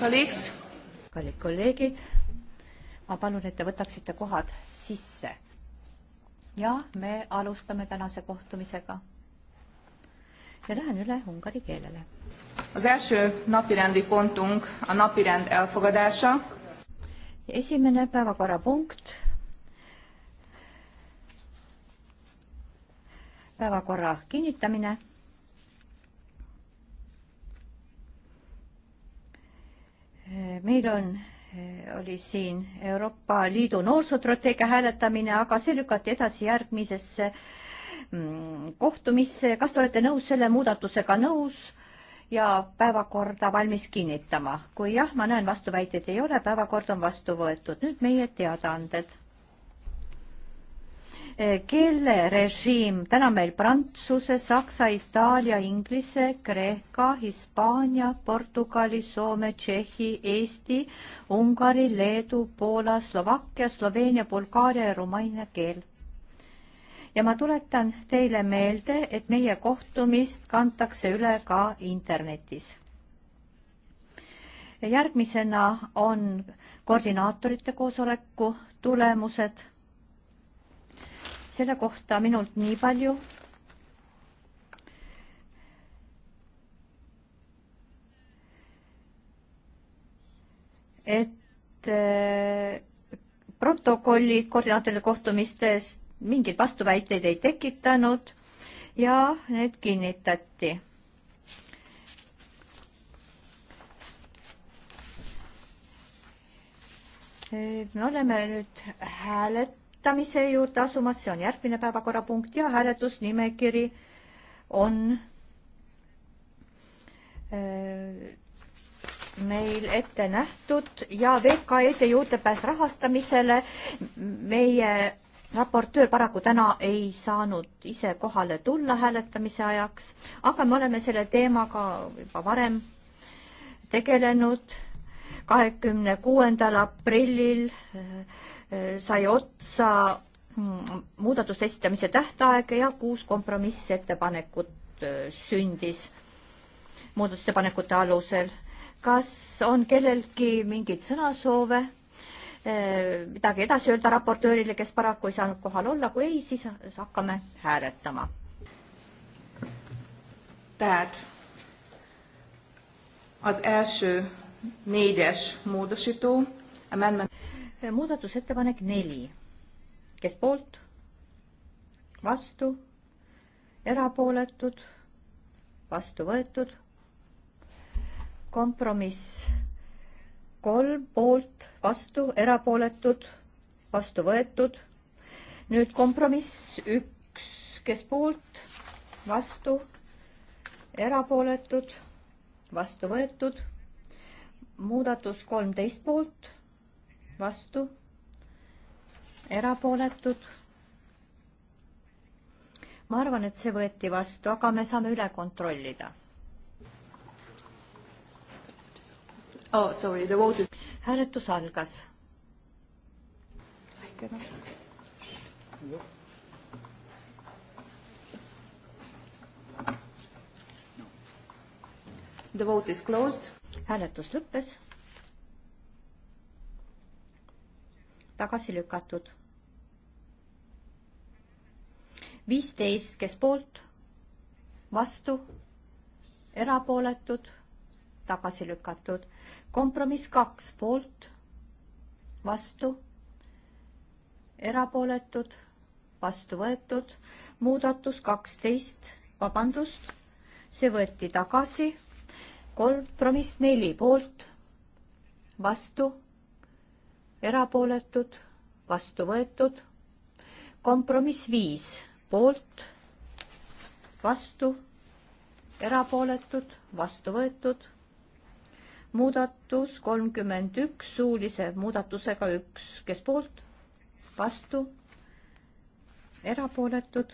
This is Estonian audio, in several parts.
kallid kolleegid, ma palun, et te võtaksite kohad sisse. ja me alustame tänase kohtumisega. ja lähen üle ungari keelele. Az első napirendi pontunk a napirend elfogadása. esimene päevakorrapunkt päevakorra kinnitamine. meil on, oli siin Euroopa Liidu noorsootrateegia hääletamine, aga see lükati edasi järgmisesse mm, kohtumisse. kas te olete nõus selle muudatusega nõus ja päevakorda valmis kinnitama? kui jah, ma näen, vastuväiteid ei ole, päevakord on vastu võetud. nüüd meie teadaanded keelerežiim täna meil prantsuse, saksa, itaalia, inglise, kreeka, hispaania, Portugali, Soome, Tšehhi, Eesti, Ungari, Leedu, Poola, Slovakkia, Sloveenia, Bulgaaria ja Rumeenia keel. ja ma tuletan teile meelde, et meie kohtumist kantakse üle ka internetis. järgmisena on koordinaatorite koosoleku tulemused selle kohta minult nii palju. et äh, protokollid koordinaatoride kohtumistest mingeid vastuväiteid ei tekitanud ja need kinnitati. Äh, me oleme nüüd hääled hääletamise juurde asumas, see on järgmine päevakorrapunkt ja hääletusnimekiri on äh, meil ette nähtud ja VKE-de juurdepääs rahastamisele meie raportöör paraku täna ei saanud ise kohale tulla hääletamise ajaks, aga me oleme selle teemaga juba varem tegelenud. kahekümne kuuendal aprillil äh, sai otsa mm, muudatuste esitamise tähtaeg ja kuus kompromissettepanekut äh, sündis muudatusettepanekute alusel. kas on kellelgi mingeid sõnasoove? Äh, midagi edasi öelda raportöörile, kes paraku ei saanud kohal olla, kui ei, siis hakkame hääletama. Tehát az első négyes módosító, amendment muudatusettepanek neli, kes poolt, vastu, erapooletud, vastu võetud, kompromiss kolm poolt, vastu, erapooletud, vastu võetud. nüüd kompromiss üks, kes poolt, vastu, erapooletud, vastu võetud. muudatus kolmteist poolt, vastu, erapooletud. ma arvan, et see võeti vastu, aga me saame üle kontrollida. Oh, sorry, the vote is... hääletus algas. The vote is closed. hääletus lõppes tagasi lükatud. viisteist, kes poolt, vastu, erapooletud, tagasi lükatud. kompromiss kaks poolt, vastu, erapooletud, vastu võetud. muudatus kaksteist, vabandust, see võeti tagasi. kompromiss neli poolt, vastu erapooletud, vastu võetud. kompromiss viis poolt, vastu, erapooletud, vastu võetud. muudatus kolmkümmend üks suulise muudatusega üks, kes poolt, vastu, erapooletud.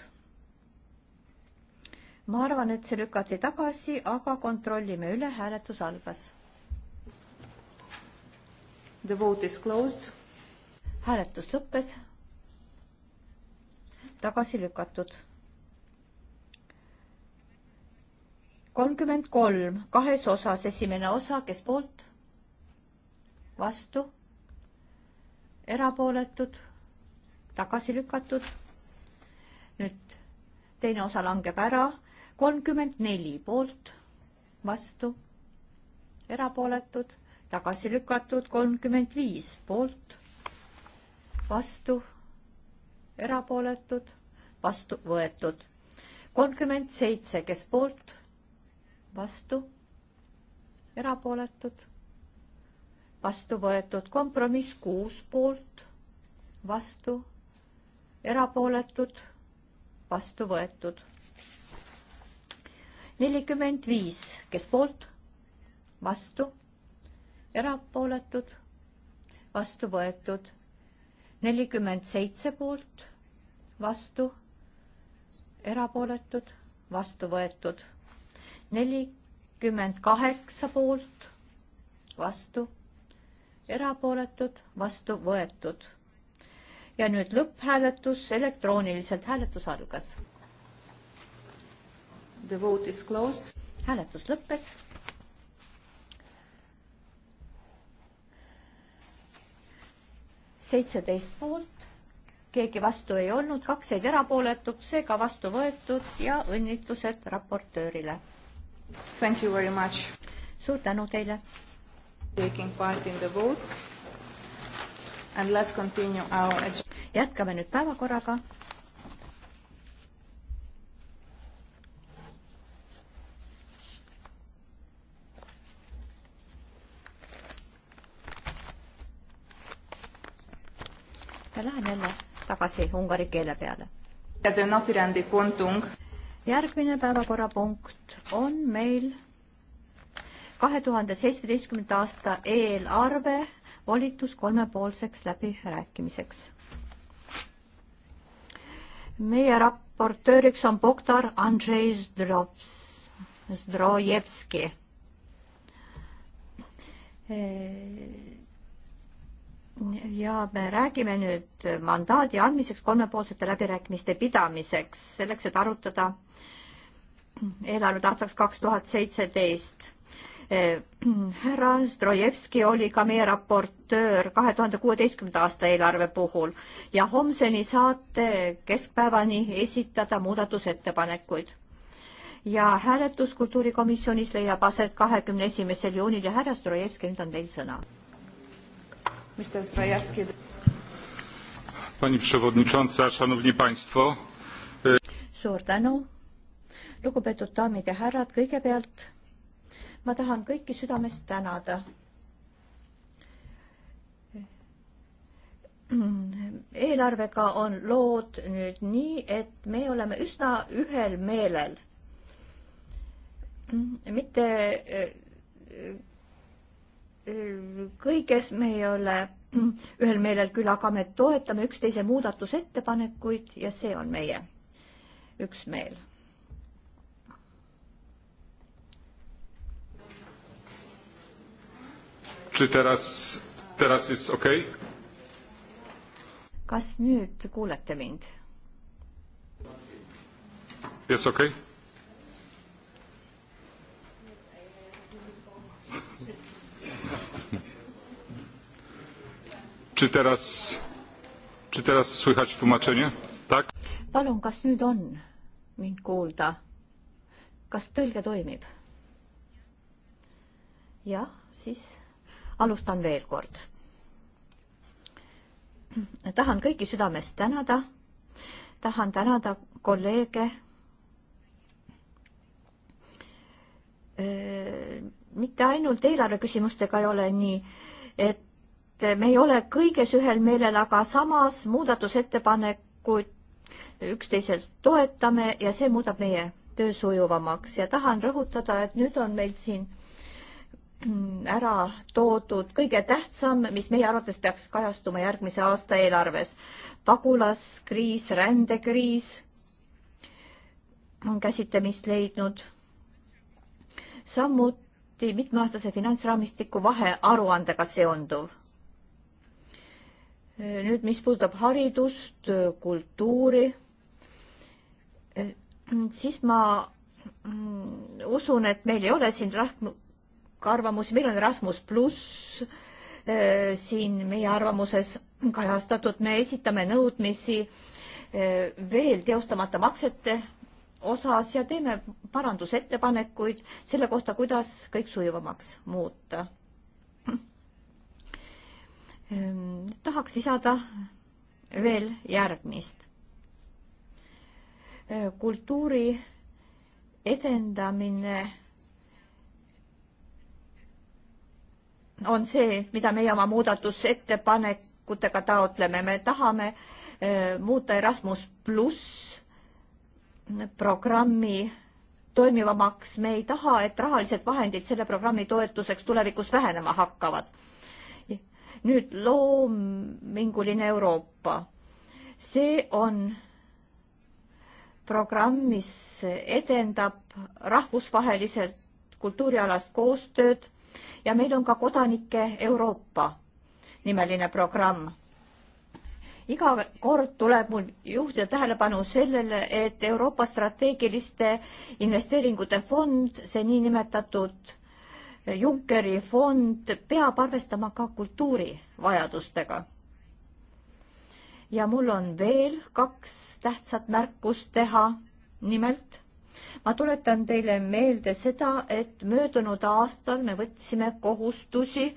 ma arvan, et see lükati tagasi, aga kontrollime üle, hääletus algas The vote is closed. hääletus lõppes. tagasi lükatud. kolmkümmend kolm, kahes osas, esimene osa, kes poolt? vastu? erapooletud? tagasi lükatud? nüüd teine osa langeb ära, kolmkümmend neli poolt, vastu, erapooletud tagasi lükatud kolmkümmend viis poolt, vastu, erapooletud, vastu võetud. kolmkümmend seitse, kes poolt, vastu, erapooletud, vastu võetud. kompromiss kuus poolt, vastu, erapooletud, vastu võetud. nelikümmend viis, kes poolt, vastu erapooletud, vastu võetud. nelikümmend seitse poolt, vastu, erapooletud, vastu võetud. nelikümmend kaheksa poolt, vastu, erapooletud, vastu võetud. ja nüüd lõpphääletus elektrooniliselt, hääletus algas. The vote is closed. hääletus lõppes seitseteist poolt, keegi vastu ei olnud, kaks jäid erapooletuks, seega vastu võetud ja õnnitlused raportöörile. Thank you very much. suur tänu teile. Taking part in the votes and let's continue our. jätkame nüüd päevakorraga ja lähen jälle tagasi ungari keele peale. järgmine päevakorrapunkt on meil kahe tuhande seitsmeteistkümnenda aasta eelarve volitus kolmepoolseks läbirääkimiseks. meie raportööriks on Bogdan Andrei Zdrovs, Zdrojevski ja me räägime nüüd mandaadi andmiseks kolmepoolsete läbirääkimiste pidamiseks, selleks, et arutada eelarvet aastaks kaks tuhat seitseteist. härra Strojevski oli ka meie raportöör kahe tuhande kuueteistkümnenda aasta eelarve puhul ja homseni saate keskpäevani esitada muudatusettepanekuid ja hääletus kultuurikomisjonis leiab aset kahekümne esimesel juunil ja härra Strojevski, nüüd on teil sõna Mr. Trajarski. Pani przewodnicząca, szanowni państwo. suur tänu, lugupeetud daamid ja härrad, kõigepealt ma tahan kõiki südamest tänada. eelarvega on lood nüüd nii, et me oleme üsna ühel meelel. mitte kõiges me ei ole ühel meelel küll, aga me toetame üksteise muudatusettepanekuid ja see on meie üksmeel. Teraz, teraz jest ok? kas nüüd kuulete mind? Jest okei okay.? Czy teraz, czy teraz słychać tłumaczenie? Tak? Palun, kas nüüd on mind kuulda? Kas tõlge toimib? Jah, siis alustan veel kord. Tahan kõiki südamest tänada. Tahan tänada kolleege. Mitte ainult eelarve küsimustega ei ole nii, et et me ei ole kõiges ühel meelel, aga samas muudatusettepanekuid üksteiselt toetame ja see muudab meie töö sujuvamaks ja tahan rõhutada, et nüüd on meil siin ära toodud kõige tähtsam, mis meie arvates peaks kajastuma järgmise aasta eelarves. pagulaskriis, rändekriis on käsitlemist leidnud. samuti mitmeaastase finantsraamistiku vahearuandega seonduv nüüd, mis puudutab haridust, kultuuri, siis ma mm, usun, et meil ei ole siin arvamusi, meil on Erasmus pluss äh, siin meie arvamuses kajastatud, me esitame nõudmisi äh, veel teostamata maksete osas ja teeme parandusettepanekuid selle kohta, kuidas kõik sujuvamaks muuta. Ehm, tahaks lisada veel järgmist. Ehm, kultuuri edendamine on see, mida meie oma muudatusettepanekutega taotleme, me tahame ehm, muuta Erasmus pluss programmi toimivamaks, me ei taha, et rahalised vahendid selle programmi toetuseks tulevikus vähenema hakkavad nüüd loominguline Euroopa. see on programm, mis edendab rahvusvaheliselt kultuurialast koostööd ja meil on ka Kodanike Euroopa nimeline programm. iga kord tuleb mul juhtida tähelepanu sellele, et Euroopa strateegiliste investeeringute fond, see niinimetatud Junckeri fond peab arvestama ka kultuuri vajadustega. ja mul on veel kaks tähtsat märkust teha. nimelt, ma tuletan teile meelde seda, et möödunud aastal me võtsime kohustusi,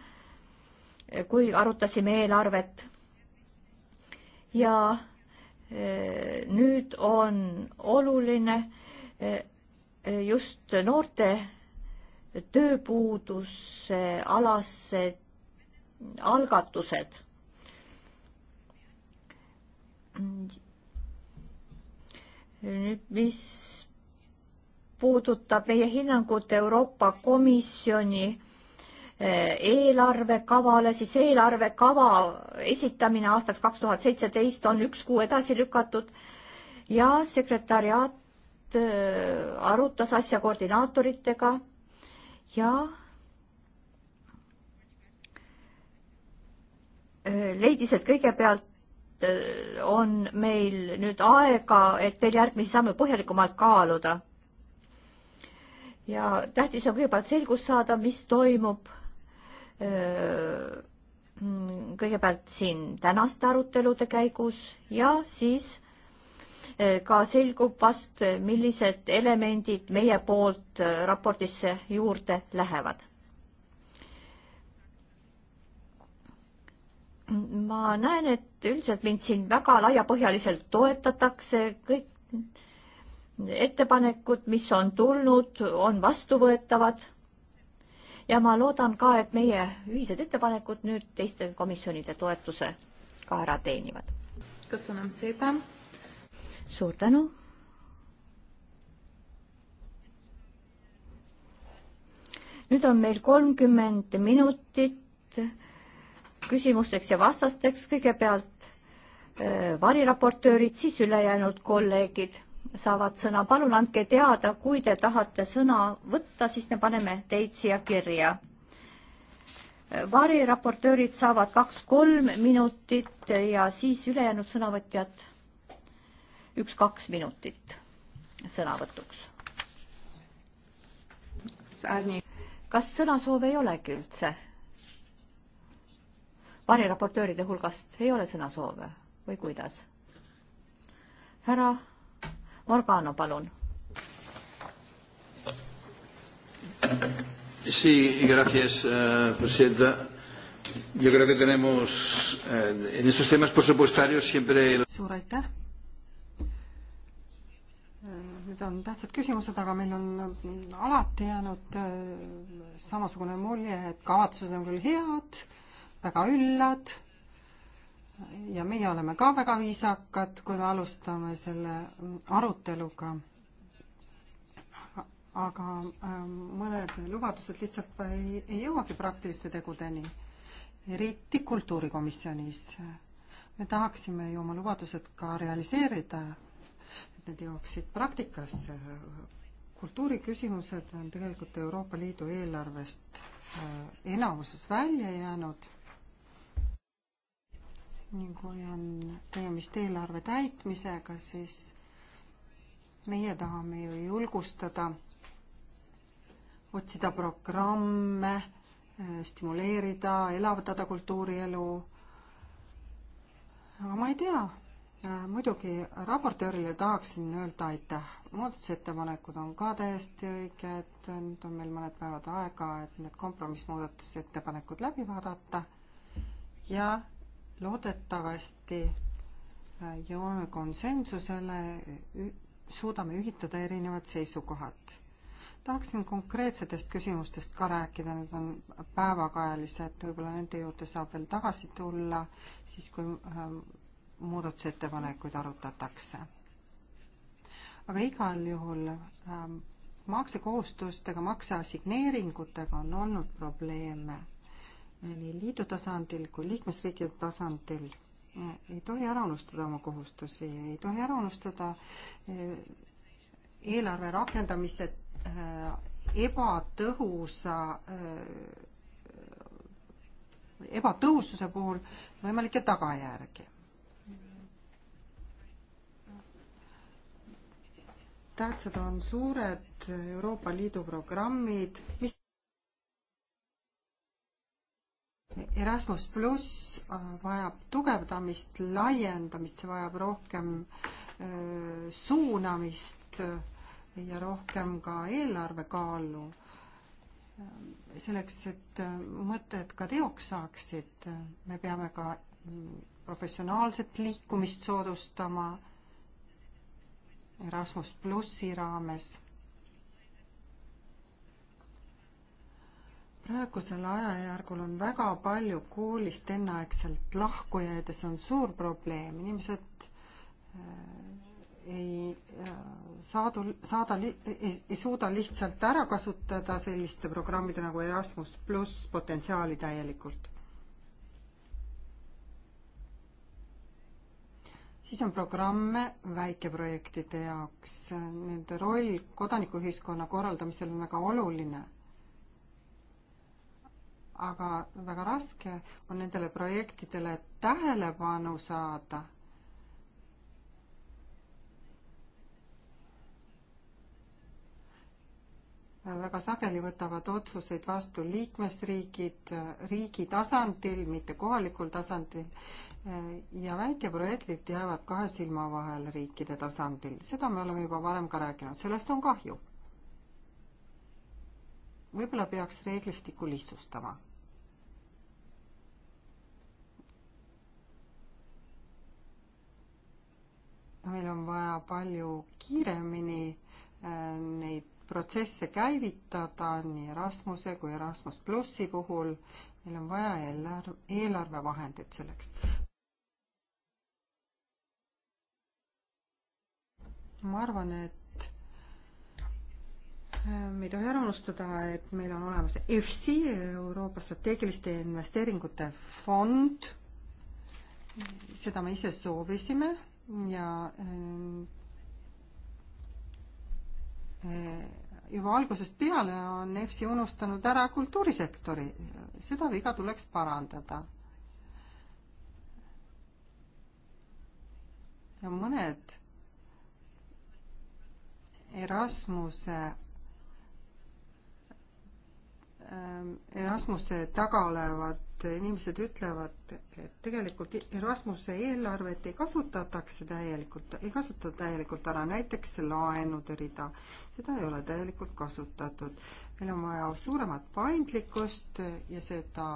kui arutasime eelarvet. ja e, nüüd on oluline e, just noorte tööpuuduse alased algatused. nüüd, mis puudutab meie hinnangut Euroopa Komisjoni eh, eelarvekavale, siis eelarvekava esitamine aastaks kaks tuhat seitseteist on üks kuu edasi lükatud ja sekretäriaat eh, arutas asja koordinaatoritega ja äh, leidis, et kõigepealt äh, on meil nüüd aega, et veel järgmisi samme põhjalikumalt kaaluda. ja tähtis on kõigepealt selgust saada, mis toimub äh, mm, kõigepealt siin tänaste arutelude käigus ja siis ka selgub vast, millised elemendid meie poolt äh, raportisse juurde lähevad. ma näen, et üldiselt mind siin väga laiapõhjaliselt toetatakse, kõik ettepanekud, mis on tulnud, on vastuvõetavad. ja ma loodan ka, et meie ühised ettepanekud nüüd teiste komisjonide toetuse ka ära teenivad. kas on see päev? suur tänu. nüüd on meil kolmkümmend minutit küsimusteks ja vastasteks, kõigepealt äh, variraportöörid, siis ülejäänud kolleegid saavad sõna. palun andke teada, kui te tahate sõna võtta, siis me paneme teid siia kirja. Äh, variraportöörid saavad kaks-kolm minutit ja siis ülejäänud sõnavõtjad üks-kaks minutit sõnavõtuks. kas sõnasoove ei olegi üldse? variraportööride hulgast ei ole sõnasoove või kuidas? härra Morgano, palun. Sí, gracias, uh, presidenta. Yo creo que tenemos eh, en estos temas presupuestarios siempre. Suur aitäh Need on tähtsad küsimused, aga meil on mm, alati jäänud äh, samasugune mulje, et kavatsused on küll head, väga üllad ja meie oleme ka väga viisakad, kui me alustame selle mm, aruteluga. aga äh, mõned lubadused lihtsalt ei, ei jõuagi praktiliste tegudeni, eriti kultuurikomisjonis. me tahaksime ju oma lubadused ka realiseerida need jõuaksid praktikasse. kultuuriküsimused on tegelikult Euroopa Liidu eelarvest äh, enamuses välja jäänud ning kui on tegemist eelarve täitmisega, siis meie tahame ju julgustada, otsida programme, äh, stimuleerida, elavdada kultuurielu. aga ma ei tea, Äh, muidugi raportöörile tahaksin öelda aitäh. muudatusettepanekud on ka täiesti õiged, nüüd on meil mõned päevad aega, et need kompromissmuudatusettepanekud läbi vaadata ja loodetavasti äh, jõuame konsensusele, suudame ühitada erinevad seisukohad. tahaksin konkreetsetest küsimustest ka rääkida, need on päevakajalised, võib-olla nende juurde saab veel tagasi tulla, siis kui äh, muudatusettepanekuid arutatakse. aga igal juhul ähm, maksekohustustega, makseassigneeringutega on olnud probleeme nii liidu tasandil kui liikmesriikide tasandil. ei tohi ära unustada oma kohustusi, ei tohi ära unustada äh, eelarve rakendamise äh, ebatõhusa äh, ebatõhususe puhul võimalikke tagajärgi tähtsad on suured Euroopa Liidu programmid, mis Erasmus pluss äh, vajab tugevdamist, laiendamist, see vajab rohkem äh, suunamist äh, ja rohkem ka eelarvekaalu selleks, et mõtted ka teoks saaksid, me peame ka mm, professionaalset liikumist soodustama Erasmus plussi raames. praegusel ajajärgul on väga palju koolist enneaegselt lahkujaid ja see on suur probleem, inimesed äh, ei äh, saadu, saada, ei, ei suuda lihtsalt ära kasutada selliste programmide nagu Erasmus pluss potentsiaali täielikult. siis on programme väikeprojektide jaoks, nende roll kodanikuühiskonna korraldamisel on väga oluline. aga väga raske on nendele projektidele tähelepanu saada väga sageli võtavad otsuseid vastu liikmesriigid riigi tasandil, mitte kohalikul tasandil Äh, ja väikeprojektid jäävad kahe silma vahele riikide tasandil, seda me oleme juba varem ka rääkinud, sellest on kahju. võib-olla peaks reeglistikku lihtsustama meil on vaja palju kiiremini äh, neid protsesse käivitada nii Erasmuse kui Erasmus plussi puhul. meil on vaja eelarve, eelarvevahendeid selleks. ma arvan, et äh, me ei tohi ära unustada, et meil on olemas EFSI, Euroopa strateegiliste investeeringute fond, seda me ise soovisime ja äh, äh, juba algusest peale on EFSI unustanud ära kultuurisektori, seda viga tuleks parandada. ja mõned Erasmuse ähm, Erasmuse taga olevad inimesed ütlevad, et tegelikult Erasmuse eelarvet ei kasutatakse täielikult, ei kasutata täielikult ära, näiteks laenude rida, seda ei ole täielikult kasutatud. meil on vaja suuremat paindlikkust ja seda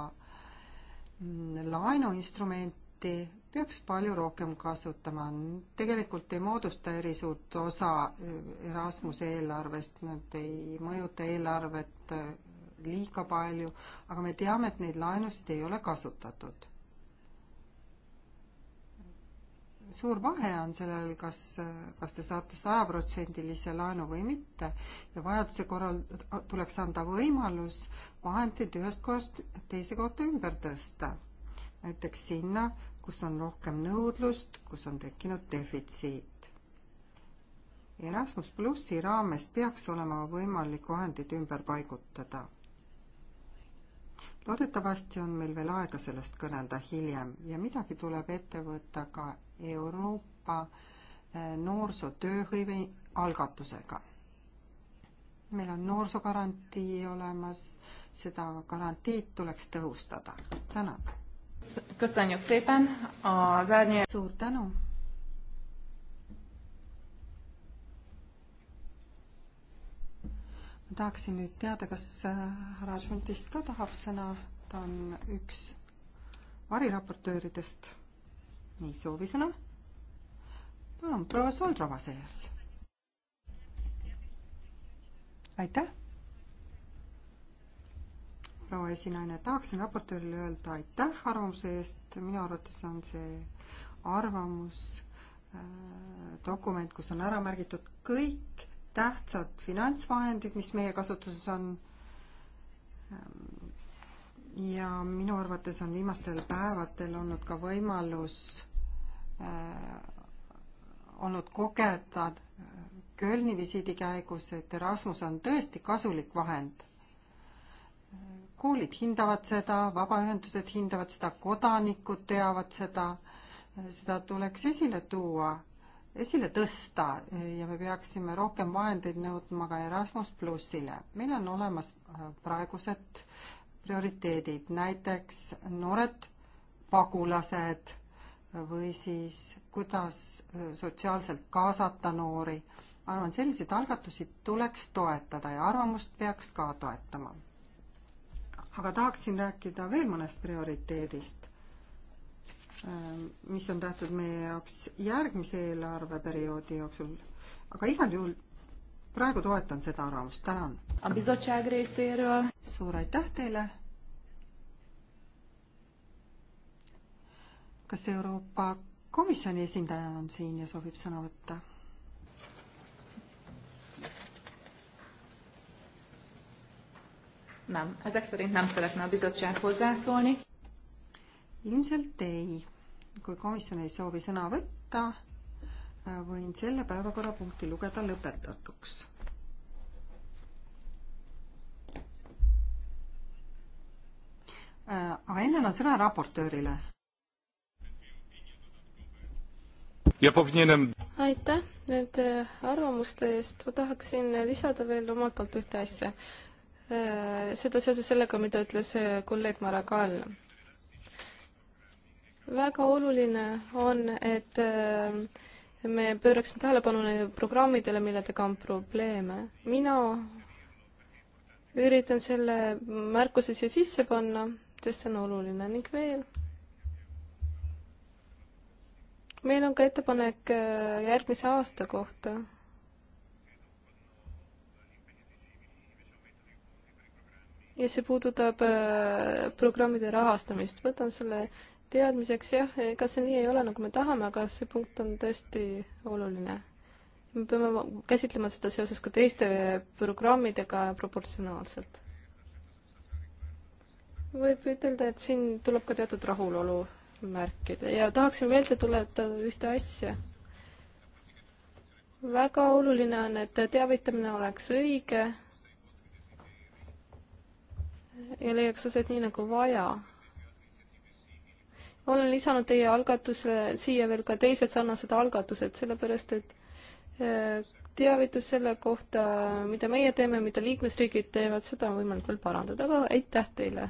mm, laenuinstrumenti peaks palju rohkem kasutama. tegelikult ei moodusta eri suurt osa eh, Erasmuse eelarvest, nad ei mõjuta eelarvet eh, liiga palju, aga me teame, et neid laenusid ei ole kasutatud. suur vahe on sellel, kas, eh, kas te saate sajaprotsendilise laenu või mitte ja vajaduse korral tuleks anda võimalus vahendeid ühest kohast teise kohta ümber tõsta näiteks sinna, kus on rohkem nõudlust, kus on tekkinud defitsiit. Erasmus plussi raames peaks olema võimalik vahendid ümber paigutada. loodetavasti on meil veel aega sellest kõnelda hiljem ja midagi tuleb ette võtta ka Euroopa eh, noorsootööhõive algatusega. meil on noorsoogarantii olemas, seda garantiid tuleks tõhustada. tänan suur tänu. ma tahaksin nüüd teada, kas härra Šuntist ka tahab sõna, ta on üks variraportööridest. ei soovi sõna? palun, proua Soldrova seejärel. aitäh proua esinaine, tahaksin raportöörile öelda aitäh arvamuse eest, minu arvates on see arvamus äh, dokument, kus on ära märgitud kõik tähtsad finantsvahendid, mis meie kasutuses on. Ähm, ja minu arvates on viimastel päevadel olnud ka võimalus äh, olnud kogeda äh, Kölni visiidi käigus, et Erasmus on tõesti kasulik vahend koolid hindavad seda, vabaühendused hindavad seda, kodanikud teavad seda, seda tuleks esile tuua, esile tõsta ja me peaksime rohkem vahendeid nõudma ka Erasmus plussile. meil on olemas äh, praegused prioriteedid, näiteks noored pagulased või siis kuidas äh, sotsiaalselt kaasata noori. arvan, selliseid algatusi tuleks toetada ja arvamust peaks ka toetama aga tahaksin rääkida veel mõnest prioriteedist, ähm, mis on tähtsad meie jaoks järgmise eelarveperioodi jooksul, aga igal juhul praegu toetan seda arvamust, tänan. suur aitäh teile. kas Euroopa Komisjoni esindaja on siin ja soovib sõna võtta? Nem, ezek szerint nem szeretne a bizottság hozzászólni. ilmselt ei. kui komisjon ei soovi sõna võtta, võin selle päevakorrapunkti lugeda lõpetatuks. Äh, aga enne on sõna raportöörile. aitäh nende arvamuste eest, ma tahaksin lisada veel omalt poolt ühte asja Äh, seda seoses sellega, mida ütles äh, kolleeg Maragall. väga oluline on, et äh, me pööraksime tähelepanu neile programmidele, milledega on probleeme. mina üritan selle märkuse siia sisse panna, sest see on oluline ning veel meil on ka ettepanek järgmise aasta kohta. ja see puudutab äh, programmide rahastamist. võtan selle teadmiseks, jah, ega see nii ei ole, nagu me tahame, aga see punkt on tõesti oluline. me peame käsitlema seda seoses ka teiste programmidega proportsionaalselt. võib ütelda, et siin tuleb ka teatud rahulolu märkida ja tahaksin meelde tuletada ühte asja väga oluline on, et teavitamine oleks õige ja leiaks aset nii nagu vaja. olen lisanud teie algatusele siia veel ka teised sarnased algatused, sellepärast et eh, teavitus selle kohta, mida meie teeme, mida liikmesriigid teevad, seda on võimalik veel parandada, aga aitäh teile!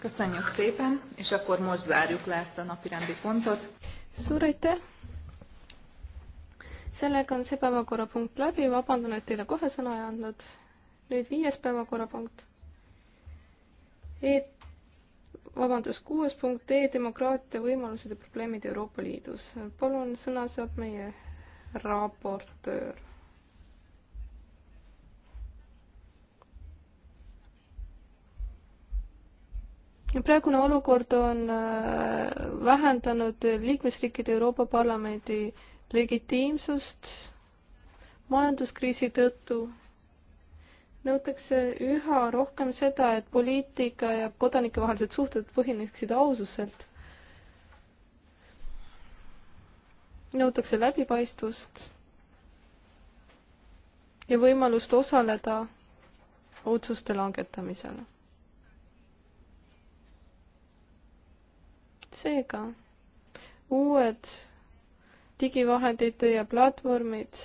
Köszönjük szépen, és akkor most zárjuk le ezt a napirendi pontot. Suur aitäh! Sellega on see päevakorrapunkt läbi, vabandan, et teile kohe sõna ei andnud nüüd viies päevakorrapunkt e. vabandust, kuues punkt E demokraatia võimalused ja probleemid Euroopa Liidus. palun, sõna saab meie raportöör. praegune olukord on äh, vähendanud liikmesriikide Euroopa Parlamendi legitiimsust majanduskriisi tõttu nõutakse üha rohkem seda, et poliitika ja kodanike vahelised suhted põhineksid aususelt. nõutakse läbipaistvust ja võimalust osaleda otsuste langetamisel. seega uued digivahendid ja platvormid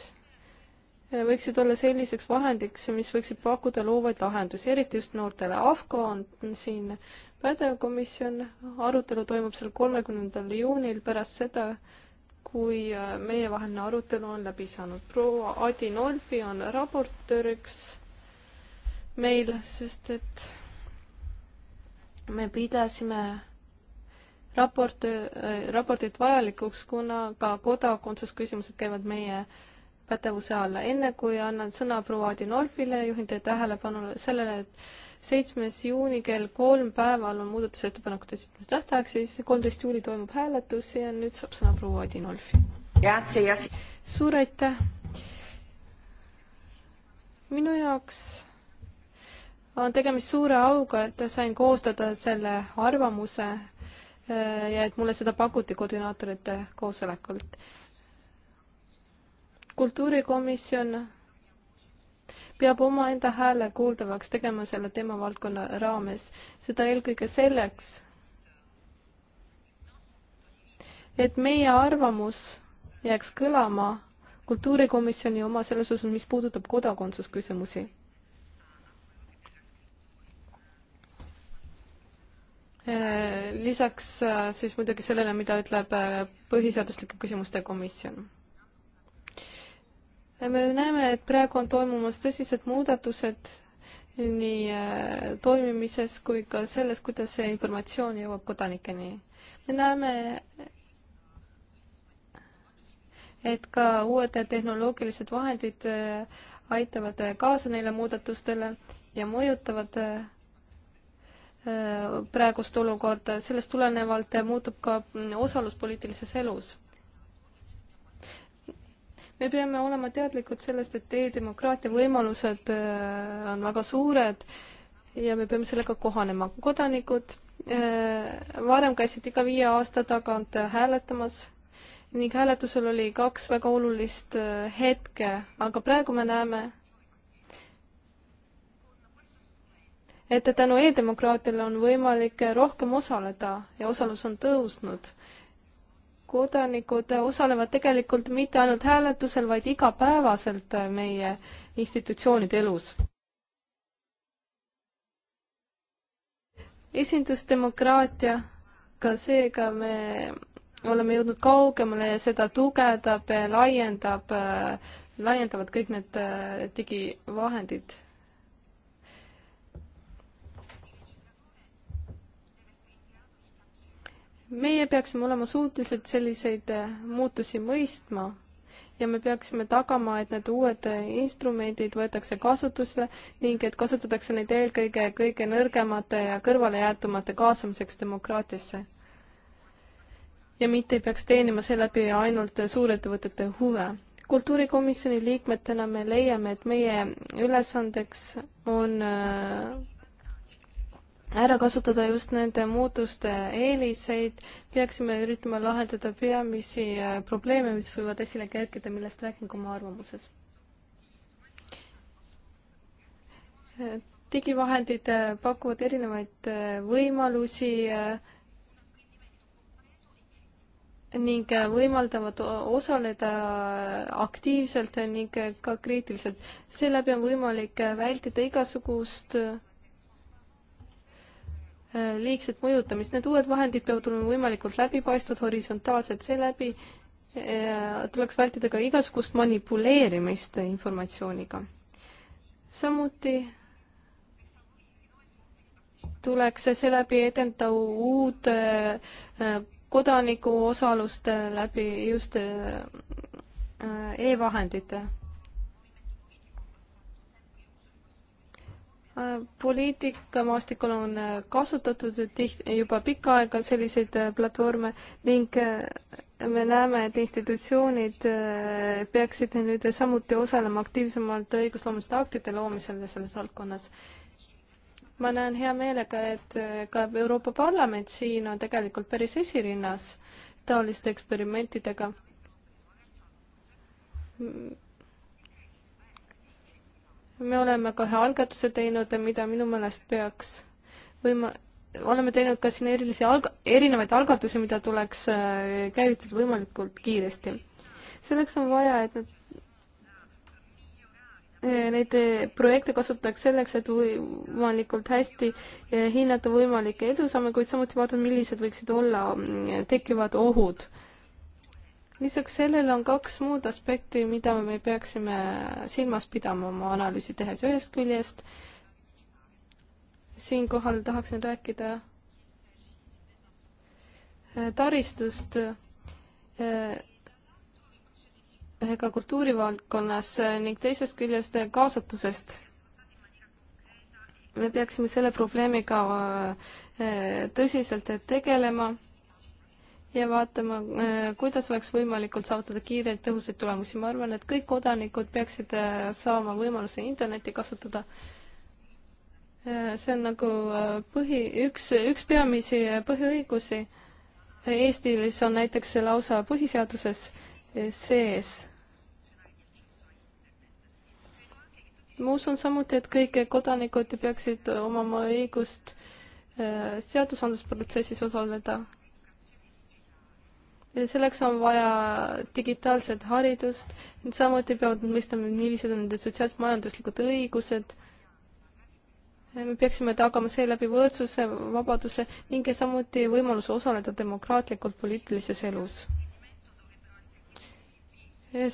võiksid olla selliseks vahendiks, mis võiksid pakkuda loovaid lahendusi, eriti just noortele. AFCO on siin pädev komisjon, arutelu toimub seal kolmekümnendal juunil pärast seda, kui äh, meievaheline arutelu on läbi saanud. proua Adi Nolfi on raportööriks meil, sest et me pidasime raport, äh, raportit vajalikuks, kuna ka kodakondsusküsimused käivad meie äh, pädevuse alla. enne kui annan sõna proua Adinolfile, juhin teie tähelepanu sellele, et seitsmes juuni kell kolm päeval on muudatusettepanekute esitamise tähtaeg, siis kolmteist juuli toimub hääletus ja nüüd saab sõna proua Adinolf. suur aitäh! minu jaoks on tegemist suure auga, et sain koostada selle arvamuse äh, ja et mulle seda pakuti koordinaatorite koosolekult kultuurikomisjon peab omaenda hääle kuuldavaks tegema selle teemavaldkonna raames, seda eelkõige selleks, et meie arvamus jääks kõlama kultuurikomisjoni oma selles osas, mis puudutab kodakondsusküsimusi. lisaks siis muidugi sellele, mida ütleb põhiseaduslike küsimuste komisjon me näeme, et praegu on toimumas tõsised muudatused nii äh, toimimises kui ka selles, kuidas see informatsioon jõuab kodanikeni. me näeme, et ka uued tehnoloogilised vahendid äh, aitavad äh, kaasa neile muudatustele ja mõjutavad praegust olukorda, sellest tulenevalt muutub ka mm, osalus poliitilises elus me peame olema teadlikud sellest, et e-demokraatia võimalused äh, on väga suured ja me peame sellega kohanema. kodanikud äh, varem käisid iga viie aasta tagant äh, hääletamas ning hääletusel oli kaks väga olulist hetke, aga praegu me näeme, et tänu e-demokraatiale on võimalik rohkem osaleda ja osalus on tõusnud kodanikud osalevad tegelikult mitte ainult hääletusel, vaid igapäevaselt meie institutsioonide elus. esindusdemokraatiaga seega me oleme jõudnud kaugemale ja seda tugevdab ja laiendab, laiendavad kõik need äh, digivahendid meie peaksime olema suutelised selliseid äh, muutusi mõistma ja me peaksime tagama, et need uued äh, instrumendid võetakse kasutusele ning et kasutatakse neid eelkõige kõige nõrgemate ja kõrvalejäetumate kaasamiseks demokraatiasse. ja mitte ei peaks teenima seeläbi ainult äh, suurettevõtete huve. kultuurikomisjoni liikmetena me leiame, et meie ülesandeks on ära kasutada just nende muutuste eeliseid, peaksime üritama lahendada peamisi äh, probleeme, mis võivad esile kerkida, millest räägin ka oma arvamuses. Äh, digivahendid äh, pakuvad erinevaid võimalusi ning võimaldavad osaleda aktiivselt ning ka kriitiliselt. seeläbi on võimalik vältida igasugust Äh, liigset mõjutamist. Need uued vahendid peavad olema võimalikult läbipaistvad, horisontaalsed, seeläbi äh, tuleks vältida ka igasugust manipuleerimist informatsiooniga. samuti tuleks seeläbi edendada uut äh, kodanikuosalust läbi just e-vahendite Äh, poliitikamaastikul on äh, kasutatud tiht-, juba pikka aega selliseid äh, platvorme ning me näeme, et institutsioonid peaksid nüüd samuti osalema aktiivsemalt õigusloomuliste aktide loomisel selles valdkonnas. ma näen hea meelega, et ka Euroopa Parlament siin on tegelikult päris esirinnas taoliste eksperimentidega me oleme ka ühe algatuse teinud, mida minu meelest peaks võima-, oleme teinud ka siin erilisi alg-, erinevaid algatusi, mida tuleks äh, käivitada võimalikult kiiresti. selleks on vaja, et need äh, Neid äh, projekte kasutatakse selleks, et võimalikult hästi hinnata võimalikke edusamme, kuid samuti vaadata, millised võiksid olla mm, tekkivad ohud lisaks sellele on kaks muud aspekti, mida me peaksime silmas pidama oma analüüsi tehes. ühest küljest siinkohal tahaksin rääkida äh, taristust äh, ka kultuurivaldkonnas äh, ning teisest küljest kaasatusest. me peaksime selle probleemiga tõsiselt tegelema ja vaatama, äh, kuidas oleks võimalikult saavutada kiireid tõhusaid tulemusi. ma arvan, et kõik kodanikud peaksid äh, saama võimaluse Internetti kasutada. Äh, see on nagu põhi, üks, üks peamisi põhiõigusi. Eestis on näiteks see lausa põhiseaduses sees ma usun samuti, et kõik kodanikud peaksid omama õigust seadusandlusprotsessis osaleda ja selleks on vaja digitaalset haridust, samuti peavad nad mõistma, millised on nende sotsiaalsed-majanduslikud õigused. me peaksime tagama seeläbi võrdsuse, vabaduse ning samuti võimaluse osaleda demokraatlikult poliitilises elus.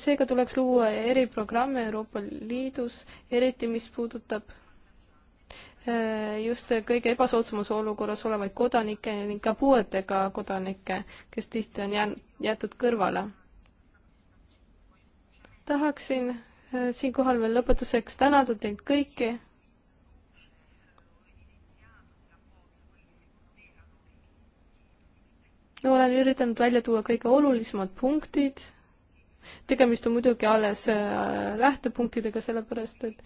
seega tuleks luua eriprogramme Euroopa Liidus, eriti mis puudutab just kõige ebasoodsamas olukorras olevaid kodanikke ning ka puuetega kodanikke, kes tihti on jään-, jäetud kõrvale. tahaksin äh, siinkohal veel lõpetuseks tänada teid kõiki no olen üritanud välja tuua kõige olulisemad punktid. tegemist on muidugi alles äh, lähtepunktidega, sellepärast et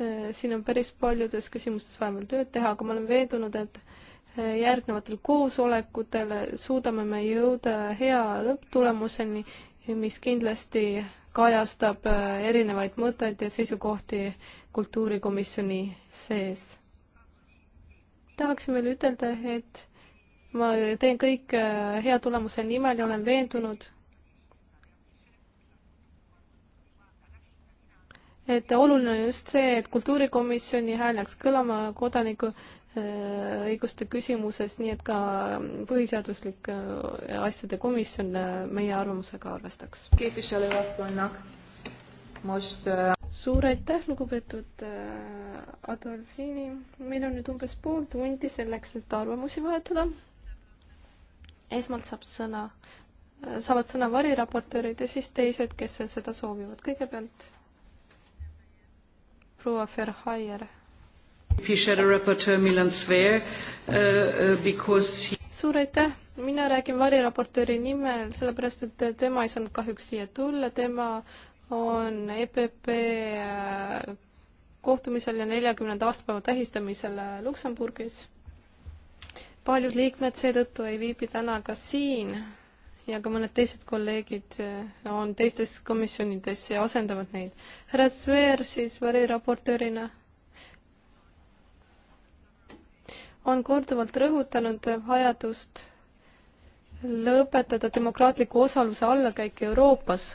Äh, siin on päris paljudes küsimustes vaja veel tööd teha, aga ma olen veendunud, et äh, järgnevatel koosolekutel suudame me jõuda hea lõpptulemuseni, mis kindlasti kajastab äh, erinevaid mõtteid ja seisukohti kultuurikomisjoni sees. tahaksin veel ütelda, et ma teen kõik hea tulemuse nimel ja olen veendunud et oluline on just see, et kultuurikomisjoni hääl jääks kõlama kodaniku äh, õiguste küsimuses, nii et ka põhiseaduslike äh, asjade komisjon äh, meie arvamusega arvestaks. suur aitäh, lugupeetud Adolfini. meil on nüüd umbes pool tundi selleks, et arvamusi vahetada. esmalt saab sõna, saavad sõna variraportöörid ja siis teised, kes seda soovivad. kõigepealt proua Verhaier. Uh, uh, suur aitäh, mina räägin variraportööri nimel, sellepärast et tema ei saanud kahjuks siia tulla, tema on EPP uh, kohtumisel ja neljakümnenda aastapäeva tähistamisel Luksemburgis. paljud liikmed seetõttu ei viibi täna ka siin ja ka mõned teised kolleegid äh, on teistes komisjonides ja asendavad neid. härra Sveer siis variraportöörina on korduvalt rõhutanud vajadust lõpetada demokraatliku osaluse allakäik Euroopas.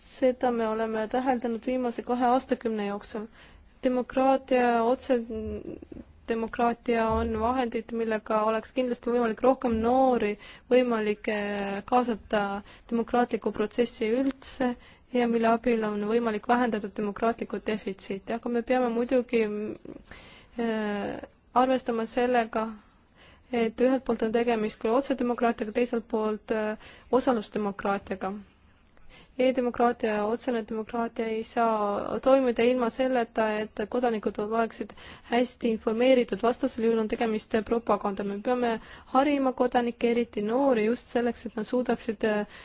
seda me oleme täheldanud viimase kahe aastakümne jooksul. demokraatia otse demokraatia on vahendid, millega oleks kindlasti võimalik rohkem noori võimalik eh, kaasata demokraatliku protsessi üldse ja mille abil on võimalik vähendada demokraatlikku defitsiiti, aga me peame muidugi eh, arvestama sellega, et ühelt poolt on tegemist küll otsedemokraatiaga, teiselt poolt eh, osalusdemokraatiaga E-demokraatia ja otsene demokraatia ei saa toimida ilma selleta, et kodanikud oleksid hästi informeeritud, vastasel juhul on tegemist propaganda, me peame harima kodanikke, eriti noori, just selleks, et nad suudaksid äh,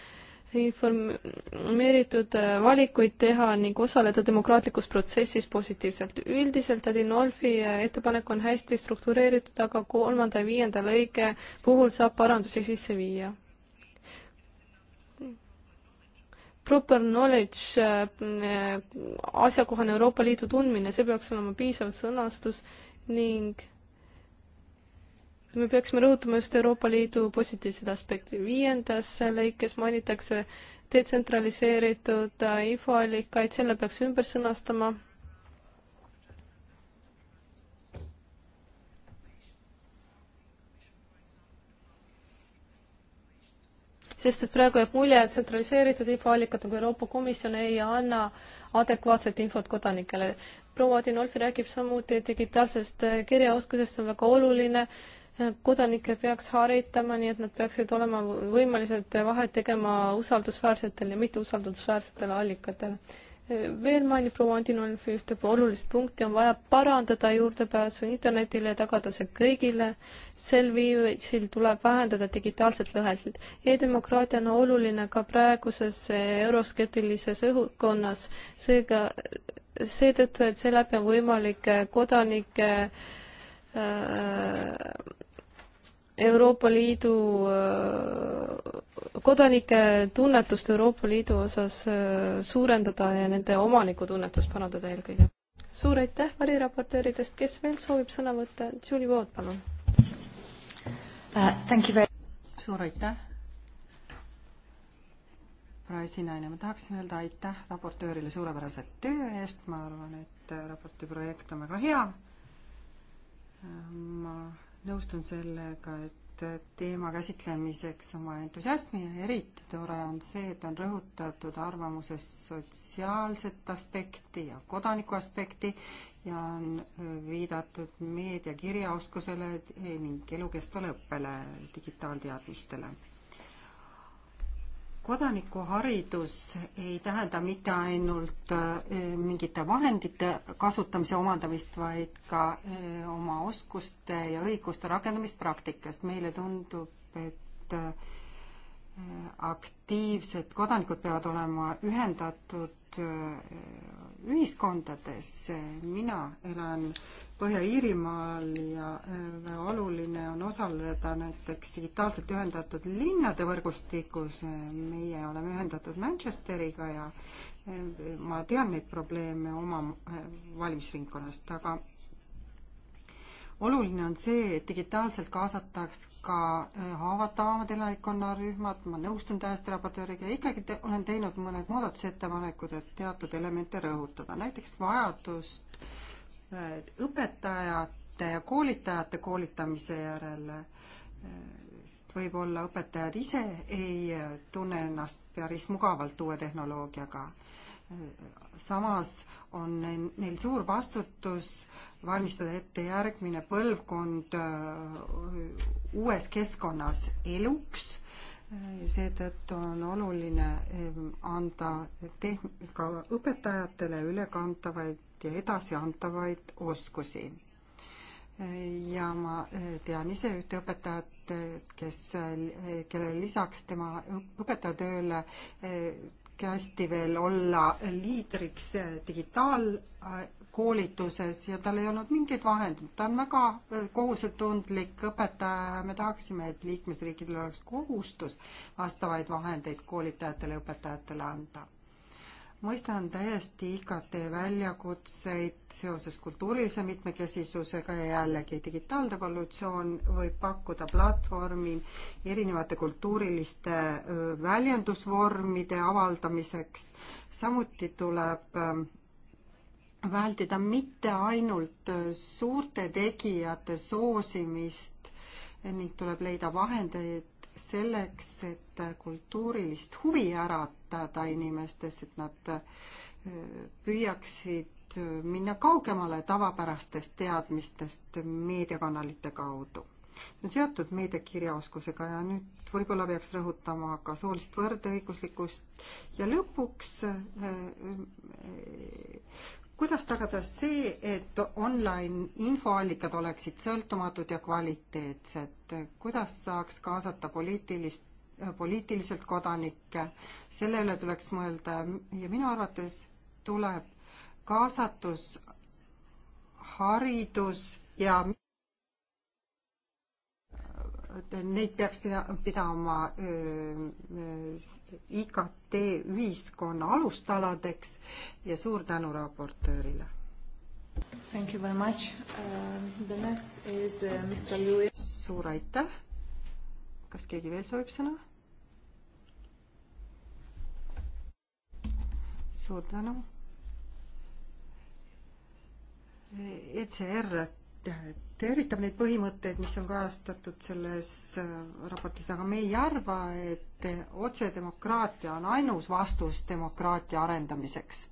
informeeritud äh, valikuid teha ning osaleda demokraatlikus protsessis positiivselt. üldiselt Adinolfi äh, ettepanek on hästi struktureeritud, aga kolmanda ja viienda lõige puhul saab parandusi sisse viia. proper knowledge, äh, asjakohane Euroopa Liidu tundmine, see peaks olema piisav sõnastus ning me peaksime rõhutama just Euroopa Liidu positiivseid aspekte. viiendas lõikes mainitakse detsentraliseeritud äh, infoallikaid, selle peaks ümber sõnastama sest et praegu jääb mulje, et tsentraliseeritud infoallikad nagu Euroopa Komisjon ei anna adekvaatset infot kodanikele. proua Adinolfi räägib samuti digitaalsest kirjaoskusest, see on väga oluline, kodanikke peaks haritama, nii et nad peaksid olema võimelised vahet tegema usaldusväärsetel ja mitteusaldusväärsetel allikatel veel mainib proua Antinolfi ühte olulist punkti, on vaja parandada juurdepääsu internetile ja tagada see kõigile. sel viisil tuleb vähendada digitaalset lõhet. E-demokraatia on oluline ka praeguses euroskeptilises õhukonnas, seega seetõttu, et seeläbi on võimalik kodanike äh, Euroopa Liidu äh, kodanike tunnetust Euroopa Liidu osas äh, suurendada ja nende omaniku tunnetust parandada eelkõige. suur aitäh variraportööridest, kes veel soovib sõna võtta, Julie Wood, palun uh,. suur aitäh, proua esinaine, ma tahaksin öelda aitäh raportöörile suurepärase töö eest, ma arvan, et äh, raporti projekt on väga hea. Äh, ma nõustun sellega, et teema käsitlemiseks oma entusiasmi ja eriti tore on see, et on rõhutatud arvamuses sotsiaalset aspekti ja kodaniku aspekti ja on äh, viidatud meediakirjaoskusele eh, ning elukestvale õppele, digitaalteadmistele kodanikuharidus ei tähenda mitte ainult äh, mingite vahendite kasutamise omandamist, vaid ka äh, oma oskuste ja õiguste rakendamist praktikas. meile tundub, et äh, aktiivsed kodanikud peavad olema ühendatud äh, ühiskondades. mina elan Põhja-Iirimaal ja väga äh, oluline on osaleda näiteks digitaalselt ühendatud linnade võrgustikus. meie oleme ühendatud Manchesteriga ja äh, ma tean neid probleeme oma valimisringkonnast, aga oluline on see, et digitaalselt kaasataks ka äh, haavatavamad elanikkonnarühmad, ma nõustun täiesti raportööriga, ikkagi te, olen teinud mõned muudatusettepanekud, et teatud elemente rõhutada, näiteks vajadust äh, õpetajate ja koolitajate koolitamise järele, äh, sest võib-olla õpetajad ise ei tunne ennast päris mugavalt uue tehnoloogiaga samas on neil suur vastutus valmistada ette järgmine põlvkond äh, uues keskkonnas eluks seetõttu on oluline ähm, anda teh-, ka õpetajatele ülekantavaid ja edasiantavaid oskusi. ja ma äh, tean ise ühte õpetajat, äh, kes, kellele lisaks tema õpetajatööle hästi veel olla liidriks digitaalkoolituses ja tal ei olnud mingeid vahendeid, ta on väga äh, kohusetundlik õpetaja ja me tahaksime, et liikmesriikidel oleks kohustus vastavaid vahendeid koolitajatele ja õpetajatele anda mõistan täiesti IKT väljakutseid seoses kultuurilise mitmekesisusega ja jällegi digitaalrevolutsioon võib pakkuda platvormi erinevate kultuuriliste väljendusvormide avaldamiseks. samuti tuleb vältida mitte ainult suurte tegijate soosimist ning tuleb leida vahendeid selleks, et kultuurilist huvi äratada inimestes, et nad äh, püüaksid äh, minna kaugemale tavapärastest teadmistest meediakanalite kaudu. see on seotud meediakirjaoskusega ja nüüd võib-olla peaks rõhutama ka soolist võrdõiguslikkust ja lõpuks äh, kuidas tagada see, et online infoallikad oleksid sõltumatud ja kvaliteetsed, kuidas saaks kaasata poliitilist, poliitiliselt kodanikke, selle üle tuleks mõelda ja minu arvates tuleb kaasatus, haridus ja neid peaks pidama IKT ühiskonna alustaladeks ja suur tänu raportöörile. Thank you very much uh,. The next is uh, Mr Lewis. suur aitäh. kas keegi veel soovib sõna? suur tänu. ECR tervitab neid põhimõtteid, mis on kajastatud selles äh, raportis, aga me ei arva, et otsedemokraatia on ainus vastus demokraatia arendamiseks.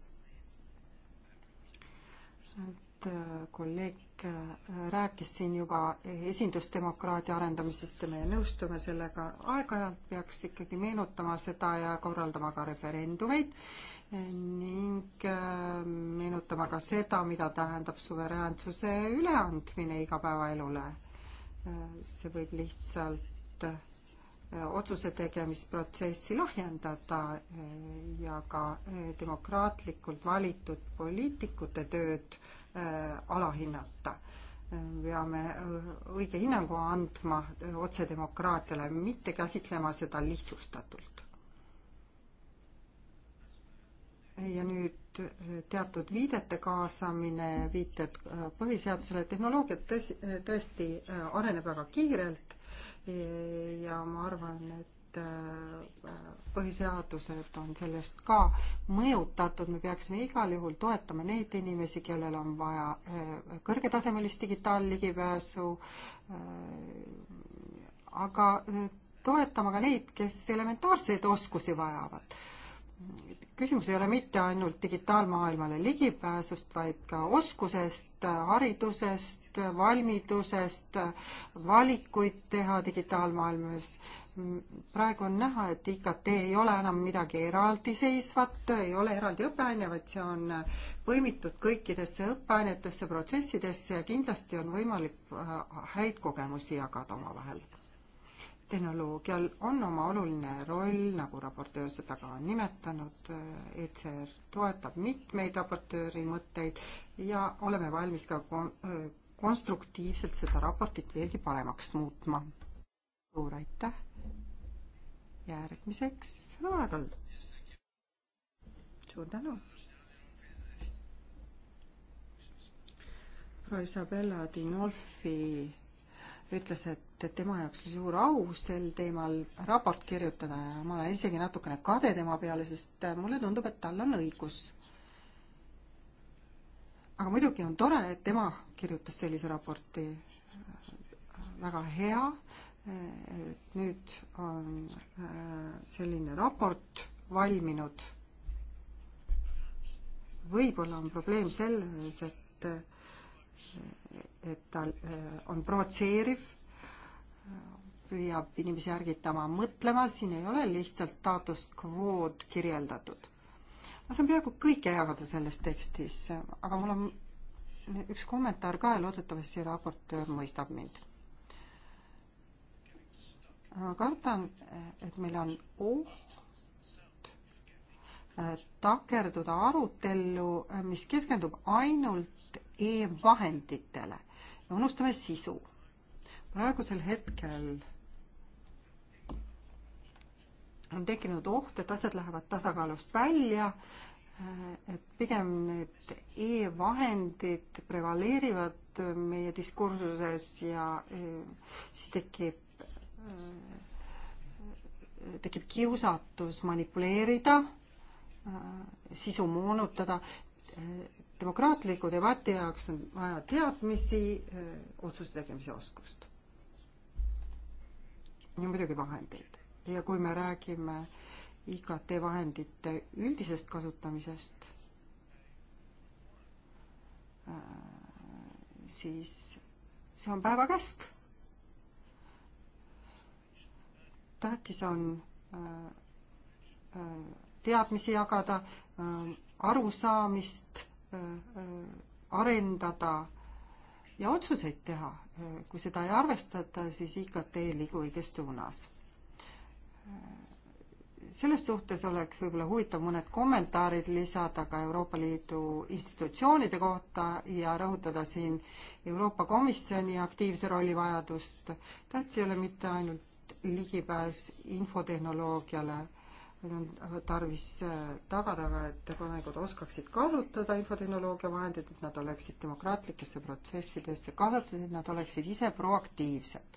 et äh, kolleeg äh, rääkis siin juba esindusdemokraatia arendamisest ja me nõustume sellega, aeg-ajalt peaks ikkagi meenutama seda ja korraldama ka referendumeid ning äh, meenutama ka seda, mida tähendab suveräänsuse üleandmine igapäevaelule. Äh, see võib lihtsalt äh, otsuse tegemisprotsessi lahjendada ja ka demokraatlikult valitud poliitikute tööd alahinnata. peame õige hinnangu andma otsedemokraatiale, mitte käsitlema seda lihtsustatult. ja nüüd eh, teatud viidete kaasamine, viited eh, põhiseadusele, tehnoloogiat tõsi, eh, tõesti areneb väga kiirelt ja ma arvan, et põhiseadused on sellest ka mõjutatud, me peaksime igal juhul toetama neid inimesi, kellel on vaja kõrgetasemelist digitaalligipääsu, aga toetama ka neid, kes elementaarseid oskusi vajavad küsimus ei ole mitte ainult digitaalmaailmale ligipääsust, vaid ka oskusest, haridusest, valmidusest valikuid teha digitaalmaailmas. praegu on näha, et IKT ei ole enam midagi eraldiseisvat, ei ole eraldi õppeaine, vaid see on põimitud kõikidesse õppeainetesse, protsessidesse ja kindlasti on võimalik äh, häid kogemusi jagada omavahel tehnoloogial on oma oluline roll, nagu raportöör seda ka on nimetanud, ECR toetab mitmeid raportööri mõtteid ja oleme valmis ka kon-, konstruktiivselt seda raportit veelgi paremaks muutma. suur aitäh! järgmiseks Laura Kall. suur tänu! proua Isabella Dinolfi ütles, et tema jaoks oli suur au sel teemal raport kirjutada ja ma olen isegi natukene kade tema peale, sest äh, mulle tundub, et tal on õigus. aga muidugi on tore, et tema kirjutas sellise raporti. väga hea, äh, et nüüd on äh, selline raport valminud. võib-olla on probleem selles, et et ta äh, on provotseeriv, püüab inimesi ärgitama mõtlema, siin ei ole lihtsalt status quo'd kirjeldatud. ma saan peaaegu kõike jagada selles tekstis, aga mul on üks kommentaar ka ja loodetavasti raportöör mõistab mind. ma kardan, et meil on oht, Äh, takerduda arutellu, äh, mis keskendub ainult e-vahenditele ja unustame sisu. praegusel hetkel on tekkinud oht, et asjad lähevad tasakaalust välja, äh, et pigem need e-vahendid prevaleerivad meie diskursuses ja siis tekib, tekib kiusatus manipuleerida Äh, sisu moonutada. demokraatliku debati jaoks on vaja teadmisi, äh, otsuse tegemise oskust. ja muidugi vahendeid. ja kui me räägime IKT vahendite üldisest kasutamisest, äh, siis see on päevakäsk. tähtis on äh, äh, teadmisi jagada, äh, arusaamist äh, äh, arendada ja otsuseid teha. kui seda ei arvestata, siis IKT ei liigu õiges suunas. selles suhtes oleks võib-olla huvitav mõned kommentaarid lisada ka Euroopa Liidu institutsioonide kohta ja rõhutada siin Euroopa Komisjoni aktiivse rolli vajadust. tähtis ei ole mitte ainult ligipääs infotehnoloogiale meil on tarvis äh, tagada ka, et kodanikud oskaksid kasutada infotehnoloogia vahendeid, et nad oleksid demokraatlikesse protsessidesse kaasatud, et nad oleksid ise proaktiivsed.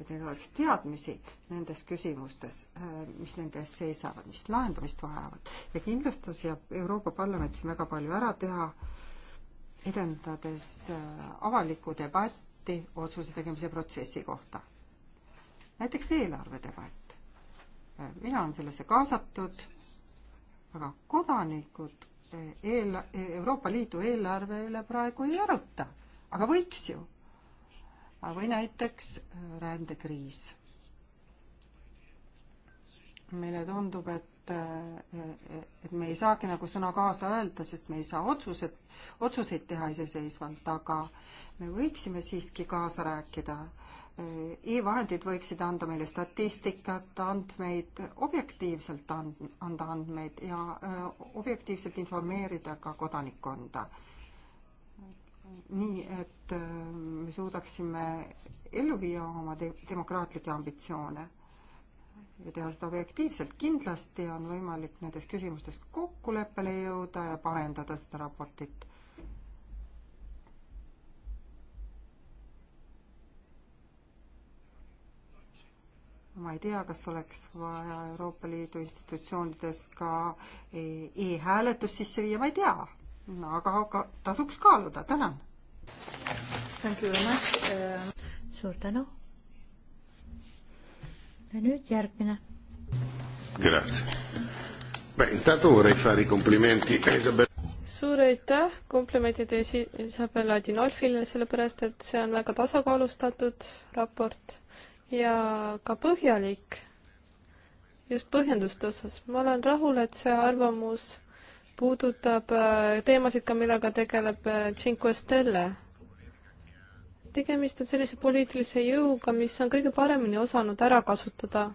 et neil oleks teadmisi nendes küsimustes, äh, mis nende ees seisavad, mis lahendamist vajavad. ja kindlasti saab Euroopa Parlament siin väga palju ära teha, edendades äh, avalikku debatti otsuse tegemise protsessi kohta. näiteks eelarvedebatt mina olen sellesse kaasatud, aga kodanikud eel-, Euroopa Liidu eelarve üle praegu ei aruta, aga võiks ju. või näiteks äh, rändekriis. meile tundub, et et, et me ei saagi nagu sõna kaasa öelda, sest me ei saa otsused, otsuseid teha iseseisvalt, aga me võiksime siiski kaasa rääkida e-vahendid võiksid anda meile statistikat, andmeid, objektiivselt and-, anda andmeid ja öö, objektiivselt informeerida ka kodanikkonda. nii et öö, me suudaksime ellu viia oma de-, demokraatlikke ambitsioone ja teha seda objektiivselt. kindlasti on võimalik nendes küsimustes kokkuleppele jõuda ja parendada seda raportit. ma ei tea, kas oleks vaja Euroopa Liidu institutsioonides ka e-hääletus sisse viia, ma ei tea no,. aga, aga tasuks kaaluda, tänan. suur tänu ja nüüd järgmine. suur aitäh komplimentide esi-, Isabella Dinolfile, sellepärast et see on väga tasakaalustatud raport ja ka põhjalik just põhjenduste osas. ma olen rahul, et see arvamus puudutab äh, teemasid ka, millega tegeleb äh, Cinque Stelle tegemist on sellise poliitilise jõuga, mis on kõige paremini osanud ära kasutada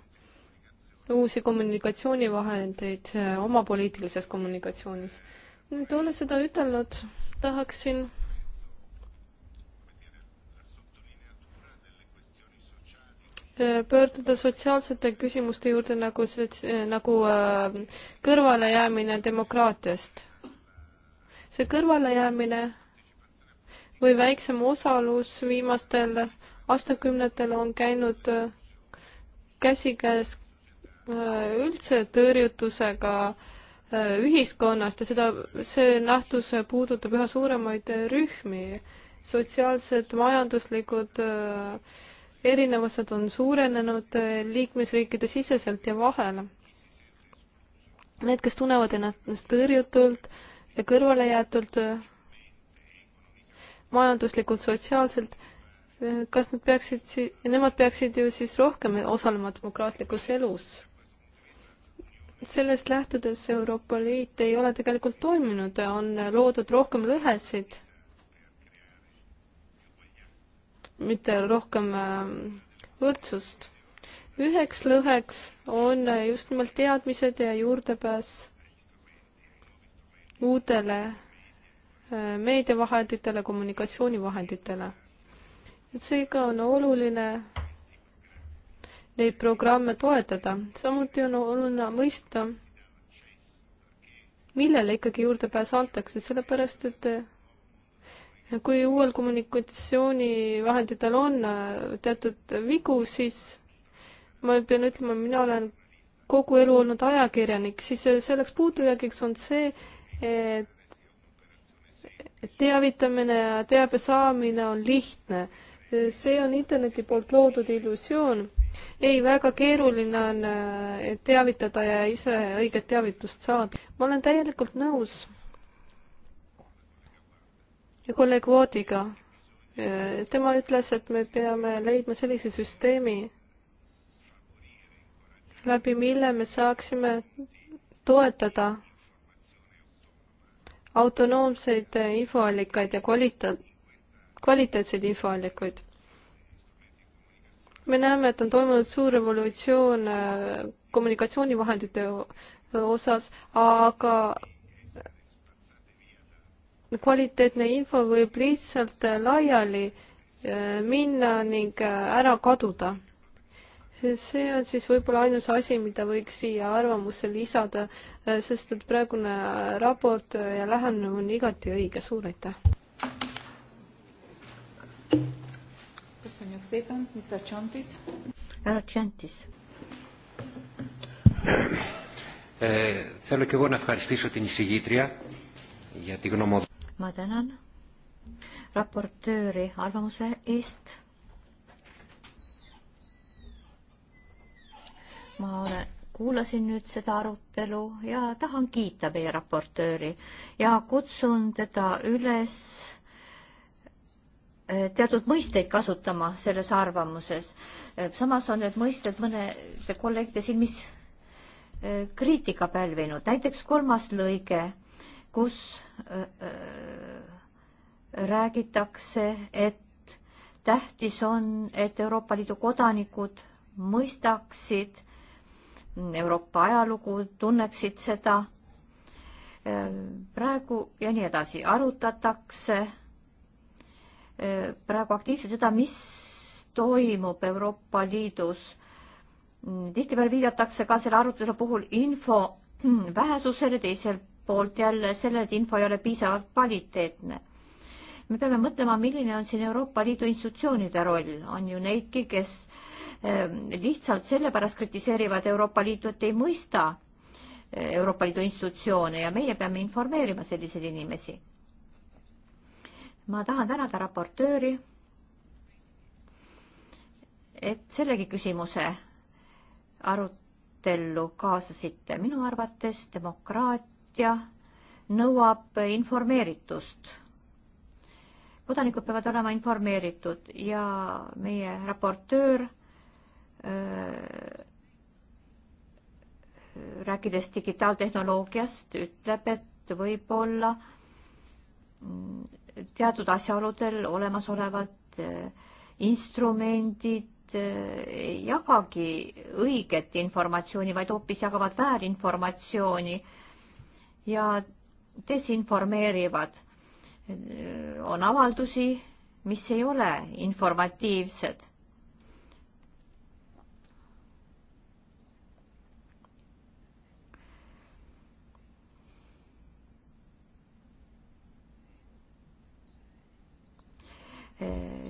uusi kommunikatsioonivahendeid äh, oma poliitilises kommunikatsioonis. nüüd olles seda ütelnud, tahaksin äh, pöörduda sotsiaalsete küsimuste juurde nagu, äh, nagu kõrvalejäämine demokraatiast. see kõrvalejäämine või väiksem osalus viimastel aastakümnetel on käinud äh, käsikäes äh, üldse tõrjutusega äh, ühiskonnast ja seda, see nähtus puudutab üha suuremaid rühmi. sotsiaalsed, majanduslikud erinevused on suurenenud liikmesriikide siseselt ja vahel. Need, kes tunnevad ennast tõrjutult ja kõrvalejäetult, majanduslikult, sotsiaalselt, eh, kas nad peaksid si-, nemad peaksid ju siis rohkem osalema demokraatlikus elus? sellest lähtudes Euroopa Liit ei ole tegelikult toiminud, on loodud rohkem lõhesid, mitte rohkem eh, võrdsust. üheks lõheks on just nimelt teadmised ja juurdepääs uutele meediavahenditele, kommunikatsioonivahenditele. et seega on oluline neid programme toetada, samuti on oluline mõista, millele ikkagi juurdepääs antakse, sellepärast et kui uuel kommunikatsioonivahenditel on äh, teatud vigu, siis ma pean ütlema, mina olen kogu elu olnud ajakirjanik, siis selleks puudujäägiks on see, et teavitamine ja teabe saamine on lihtne. see on interneti poolt loodud illusioon. ei, väga keeruline on äh, teavitada ja ise õiget teavitust saada. ma olen täielikult nõus ja kolleeg Voodiga. Äh, tema ütles, et me peame leidma sellise süsteemi, läbi mille me saaksime toetada autonoomseid äh, infoallikaid ja kvalita-, kvaliteetseid infoallikaid. me näeme, et on toimunud suur revolutsioon äh, kommunikatsioonivahendite osas, aga kvaliteetne info võib lihtsalt äh, laiali minna ning ära kaduda see on siis võib-olla ainus asi, mida võiks siia arvamusse lisada, äh, sest et praegune äh, raport äh, ja lähenemine on igati õige, suur aitäh! härra Tšantis. Θέλω και εγώ να ευχαριστήσω την εισηγήτρια για την γνωμοδότηση. Μα τέναν. Ραπορτέρι, άρβαμουσε, εστ. ma olen, kuulasin nüüd seda arutelu ja tahan kiita meie raportööri ja kutsun teda üles eh, teatud mõisteid kasutama selles arvamuses. Eh, samas on need mõisted mõnede kolleegide silmis eh, kriitika pälvinud, näiteks kolmas lõige, kus räägitakse, et tähtis on, et Euroopa Liidu kodanikud mõistaksid, Euroopa ajalugu, tunneksid seda äh, praegu ja nii edasi. arutatakse äh, praegu aktiivselt seda, mis toimub Euroopa Liidus. tihtipeale viidatakse ka selle arutelu puhul info vähesusele, teiselt poolt jälle sellele, et info ei ole piisavalt kvaliteetne. me peame mõtlema, milline on siin Euroopa Liidu institutsioonide roll, on ju neidki, kes äh, Ehm, lihtsalt sellepärast kritiseerivad Euroopa Liitu, et ei mõista eh, Euroopa Liidu institutsioone ja meie peame informeerima selliseid inimesi. ma tahan tänada raportööri, et sellegi küsimuse arutellu kaasasite. minu arvates demokraatia nõuab informeeritust. kodanikud peavad olema informeeritud ja meie raportöör Äh, rääkides digitaaltehnoloogiast, ütleb, et võib-olla mm, teatud asjaoludel olemasolevad äh, instrumendid äh, ei jagagi õiget informatsiooni, vaid hoopis jagavad väärinformatsiooni ja desinformeerivad. on avaldusi, mis ei ole informatiivsed Äh,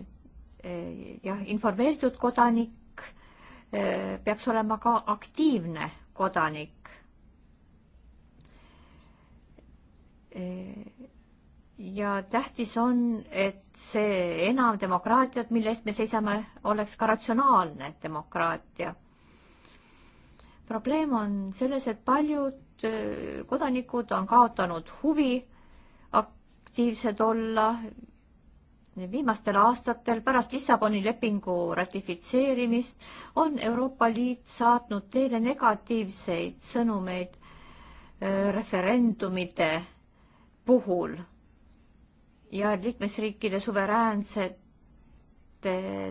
äh, jah, informeeritud kodanik äh, peaks olema ka aktiivne kodanik. ja tähtis on, et see enam demokraatiat, mille eest me seisame, oleks ka ratsionaalne demokraatia. probleem on selles, et paljud kodanikud on kaotanud huvi aktiivsed olla viimastel aastatel pärast Lissaboni lepingu ratifitseerimist on Euroopa Liit saatnud teile negatiivseid sõnumeid äh, referendumide puhul ja liikmesriikide suveräänsete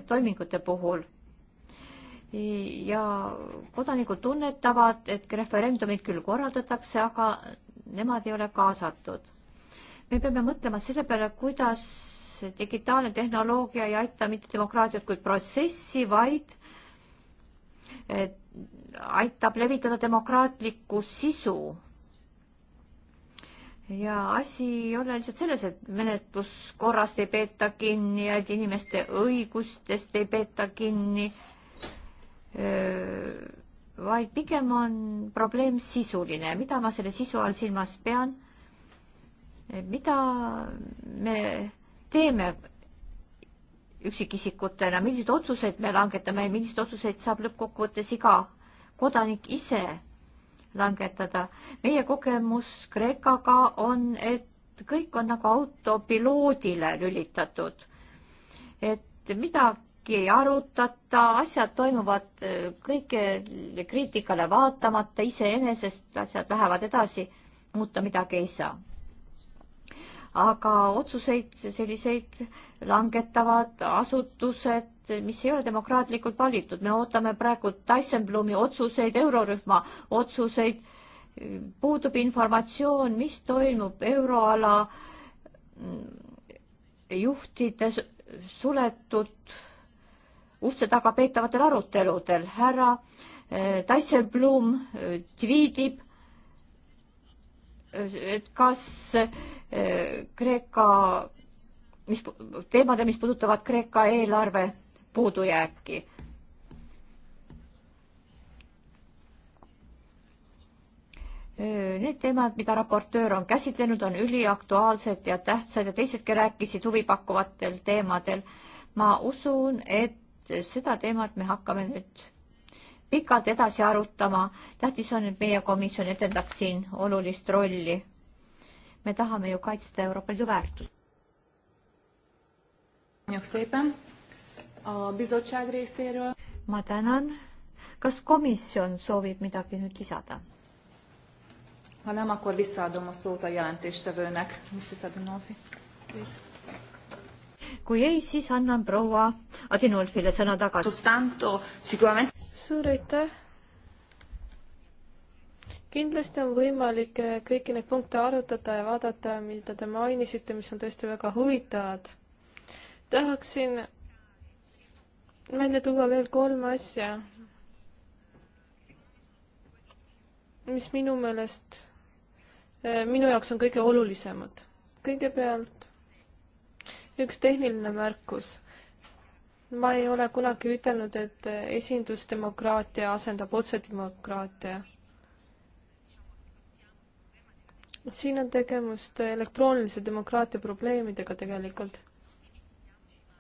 toimingute puhul. ja kodanikud tunnetavad, et referendumid küll korraldatakse, aga nemad ei ole kaasatud. me peame mõtlema selle peale, kuidas digitaalne tehnoloogia ei aita mitte demokraatiat kui protsessi, vaid eh, aitab levitada demokraatlikku sisu. ja asi ei ole lihtsalt selles, et menetluskorrast ei peeta kinni ja et inimeste õigustest ei peeta kinni, eh, vaid pigem on probleem sisuline. mida ma selle sisu all silmas pean? Eh, mida me teeme üksikisikutena, milliseid otsuseid me langetame ja milliseid otsuseid saab lõppkokkuvõttes iga kodanik ise langetada. meie kogemus Kreekaga on, et kõik on nagu autopiloodile lülitatud. et midagi ei arutata, asjad toimuvad e, kõigele kriitikale vaatamata, iseenesest asjad lähevad edasi, muuta midagi ei saa aga otsuseid selliseid langetavad asutused, mis ei ole demokraatlikult valitud. me ootame praegu Dysenblumi otsuseid, eurorühma otsuseid. puudub informatsioon, mis toimub euroala mm, juhtide suletud uste taga peetavatel aruteludel. härra eh, Dysenblum eh, tweetib, eh, et kas Kreeka, mis teemade, mis puudutavad Kreeka eelarve puudujääki. Need teemad, mida raportöör on käsitlenud, on üliaktuaalsed ja tähtsad ja teisedki rääkisid huvipakkuvatel teemadel. ma usun, et seda teemat me hakkame nüüd pikalt edasi arutama. tähtis on, et meie komisjon etendaks siin olulist rolli me tahame ju kaitsta Euroopa Liidu väärtust. ma tänan. kas komisjon soovib midagi nüüd lisada? Ha nem, akkor visszaadom a szót a jelentéstevőnek, Mrs. Adinolfi. Please. Kui ei, siis annan proua Adinolfile sõna tagasi. suur aitäh kindlasti on võimalik eh, kõiki neid punkte arutada ja vaadata, mida te mainisite, mis on tõesti väga huvitavad. tahaksin välja tuua veel kolm asja, mis minu meelest, eh, minu jaoks on kõige olulisemad. kõigepealt üks tehniline märkus. ma ei ole kunagi ütelnud, et eh, esindusdemokraatia asendab otsedemokraatia siin on tegemist elektroonilise demokraatia probleemidega tegelikult.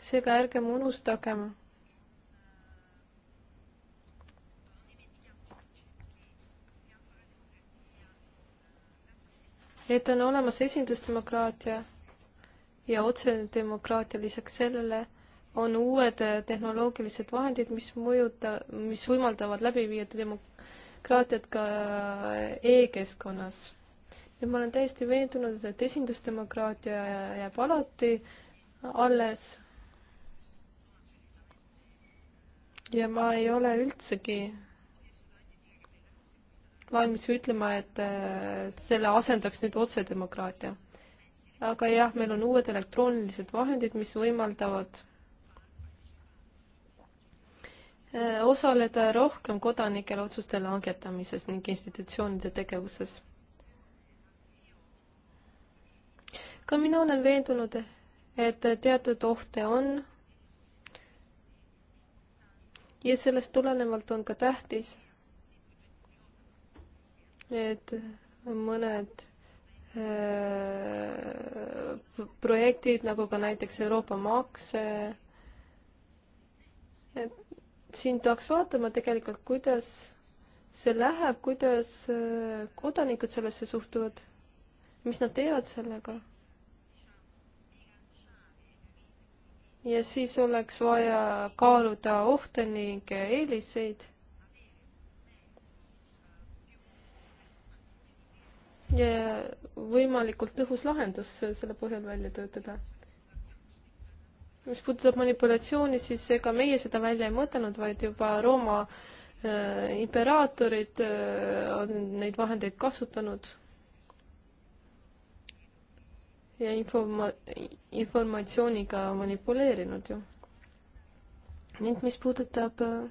seega ärgem unustagem. et on olemas esindusdemokraatia ja otsene demokraatia, lisaks sellele on uued tehnoloogilised vahendid, mis mõjuta, mis võimaldavad läbi viia demokraatiat ka e-keskkonnas ja ma olen täiesti veendunud, et esindusdemokraatia jääb alati alles. ja ma ei ole üldsegi valmis ütlema, et selle asendaks nüüd otsedemokraatia. aga jah, meil on uued elektroonilised vahendid, mis võimaldavad eh, osaleda rohkem kodanike otsuste langetamises ning institutsioonide tegevuses ka mina olen veendunud, et teatud ohte on. ja sellest tulenevalt on ka tähtis, et mõned äh, projektid, nagu ka näiteks Euroopa makse. et siin peaks vaatama tegelikult, kuidas see läheb, kuidas äh, kodanikud sellesse suhtuvad, mis nad teevad sellega ja siis oleks vaja kaaluda ohte ning eeliseid. ja võimalikult tõhus lahendus selle põhjal välja töötada. mis puudutab manipulatsiooni, siis ega meie seda välja ei mõtelnud, vaid juba Rooma äh, imperaatorid äh, on neid vahendeid kasutanud ja informa-, informatsiooniga manipuleerinud ju. ning mis puudutab äh,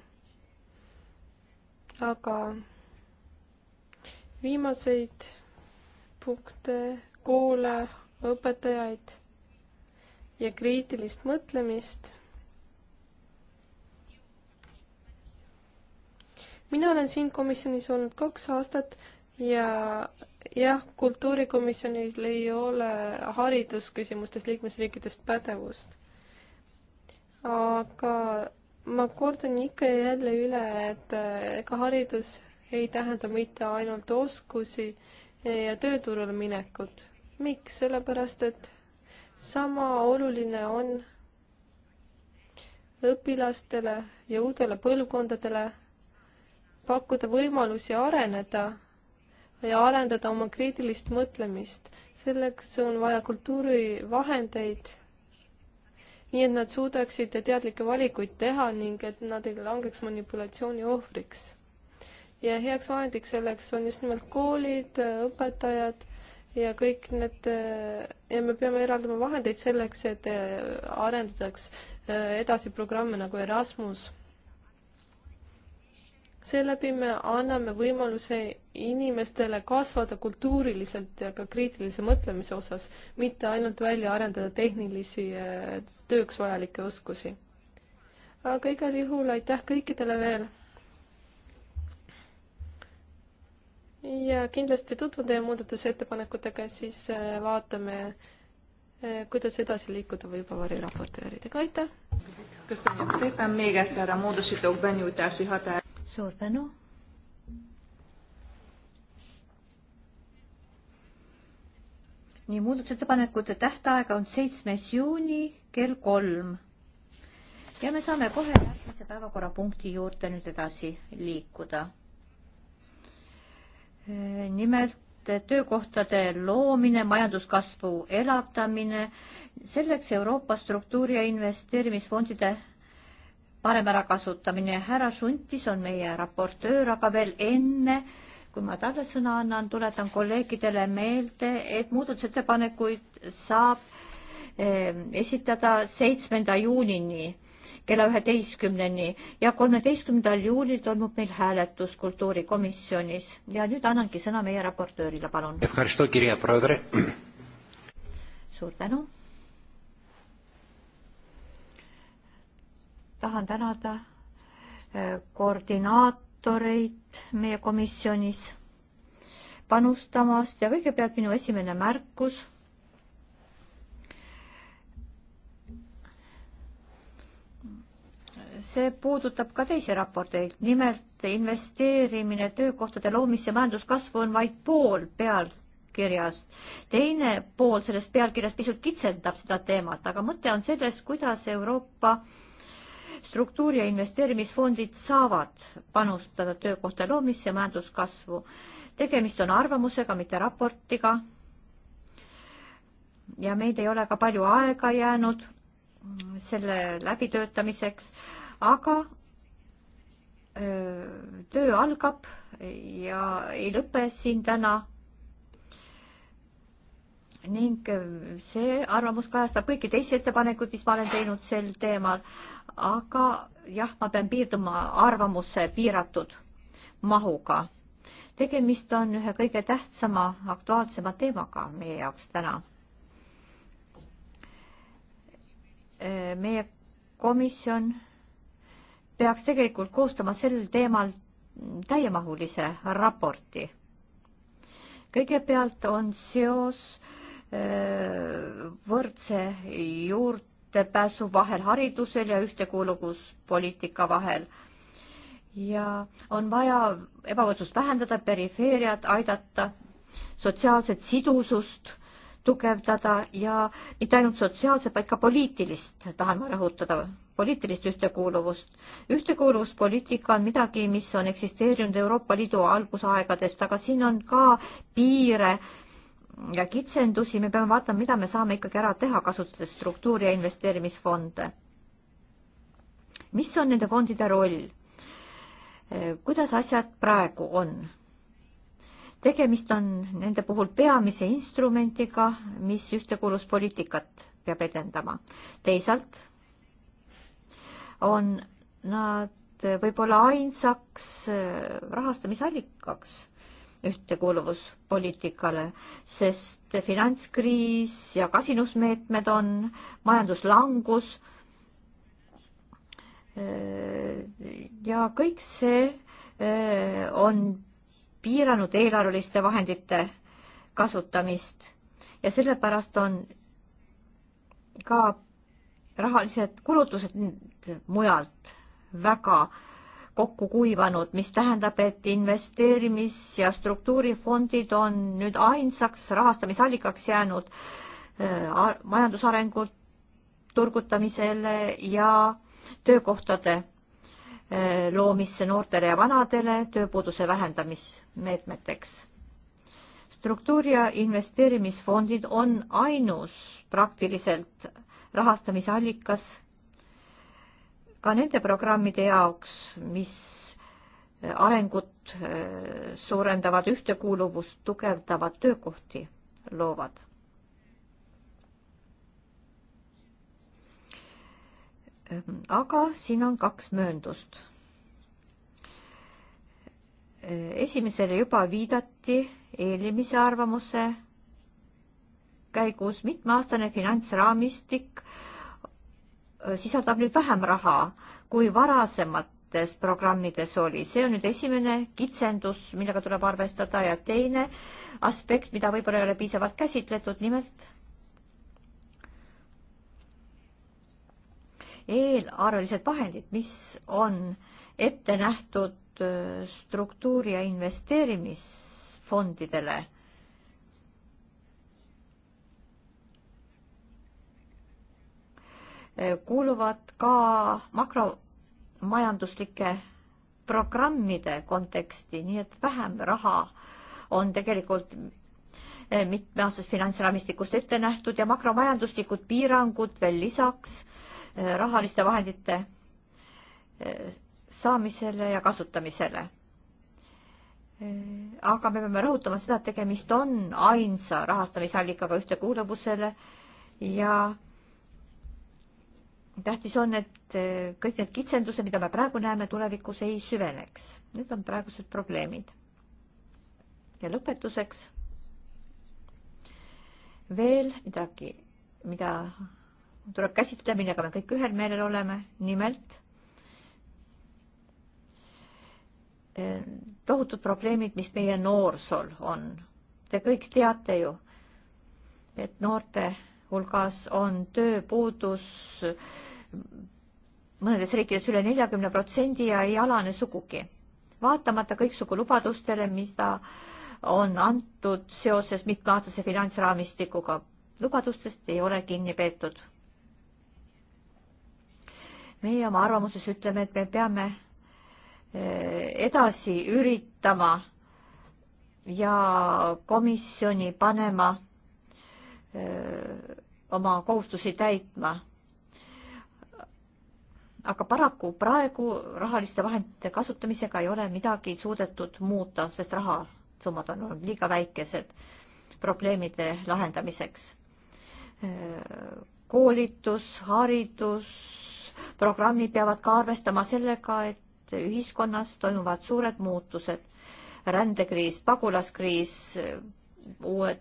aga viimaseid punkte, koole, õpetajaid ja kriitilist mõtlemist. mina olen siin komisjonis olnud kaks aastat ja jah, kultuurikomisjonil ei ole haridusküsimustes liikmesriikides pädevust. aga ma kordan ikka ja jälle üle, et eh, ega haridus ei tähenda mitte ainult oskusi ja tööturule minekut. miks? sellepärast, et sama oluline on õpilastele ja uutele põlvkondadele pakkuda võimalusi areneda ja arendada oma kriitilist mõtlemist. selleks on vaja kultuurivahendeid, nii et nad suudaksid teadlikke valikuid teha ning et nad ei langeks manipulatsiooni ohvriks. ja heaks vahendiks selleks on just nimelt koolid, õpetajad ja kõik need ja me peame eraldama vahendeid selleks, et arendataks edasi programme nagu Erasmus seeläbi me anname võimaluse inimestele kasvada kultuuriliselt ja ka kriitilise mõtlemise osas, mitte ainult välja arendada tehnilisi eh, tööks vajalikke oskusi. aga igal juhul aitäh kõikidele veel. ja kindlasti tutvun teie muudatusettepanekutega, siis eh, vaatame, eh, kuidas edasi liikuda võib avariraportööridega, aitäh! köszönjük szépen, még egyszer a módosítók benyújtási határ suur tänu. nii, muudatusettepanekute tähtaeg on seitsmes juuni kell kolm. ja me saame kohe järgmise päevakorrapunkti juurde nüüd edasi liikuda. nimelt töökohtade loomine, majanduskasvu elavdamine, selleks Euroopa struktuuri ja investeerimisfondide parem ärakasutamine. härra Šuntis on meie raportöör, aga veel enne, kui ma talle sõna annan, tuletan kolleegidele meelde, et muudatusettepanekuid saab ehm, esitada seitsmenda juunini kella üheteistkümneni ja kolmeteistkümnendal juulil toimub meil hääletus kultuurikomisjonis ja nüüd annangi sõna meie raportöörile, palun. suur tänu tahan tänada äh, koordinaatoreid meie komisjonis panustamast ja kõigepealt minu esimene märkus. see puudutab ka teisi raporteid, nimelt investeerimine töökohtade loomisse majanduskasvu on vaid pool pealkirjast. teine pool sellest pealkirjast pisut kitsendab seda teemat, aga mõte on selles, kuidas Euroopa äh, struktuuri- ja investeerimisfondid saavad panustada töökohta loomisse ja majanduskasvu. tegemist on arvamusega, mitte raportiga. ja meid ei ole ka palju aega jäänud selle läbitöötamiseks, aga öö, töö algab ja ei lõpe siin täna ning äh, see arvamus kajastab kõiki teisi ettepanekuid, mis ma olen teinud sel teemal, aga jah, ma pean piirduma arvamuse piiratud mahuga. tegemist on ühe kõige tähtsama, aktuaalsema teemaga meie jaoks täna. Äh, meie komisjon peaks tegelikult koostama sel teemal täiemahulise raporti. kõigepealt on seos äh, võrdse juurdepääsu vahel haridusel ja ühtekuuluvuspoliitika vahel. ja on vaja ebavõrdsust vähendada, perifeeriat aidata, sotsiaalset sidusust tugevdada ja mitte ainult sotsiaalset, vaid ka poliitilist, tahan ma rõhutada, poliitilist ühtekuuluvust. ühtekuuluvuspoliitika on midagi, mis on eksisteerinud Euroopa Liidu algusaegadest, aga siin on ka piire äh, ja kitsendusi, me peame vaatama, mida me saame ikkagi ära teha, kasutades struktuuri ja investeerimisfonde. mis on nende fondide roll? kuidas asjad praegu on? tegemist on nende puhul peamise instrumendiga, mis ühtekuuluvuspoliitikat peab edendama. teisalt on nad võib-olla ainsaks äh, rahastamisallikaks ühtekuuluvuspoliitikale, sest finantskriis ja kasinusmeetmed on, majanduslangus ja kõik see on piiranud eelarveliste vahendite kasutamist ja sellepärast on ka rahalised kulutused mujalt väga äh, kokku kuivanud, mis tähendab, et investeerimis- ja struktuurifondid on nüüd ainsaks rahastamisallikaks jäänud äh, majandusarengu turgutamisele ja töökohtade äh, loomisse noortele ja vanadele tööpuuduse vähendamismeetmeteks. struktuuri- ja investeerimisfondid on ainus praktiliselt rahastamisallikas ka nende programmide jaoks, mis arengut äh, suurendavad, ühtekuuluvust tugevdavad, töökohti loovad. aga siin on kaks mööndust. esimesele juba viidati eelmise arvamuse käigus mitmeaastane finantsraamistik äh, sisaldab nüüd vähem raha kui varasemates programmides oli. see on nüüd esimene kitsendus, millega tuleb arvestada ja teine aspekt, mida võib-olla ei ole piisavalt käsitletud, nimelt eelarvelised vahendid, mis on ette nähtud struktuuri ja investeerimisfondidele Eh, kuuluvad ka makromajanduslike programmide konteksti, nii et vähem raha on tegelikult eh, mitmeaastases finantsraamistikust ette nähtud ja makromajanduslikud piirangud veel lisaks eh, rahaliste vahendite saamisele ja kasutamisele. aga me peame rõhutama seda, et tegemist on ainsa rahastamisallikaga ühtekuuluvusele ja tähtis on, et äh, kõik need kitsendused, mida me praegu näeme, tulevikus ei süveneks. Need on praegused probleemid. ja lõpetuseks veel midagi, mida tuleb käsitleda, millega me kõik ühel meelel oleme, nimelt äh, tohutud probleemid, mis meie noorsool on. Te kõik teate ju, et noorte hulgas on tööpuudus äh, mõnedes riikides üle neljakümne protsendi ja ei alane sugugi. vaatamata kõiksugu lubadustele, mida on antud seoses mitmeaastase finantsraamistikuga. lubadustest ei ole kinni peetud. meie oma arvamuses ütleme, et me peame eh, edasi üritama ja komisjoni panema öö, eh, oma kohustusi täitma aga paraku praegu rahaliste vahendite kasutamisega ei ole midagi suudetud muuta, sest rahasummad on olnud liiga väikesed probleemide lahendamiseks. Äh, koolitus, haridus, programmid peavad ka arvestama sellega, et ühiskonnas toimuvad suured muutused. rändekriis, pagulaskriis, äh, uued,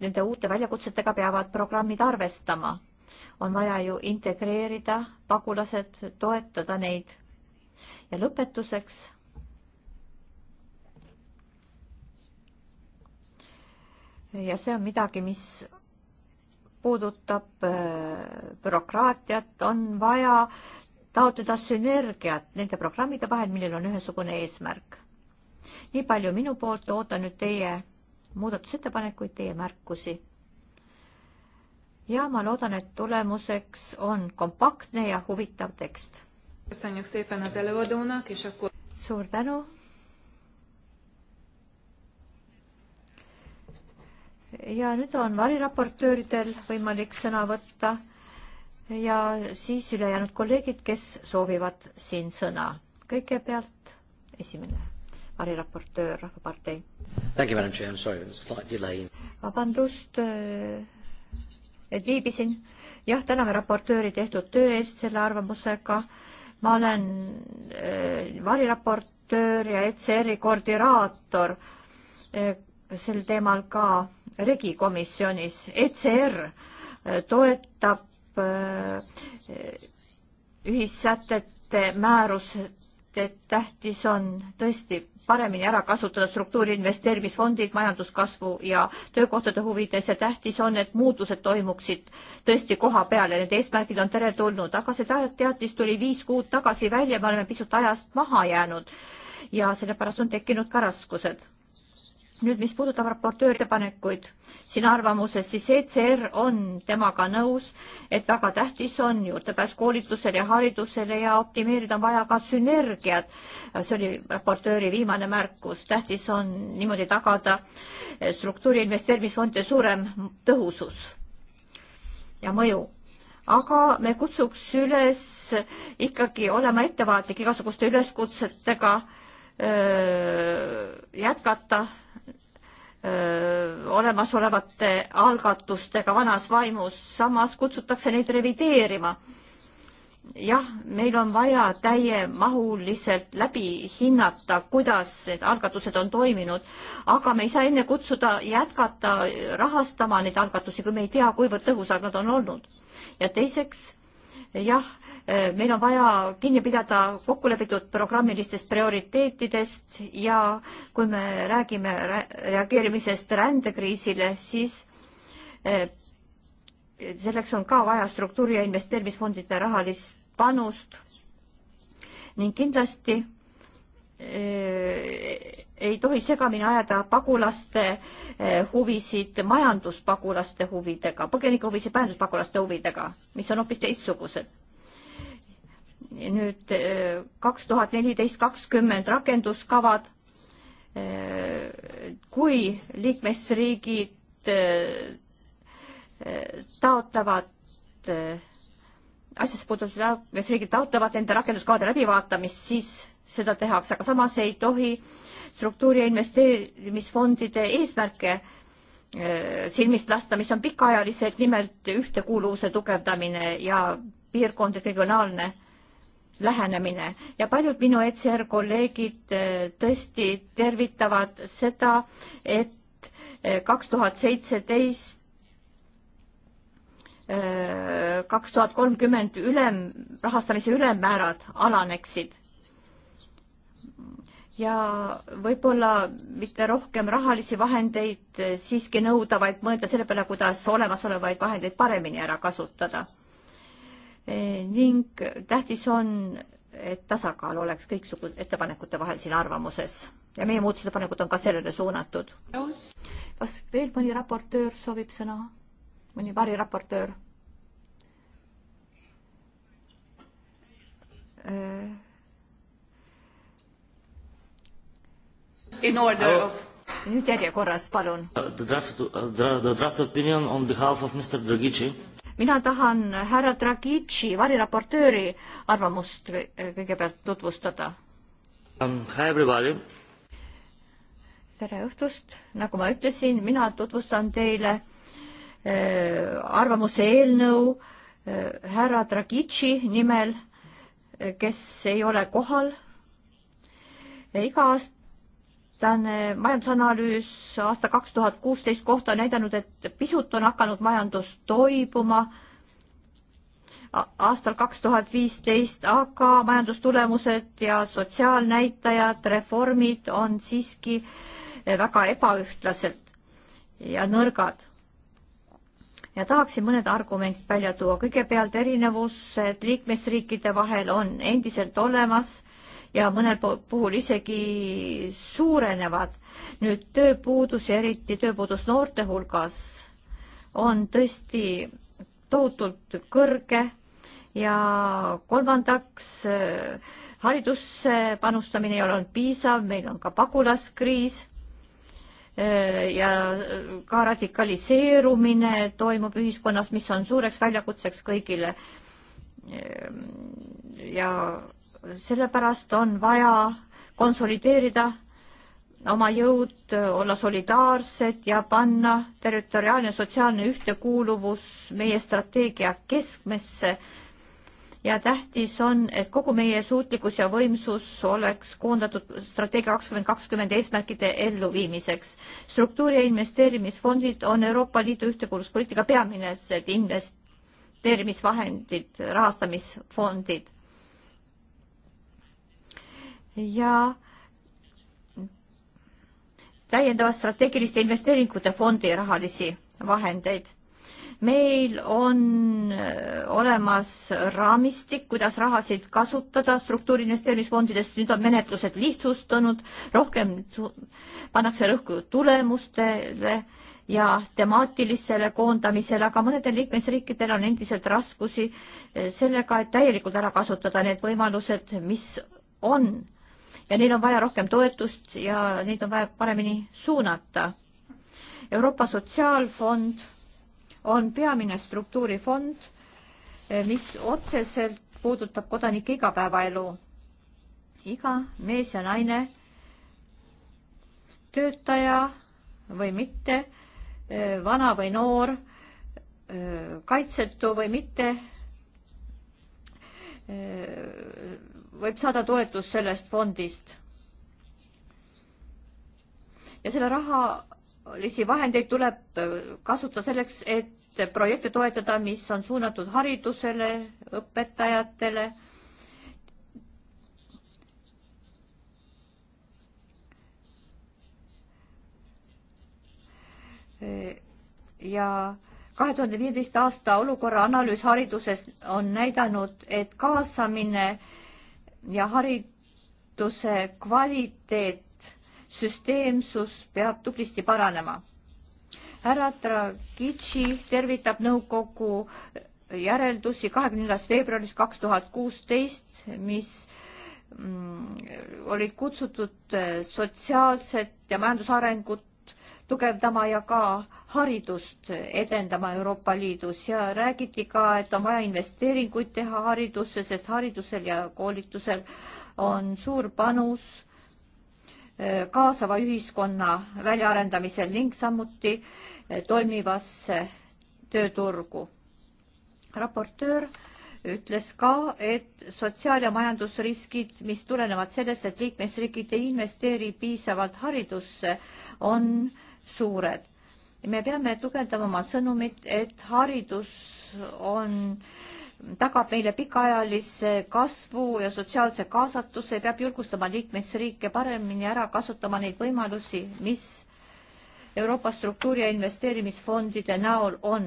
nende uute väljakutsetega peavad programmid arvestama on vaja ju integreerida pagulased, toetada neid. ja lõpetuseks. ja see on midagi, mis puudutab äh, bürokraatiat, on vaja taotleda sünergiat nende programmide vahel, millel on ühesugune eesmärk. nii palju minu poolt, ootan nüüd teie muudatusettepanekuid, teie märkusi ja ma loodan, et tulemuseks on kompaktne ja huvitav tekst. suur tänu. ja nüüd on variraportööridel võimalik sõna võtta ja siis ülejäänud kolleegid, kes soovivad siin sõna. kõigepealt esimene variraportöör Rahvapartei. vabandust et viibisin. jah, täname raportööri tehtud töö eest selle arvamusega. ma olen äh, variraportöör ja ECR-i koordinaator äh, sel teemal ka regikomisjonis. ECR äh, toetab äh, ühissätete määrust, et tähtis on tõesti paremini ära kasutada struktuuri investeerimisfondid majanduskasvu ja töökohtade huvides ja tähtis on, et muutused toimuksid tõesti koha peal ja need eesmärgid on teretulnud, aga see teatis tuli viis kuud tagasi välja, me oleme pisut ajast maha jäänud ja sellepärast on tekkinud ka raskused nüüd, mis puudutab raportööri ettepanekuid siin arvamuses, siis ECR on temaga nõus, et väga tähtis on juurdepääs koolitusele ja haridusele ja optimeerida on vaja ka sünergiat. see oli raportööri viimane märkus, tähtis on niimoodi tagada struktuuri investeerimisfondide suurem tõhusus ja mõju aga me kutsuks üles ikkagi olema ettevaatlik igasuguste üleskutsetega, jätkata olemasolevate algatustega vanas vaimus, samas kutsutakse neid revideerima. jah, meil on vaja täiemahuliselt läbi hinnata, kuidas need algatused on toiminud, aga me ei saa enne kutsuda jätkata rahastama neid algatusi, kui me ei tea, kuivõrd tõhusad nad on olnud. ja teiseks jah, eh, meil on vaja kinni pidada kokkulepitud programmilistest prioriteetidest ja kui me räägime reageerimisest rändekriisile, siis eh, selleks on ka vaja struktuuri ja investeerimisfondide rahalist panust ning kindlasti Äh, ei tohi segamini ajada pagulaste äh, huvisid majanduspagulaste huvidega, põgenike huvisid majanduspagulaste huvidega, mis on hoopis teistsugused. nüüd äh, kaks tuhat neliteist, kakskümmend rakenduskavad. kui liikmesriigid taotlevad asjasse puutuvad liikmesriigid taotlevad enda rakenduskavade läbivaatamist, siis seda tehakse, aga samas ei tohi struktuuri ja investeerimisfondide eesmärke äh, silmist lasta, mis on pikaajalised, nimelt ühtekuuluvuse tugevdamine ja piirkondlik regionaalne lähenemine ja paljud minu ECR kolleegid äh, tõesti tervitavad seda, et äh, kaks tuhat seitseteist, kaks tuhat kolmkümmend ülem, rahastamise ülemmäärad alaneksid ja võib-olla mitte rohkem rahalisi vahendeid siiski nõuda, vaid mõelda selle peale, kuidas olemasolevaid vahendeid paremini ära kasutada. E, ning tähtis on, et tasakaal oleks kõiksugu ettepanekute vahel siin arvamuses ja meie muudatusettepanekud on ka sellele suunatud. kas veel mõni raportöör soovib sõna? mõni variraportöör? E, in order of nüüd järjekorras, palun. The draft, uh, the draft opinion on behalf of Mr Dragici. mina tahan härra Dragici, variraportööri arvamust kõigepealt tutvustada um,. Hi everybody. tere õhtust, nagu ma ütlesin, mina tutvustan teile äh, arvamuse eelnõu äh, härra Dragici nimel, äh, kes ei ole kohal iga aasta tänane majandusanalüüs aasta kaks tuhat kuusteist kohta on näidanud, et pisut on hakanud majandus toibuma aastal kaks tuhat viisteist, aga majandustulemused ja sotsiaalnäitajad, reformid on siiski väga ebaühtlased ja nõrgad. ja tahaksin mõned argumendid välja tuua. kõigepealt erinevused liikmesriikide vahel on endiselt olemas ja mõnel puhul isegi suurenevad. nüüd tööpuudus ja eriti tööpuudus noorte hulgas on tõesti tohutult kõrge ja kolmandaks äh, haridusse panustamine ei ole olnud piisav, meil on ka pagulaskriis äh, ja ka radikaliseerumine toimub ühiskonnas, mis on suureks väljakutseks kõigile. Äh, ja sellepärast on vaja konsolideerida oma jõud, olla solidaarsed ja panna territoriaalne sotsiaalne ühtekuuluvus meie strateegia keskmesse. ja tähtis on, et kogu meie suutlikkus ja võimsus oleks koondatud strateegia kakskümmend kakskümmend eesmärkide elluviimiseks. struktuuri ja investeerimisfondid on Euroopa Liidu ühtekuuluvuspoliitika peamised investeerimisvahendid, rahastamisfondid ja täiendavalt strateegiliste investeeringute fondi rahalisi vahendeid. meil on äh, olemas raamistik, kuidas rahasid kasutada struktuuriinvesteerimisfondidest, nüüd on menetlused lihtsustunud, rohkem pannakse rõhku tulemustele ja temaatilisele koondamisele, aga mõnedel liikmesriikidel on endiselt raskusi äh, sellega, et täielikult ära kasutada need võimalused, mis on ja neil on vaja rohkem toetust ja neid on vaja paremini suunata. Euroopa Sotsiaalfond on peamine struktuurifond, mis otseselt puudutab kodanike igapäevaelu. iga mees ja naine, töötaja või mitte, vana või noor, kaitsetu või mitte, võib saada toetust sellest fondist. ja selle rahalisi vahendeid tuleb kasutada selleks, et projekte toetada, mis on suunatud haridusele, õpetajatele ja kahe tuhande viieteist aasta olukorra analüüs hariduses on näidanud, et kaasamine ja hariduse kvaliteet, süsteemsus peab tublisti paranema. härra Dragitši tervitab nõukogu järeldusi kahekümnendast veebruarist kaks tuhat kuusteist, mis mm, olid kutsutud äh, sotsiaalset ja majandusarengut tugevdama ja ka haridust edendama Euroopa Liidus ja räägiti ka, et on vaja investeeringuid teha haridusse, sest haridusel ja koolitusel on suur panus eh, kaasava ühiskonna väljaarendamisel ning samuti eh, toimivasse tööturgu. raportöör ütles ka, et sotsiaal- ja majandusriskid, mis tulenevad sellest, et liikmesriigid ei investeeri piisavalt haridusse, on äh, suured. me peame tugevdama oma sõnumit, et haridus on, tagab meile pikaajalise kasvu ja sotsiaalse kaasatuse, peab julgustama liikmesriike paremini ära kasutama neid võimalusi, mis Euroopa struktuuri- ja investeerimisfondide näol on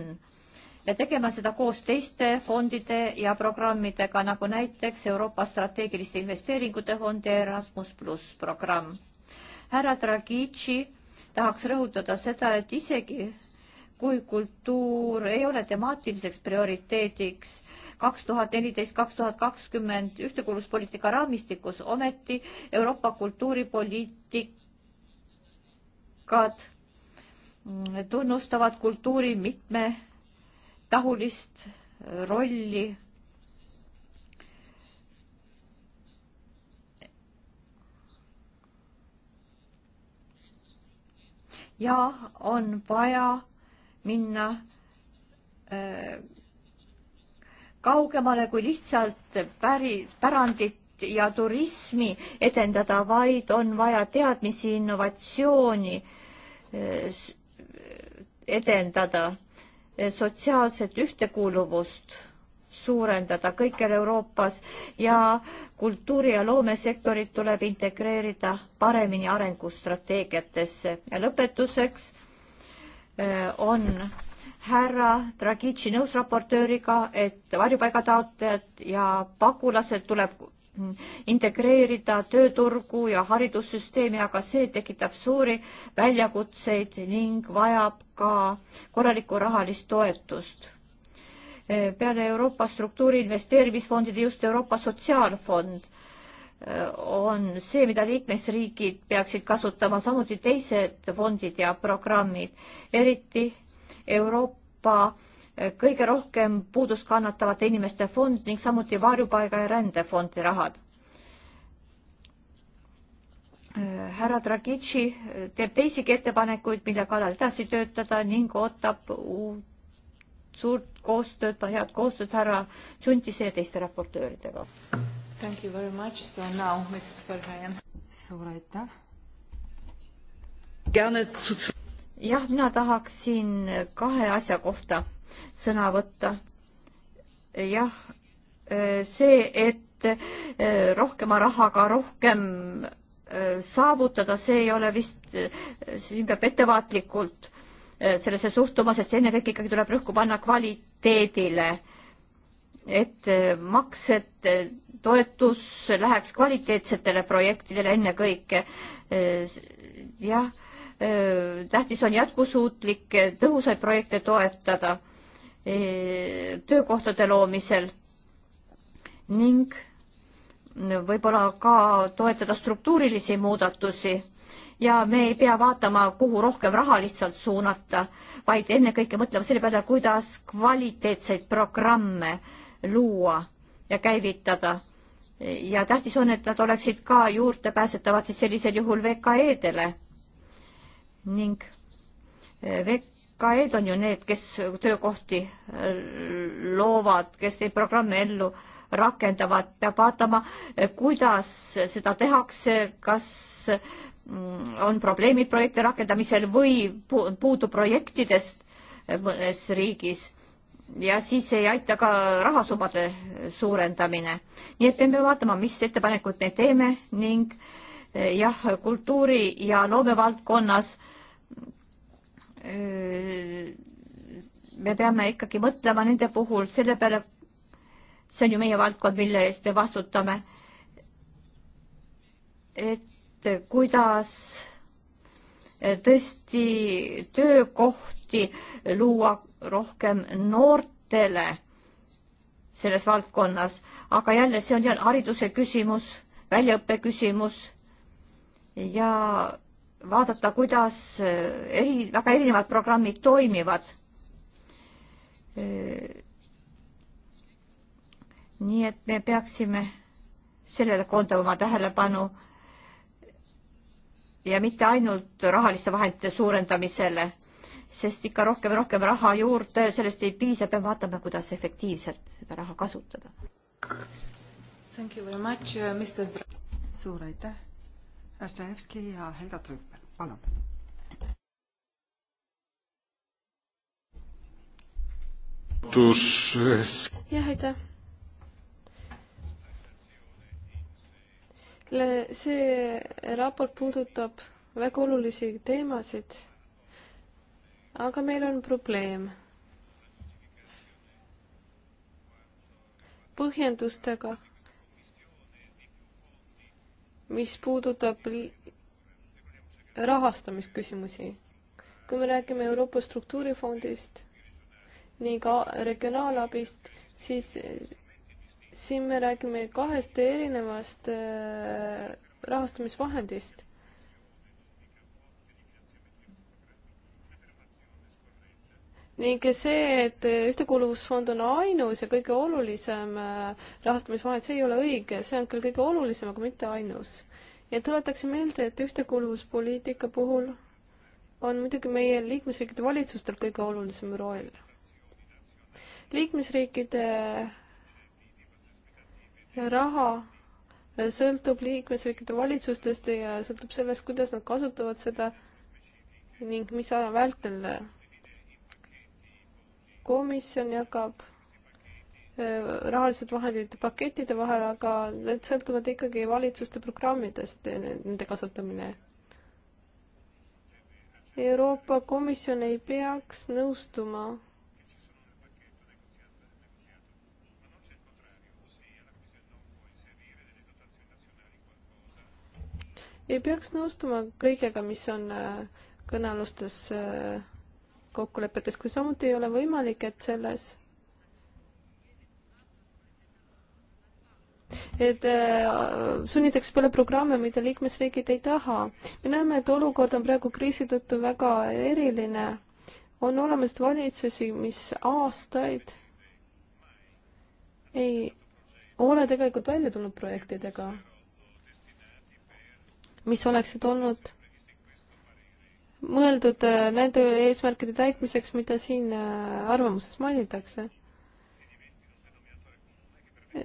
ja tegema seda koos teiste fondide ja programmidega, nagu näiteks Euroopa strateegiliste investeeringute fond ja Erasmus pluss programm. härra Dragici tahaks rõhutada seda, et isegi kui kultuur ei ole temaatiliseks prioriteediks kaks tuhat neliteist, kaks tuhat kakskümmend ühtekuuluvuspoliitika raamistikus, ometi Euroopa kultuuripoliitikad tunnustavad kultuuri mitmetahulist rolli ja on vaja minna öö, äh, kaugemale kui lihtsalt päri, pärandit ja turismi edendada, vaid on vaja teadmisi, innovatsiooni äh, edendada, äh, sotsiaalset ühtekuuluvust suurendada kõikjal Euroopas ja kultuuri- ja loomesektorit tuleb integreerida paremini arengustrateegiatesse. ja lõpetuseks äh, on härra Dragici nõusraportööriga, et varjupaigataotlejad ja pagulased tuleb integreerida tööturgu ja haridussüsteemi, aga see tekitab suuri väljakutseid ning vajab ka korralikku rahalist toetust Eh, peale Euroopa struktuuri investeerimisfondide just Euroopa Sotsiaalfond eh, on see, mida liikmesriigid peaksid kasutama, samuti teised fondid ja programmid, eriti Euroopa eh, kõige rohkem puudust kannatavate inimeste fond ning samuti varjupaiga ja rändefondi rahad. härra Dragici teeb teisigi ettepanekuid, mille kallal edasi töötada ning ootab uut suurt koostööd, head koostööd härra Tšuntise ja teiste raportööridega. Thank you very much, so now Mrs Verheyen. suur aitäh. jah, mina tahaksin kahe asja kohta sõna võtta. jah, see, et eh, rohkema rahaga rohkem eh, saavutada, see ei ole vist, eh, siin peab ettevaatlikult Äh, sellesse suhtuma, sest ennekõike ikkagi tuleb rõhku panna kvaliteedile. et äh, maksed, äh, toetus läheks kvaliteetsetele projektidele ennekõike. jah, tähtis on jätkusuutlikke, tõhusaid projekte toetada töökohtade loomisel ning mm, võib-olla ka toetada struktuurilisi muudatusi ja me ei pea vaatama, kuhu rohkem raha lihtsalt suunata, vaid ennekõike mõtlema selle peale, kuidas kvaliteetseid programme luua ja käivitada. ja tähtis on, et nad oleksid ka juurdepääsetavad siis sellisel juhul VKE-dele ning eh, VKE-d on ju need, kes töökohti eh, loovad, kes neid programme ellu rakendavad, peab vaatama, kuidas seda tehakse, kas mm, on probleemid projekti rakendamisel või puudu projektidest mõnes riigis ja siis ei aita ka rahasummade suurendamine. nii et peame vaatama, mis ettepanekud me teeme ning eh, jah, kultuuri ja loomevaldkonnas eh, me peame ikkagi mõtlema nende puhul selle peale, see on ju meie valdkond, mille eest me vastutame. et kuidas tõesti töökohti luua rohkem noortele selles valdkonnas, aga jälle, see on jälle hariduse küsimus, väljaõppe küsimus ja vaadata, kuidas eri, väga erinevad programmid toimivad nii et me peaksime sellele koondama oma tähelepanu ja mitte ainult rahaliste vahendite suurendamisele, sest ikka rohkem ja rohkem raha juurde, sellest ei piisa, peame vaatama, kuidas efektiivselt seda raha kasutada. Uh, suur aitäh, Rastajevski ja Helga Trüppel, palun. jah, aitäh see raport puudutab väga olulisi teemasid, aga meil on probleem. põhjendustega, mis puudutab rahastamisküsimusi. kui me räägime Euroopa struktuurifondist ning regionaalabist, siis siin me räägime kahest erinevast äh, rahastamisvahendist. ning see, et ühtekuuluvusfond on ainus ja kõige olulisem äh, rahastamisvahend, see ei ole õige, see on küll kõige olulisem, aga mitte ainus. ja tuletaksin meelde, et ühtekuuluvuspoliitika puhul on muidugi meie liikmesriikide valitsustel kõige olulisem roll. liikmesriikide raha sõltub liikmesriikide valitsustest ja sõltub sellest, kuidas nad kasutavad seda ning mis aja vältel. komisjon jagab äh, rahalised vahendid pakettide vahel, aga need sõltuvad ikkagi valitsuste programmidest, äh, nende kasutamine. Euroopa Komisjon ei peaks nõustuma ei peaks nõustuma kõigega, mis on äh, kõnealustes äh, kokkulepetes, kui samuti ei ole võimalik, et selles et äh, sunnitakse peale programme, mida liikmesriigid ei taha. me näeme, et olukord on praegu kriisi tõttu väga eriline. on olemas valitsusi, mis aastaid ei ole tegelikult välja tulnud projektidega mis oleksid olnud mõeldud äh, nende eesmärkide täitmiseks, mida siin äh, arvamuses mainitakse.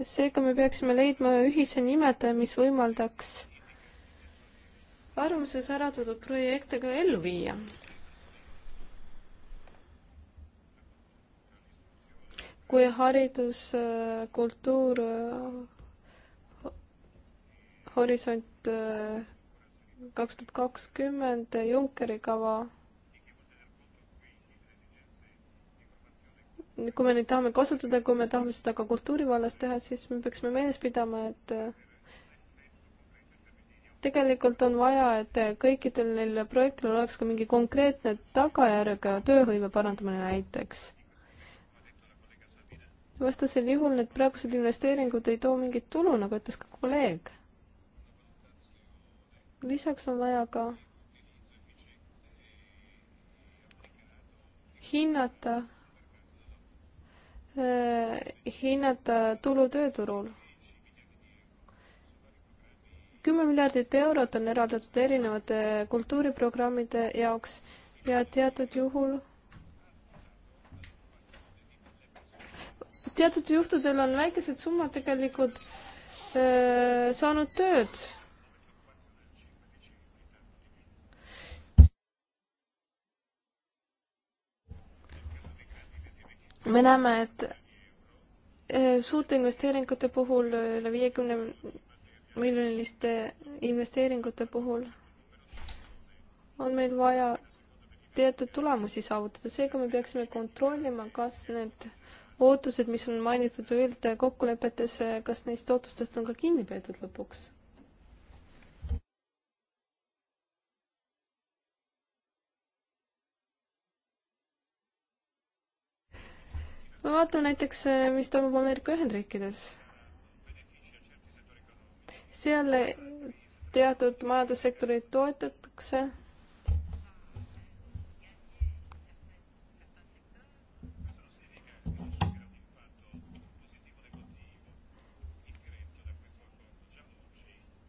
seega me peaksime leidma ühise nimetaja, mis võimaldaks arvamuses ära toodud projekte ka ellu viia. kui haridus, äh, kultuur, horisont kaks tuhat kakskümmend Junckeri kava. kui me neid tahame kasutada, kui me tahame seda ka kultuuri vallas teha, siis me peaksime meeles pidama, et tegelikult on vaja, et kõikidel neil projektil oleks ka mingi konkreetne tagajärg, tööhõive parandamine näiteks. vastasel juhul need praegused investeeringud ei too mingit tulu, nagu ütles ka kolleeg lisaks on vaja ka hinnata, äh, hinnata tulu tööturul. kümme miljardit eurot on eraldatud erinevate kultuuriprogrammide jaoks ja teatud juhul teatud juhtudel on väikesed summad tegelikult öö, äh, saanud tööd me näeme, et eh, suurte investeeringute puhul, üle viiekümne miljoniliste investeeringute puhul on meil vaja teatud tulemusi saavutada, seega me peaksime kontrollima, kas need ootused, mis on mainitud üldkokkulepetes, eh, kas neist ootustest on ka kinni peetud lõpuks? ma vaatan näiteks, äh, mis toimub Ameerika Ühendriikides. seal äh, teatud majandussektoreid toetatakse.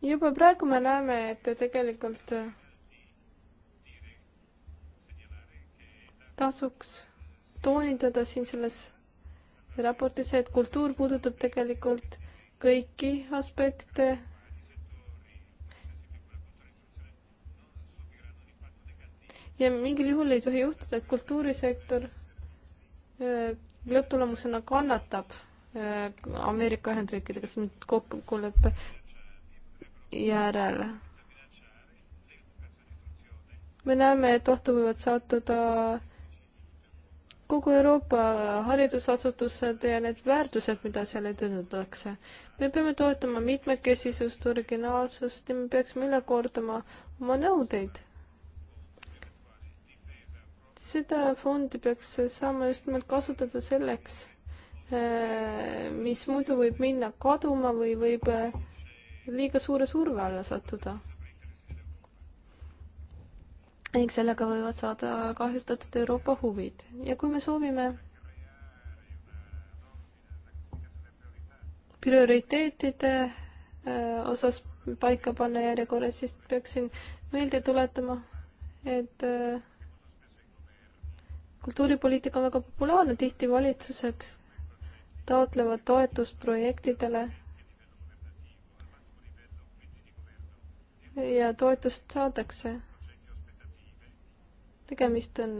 juba praegu me näeme, et tegelikult äh, tasuks toonitada siin selles raportis, et kultuur puudutab tegelikult kõiki aspekte. ja mingil juhul ei tohi juhtuda, et kultuurisektor äh, lõpptulemusena kannatab äh, Ameerika Ühendriikidega sõlmitud kokkuleppe järele. me näeme, et ohtu võivad sattuda äh, kogu Euroopa haridusasutused ja need väärtused, mida seal edendatakse. me peame toetama mitmekesisust, originaalsust ja me peaksime üle kordama oma nõudeid. seda fondi peaks saama just nimelt kasutada selleks, eh, mis muidu võib minna kaduma või võib eh, liiga suure surve alla sattuda ning sellega võivad saada kahjustatud Euroopa huvid ja kui me soovime prioriteetide äh, osas paika panna järjekorras, siis peaksin meelde tuletama, et äh, kultuuripoliitika on väga populaarne, tihti valitsused taotlevad toetust projektidele ja toetust saadakse tegemist on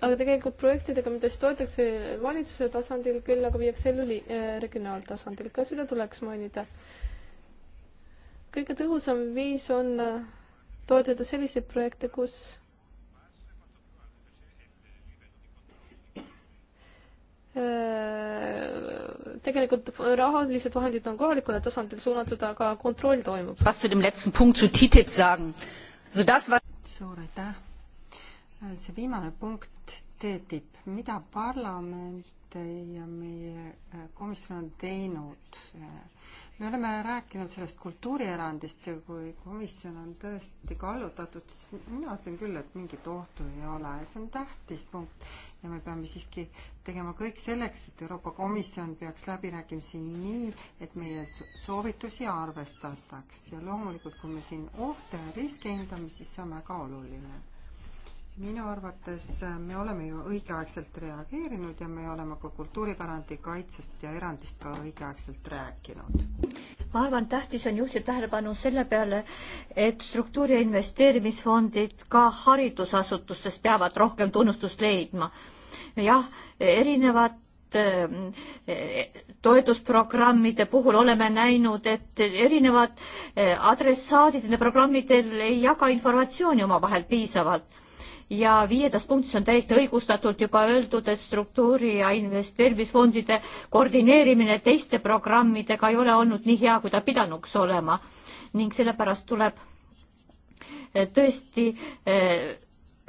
aga tegelikult projektidega, mida siis toetatakse valitsuse tasandil, küll aga viiakse ellu äh, regionaaltasandil, ka seda tuleks mainida. kõige tõhusam viis on äh, toetada selliseid projekte, kus äh, tegelikult rahalised vahendid on kohalikule tasandil suunatud, aga kontroll toimub. Was zu dem letzten Punkt zu TTIP sagen? suur aitäh. see viimane punkt, TTIP, mida parlament ja meie äh, komisjon on teinud äh, me oleme rääkinud sellest kultuurierandist ja kui komisjon on tõesti kallutatud, siis mina ütlen küll, et mingit ohtu ei ole, see on tähtis punkt ja me peame siiski tegema kõik selleks, et Euroopa Komisjon peaks läbirääkimisi nii, et meie soovitusi arvestataks ja loomulikult, kui me siin ohte ja riske hindame, siis see on väga oluline minu arvates äh, me oleme ju õigeaegselt reageerinud ja me oleme ka kultuuripärandi kaitsest ja erandist ka õigeaegselt rääkinud. ma arvan, tähtis on juhtida tähelepanu selle peale, et struktuuri investeerimisfondid ka haridusasutustes peavad rohkem tunnustust leidma. jah, erinevad äh, toetusprogrammide puhul oleme näinud, et erinevad äh, adressaadid nende programmidel ei jaga informatsiooni omavahel piisavalt ja viiendas punktis on täiesti õigustatult juba öeldud, et struktuuri ja investeerimisfondide koordineerimine teiste programmidega ei ole olnud nii hea, kui ta pidanuks olema ning sellepärast tuleb eh, tõesti eh,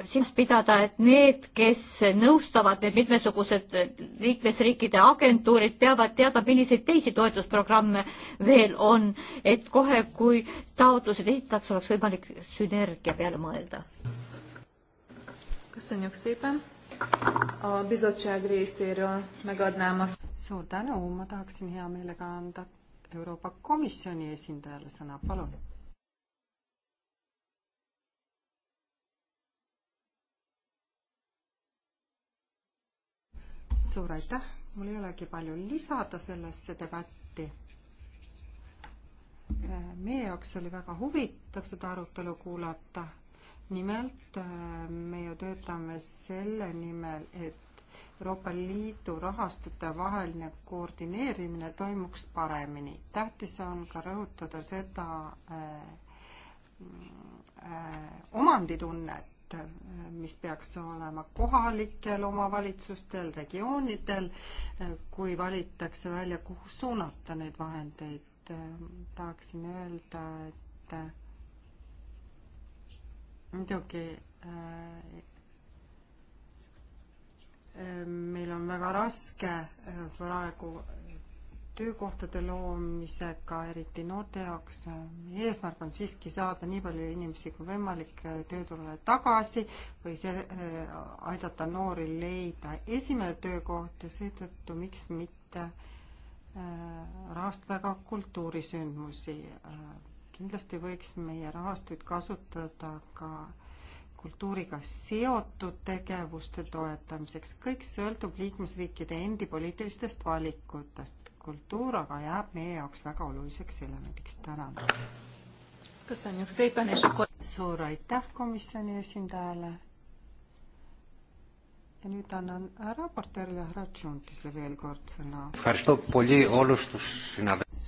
silmas pidada, et need, kes nõustavad need mitmesugused eh, liikmesriikide agentuurid, peavad teadma, milliseid teisi toetusprogramme veel on, et kohe, kui taotlused esitatakse, oleks võimalik sünergia peale mõelda. Köszönjük szépen. A bizottság részéről megadnám azt. Suur tänu, ma tahaksin hea meelega anda Euroopa Komisjoni esindajale sõna, palun. suur aitäh, mul ei olegi palju lisada sellesse debatti. meie jaoks oli väga huvitav seda arutelu kuulata nimelt äh, me ju töötame selle nimel, et Euroopa Liidu rahastute vaheline koordineerimine toimuks paremini. tähtis on ka rõhutada seda äh, äh, omanditunnet, äh, mis peaks olema kohalikel omavalitsustel, regioonidel, äh, kui valitakse välja, kuhu suunata neid vahendeid äh,. tahaksin öelda, et äh, muidugi äh, äh, meil on väga raske äh, praegu töökohtade loomisega, eriti noorte jaoks. eesmärk on siiski saada nii palju inimesi kui võimalik tööturule tagasi või see, aidata noori leida esimene töökoht ja seetõttu miks mitte rahastada ka kultuurisündmusi kindlasti võiks meie rahastuid kasutada ka kultuuriga seotud tegevuste toetamiseks, kõik sõltub liikmesriikide endi poliitilistest valikutest. kultuur aga jääb meie jaoks väga oluliseks elemendiks, tänan. suur aitäh komisjoni esindajale. ja nüüd annan raportöörile härra Tšuntisele veel kord sõna.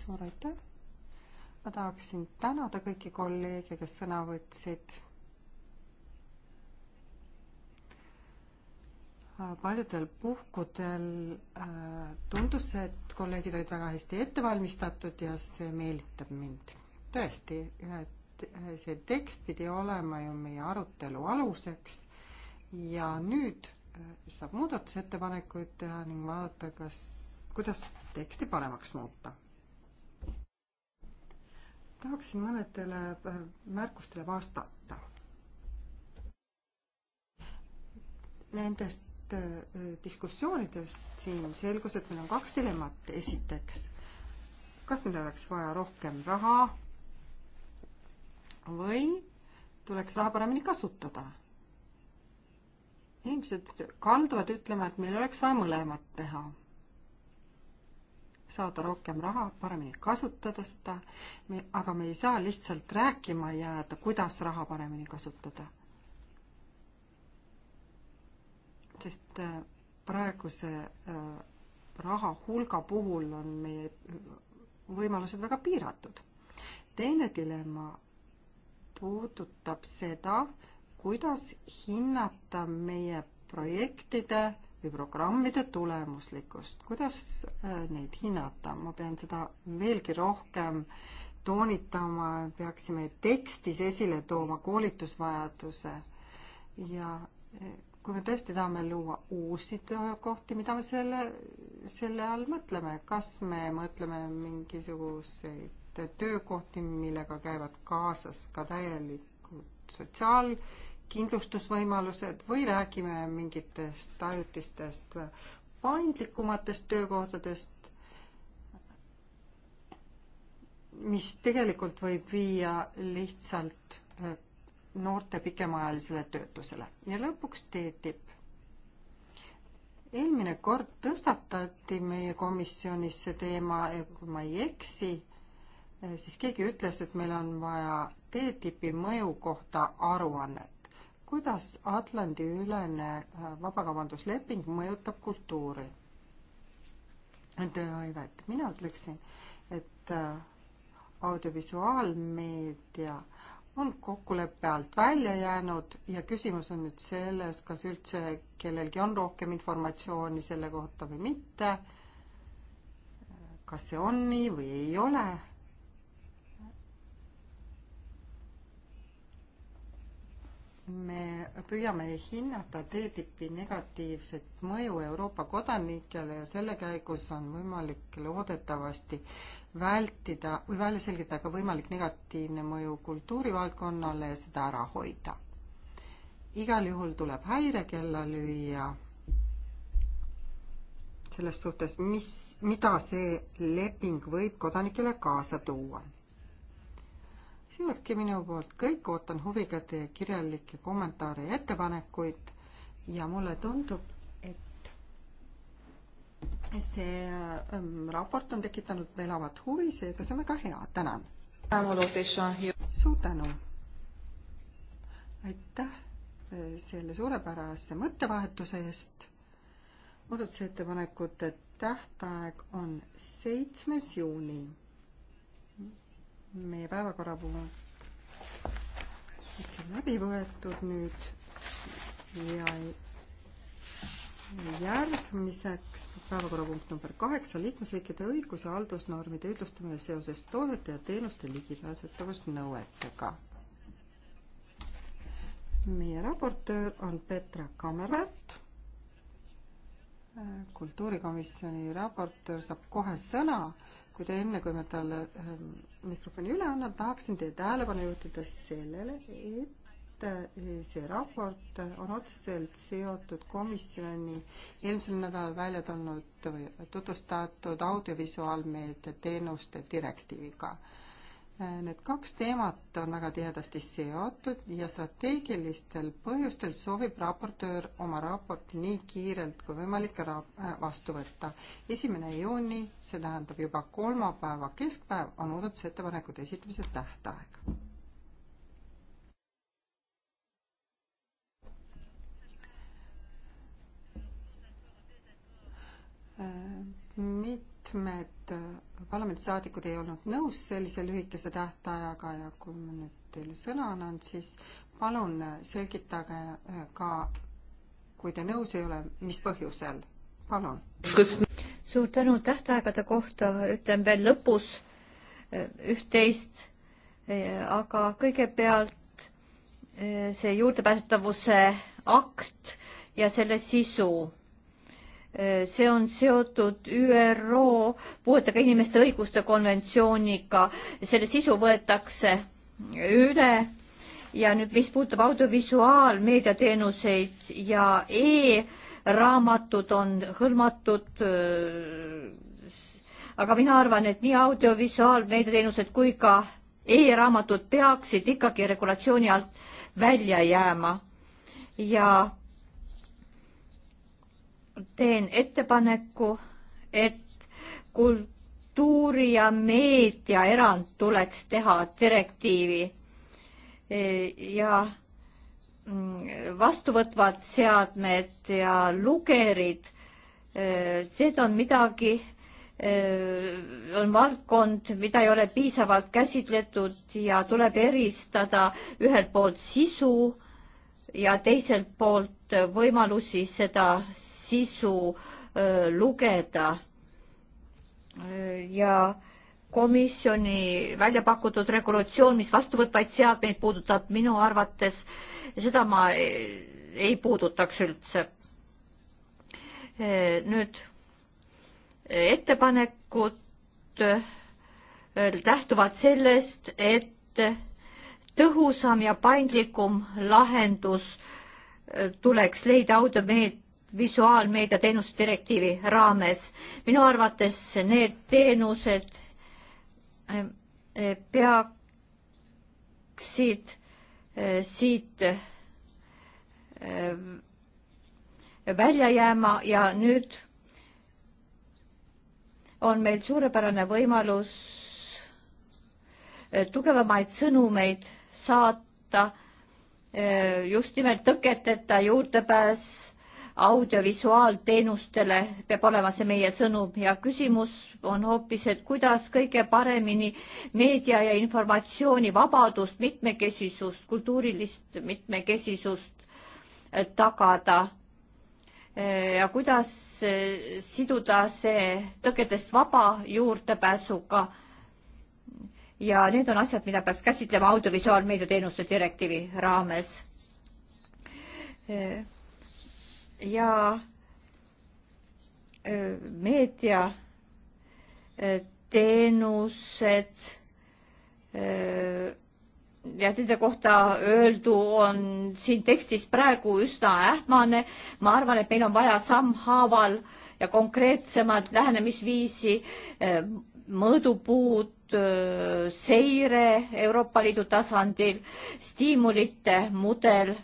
suur aitäh ma tahaksin tänada kõiki kolleege, kes sõna võtsid. Äh, paljudel puhkudel äh, tundus see, et kolleegid olid väga hästi ette valmistatud ja see meelitab mind. tõesti, et see tekst pidi olema ju meie arutelu aluseks ja nüüd äh, saab muudatusettepanekuid teha ning vaadata, kas, kuidas teksti paremaks muuta tahaksin mõnedele äh, märkustele vastata. Nendest äh, diskussioonidest siin selgus, et meil on kaks dilemmat. esiteks, kas meil oleks vaja rohkem raha või tuleks raha paremini kasutada? inimesed kalduvad ütlema, et meil oleks vaja mõlemat teha saada rohkem raha, paremini kasutada seda, me, aga me ei saa lihtsalt rääkima jääda, kuidas raha paremini kasutada. sest äh, praeguse äh, raha hulga puhul on meie võimalused väga piiratud. teine dilemma puudutab seda, kuidas hinnata meie projektide või programmide tulemuslikkust, kuidas äh, neid hinnata, ma pean seda veelgi rohkem toonitama, peaksime tekstis esile tooma koolitusvajaduse ja äh, kui me tõesti tahame luua uusi töökohti, mida me selle, selle all mõtleme, kas me mõtleme mingisuguseid töökohti, millega käivad kaasas ka täielikud sotsiaal- kindlustusvõimalused või räägime mingitest ajutistest paindlikumatest töökohtadest, mis tegelikult võib viia lihtsalt äh, noorte pikemaajalisele töötusele. ja lõpuks TTIP. eelmine kord tõstatati meie komisjonis see teema ja kui ma ei eksi, äh, siis keegi ütles, et meil on vaja TTIP-i mõju kohta aruannet kuidas Atlandi-ülene äh, vabakaubandusleping mõjutab kultuuri? tööhõivet, mina ütleksin, et äh, audiovisuaalmeedia on kokkuleppe alt välja jäänud ja küsimus on nüüd selles, kas üldse kellelgi on rohkem informatsiooni selle kohta või mitte. kas see on nii või ei ole me püüame hinnata TTIP-i negatiivset mõju Euroopa kodanikele ja selle käigus on võimalik loodetavasti vältida või välja selgitada ka võimalik negatiivne mõju kultuurivaldkonnale ja seda ära hoida. igal juhul tuleb häirekella lüüa selles suhtes, mis, mida see leping võib kodanikele kaasa tuua siingi minu poolt kõik, ootan huviga teie kirjalikke kommentaare ja ettepanekuid ja mulle tundub, et see ähm, raport on tekitanud elavat huvi, seega see on väga hea, tänan. suur tänu. aitäh äh, selle suurepärase mõttevahetuse eest. muudatusettepanekute tähtaeg on seitsmes juuni meie päevakorrapunkt on läbi võetud nüüd ja järgmiseks päevakorrapunkt number kaheksa, liikmesriikide õigus- ja haldusnormide ühtlustamine seoses toodete ja teenuste ligipääsetavusnõuetega. meie raportöör on Petra Kammervärt. kultuurikomisjoni raportöör saab kohe sõna kuid enne, kui ma talle ähm, mikrofoni üle annan, tahaksin teie tähelepanu juhtida sellele, et äh, see raport on otseselt seotud komisjoni eelmisel nädalal välja tulnud või tutvustatud audiovisuaalmeedia teenuste direktiiviga Need kaks teemat on väga tihedasti seotud ja strateegilistel põhjustel soovib raportöör oma raporti nii kiirelt kui võimalik äh, vastu võtta. esimene juuni, see tähendab juba kolmapäeva keskpäev, on muudatusettepanekute esitamise tähtaeg. Äh, mitmed parlamendisaadikud ei olnud nõus sellise lühikese tähtajaga ja kui ma nüüd teile sõna annan, siis palun selgitage äh, ka, kui te nõus ei ole, mis põhjusel, palun. suur tänu tähtaegade kohta, ütlen veel lõpus äh, üht-teist, äh, aga kõigepealt see juurdepääsetavuse akt ja selle sisu Äh, see on seotud ÜRO puuetega inimeste õiguste konventsiooniga, selle sisu võetakse üle ja nüüd, mis puudutab audiovisuaalmeediateenuseid ja e-raamatud on hõlmatud äh, aga mina arvan, et nii audiovisuaalmeediateenused kui ka e-raamatud peaksid ikkagi regulatsiooni alt välja jääma ja teen ettepaneku, et kultuuri ja meedia erand tuleks teha direktiivi ja mm, vastuvõtvad seadmed ja lugerid, e, need on midagi, e, on valdkond, mida ei ole piisavalt käsitletud ja tuleb eristada ühelt poolt sisu ja teiselt poolt võimalusi seda sisu lugeda. ja komisjoni välja pakutud regulatsioon, mis vastuvõtvaid seadmeid puudutab, minu arvates seda ma ei, ei puudutaks üldse. nüüd ettepanekud lähtuvad sellest, et tõhusam ja paindlikum lahendus tuleks leida automeet-, visuaalmeedia teenuste direktiivi raames. minu arvates need teenused eh, eh, peaksid eh, siit välja jääma ja nüüd on meil suurepärane võimalus tugevamaid sõnumeid saata just nimelt tõketeta juurdepääs audiovisuaalteenustele peab olema see meie sõnum ja küsimus on hoopis, et kuidas kõige paremini meedia ja informatsioonivabadust, mitmekesisust, kultuurilist mitmekesisust eh, tagada. Eh, ja kuidas eh, siduda see tõkedest vaba juurdepääsuga. ja need on asjad, mida peaks käsitlema audiovisuaalmeedia teenuste direktiivi raames ja meediateenused ja nende kohta öeldu on siin tekstis praegu üsna ähmane. ma arvan, et meil on vaja sammhaaval ja konkreetsemat lähenemisviisi, mõõdupuud, seire Euroopa Liidu tasandil, stiimulite mudel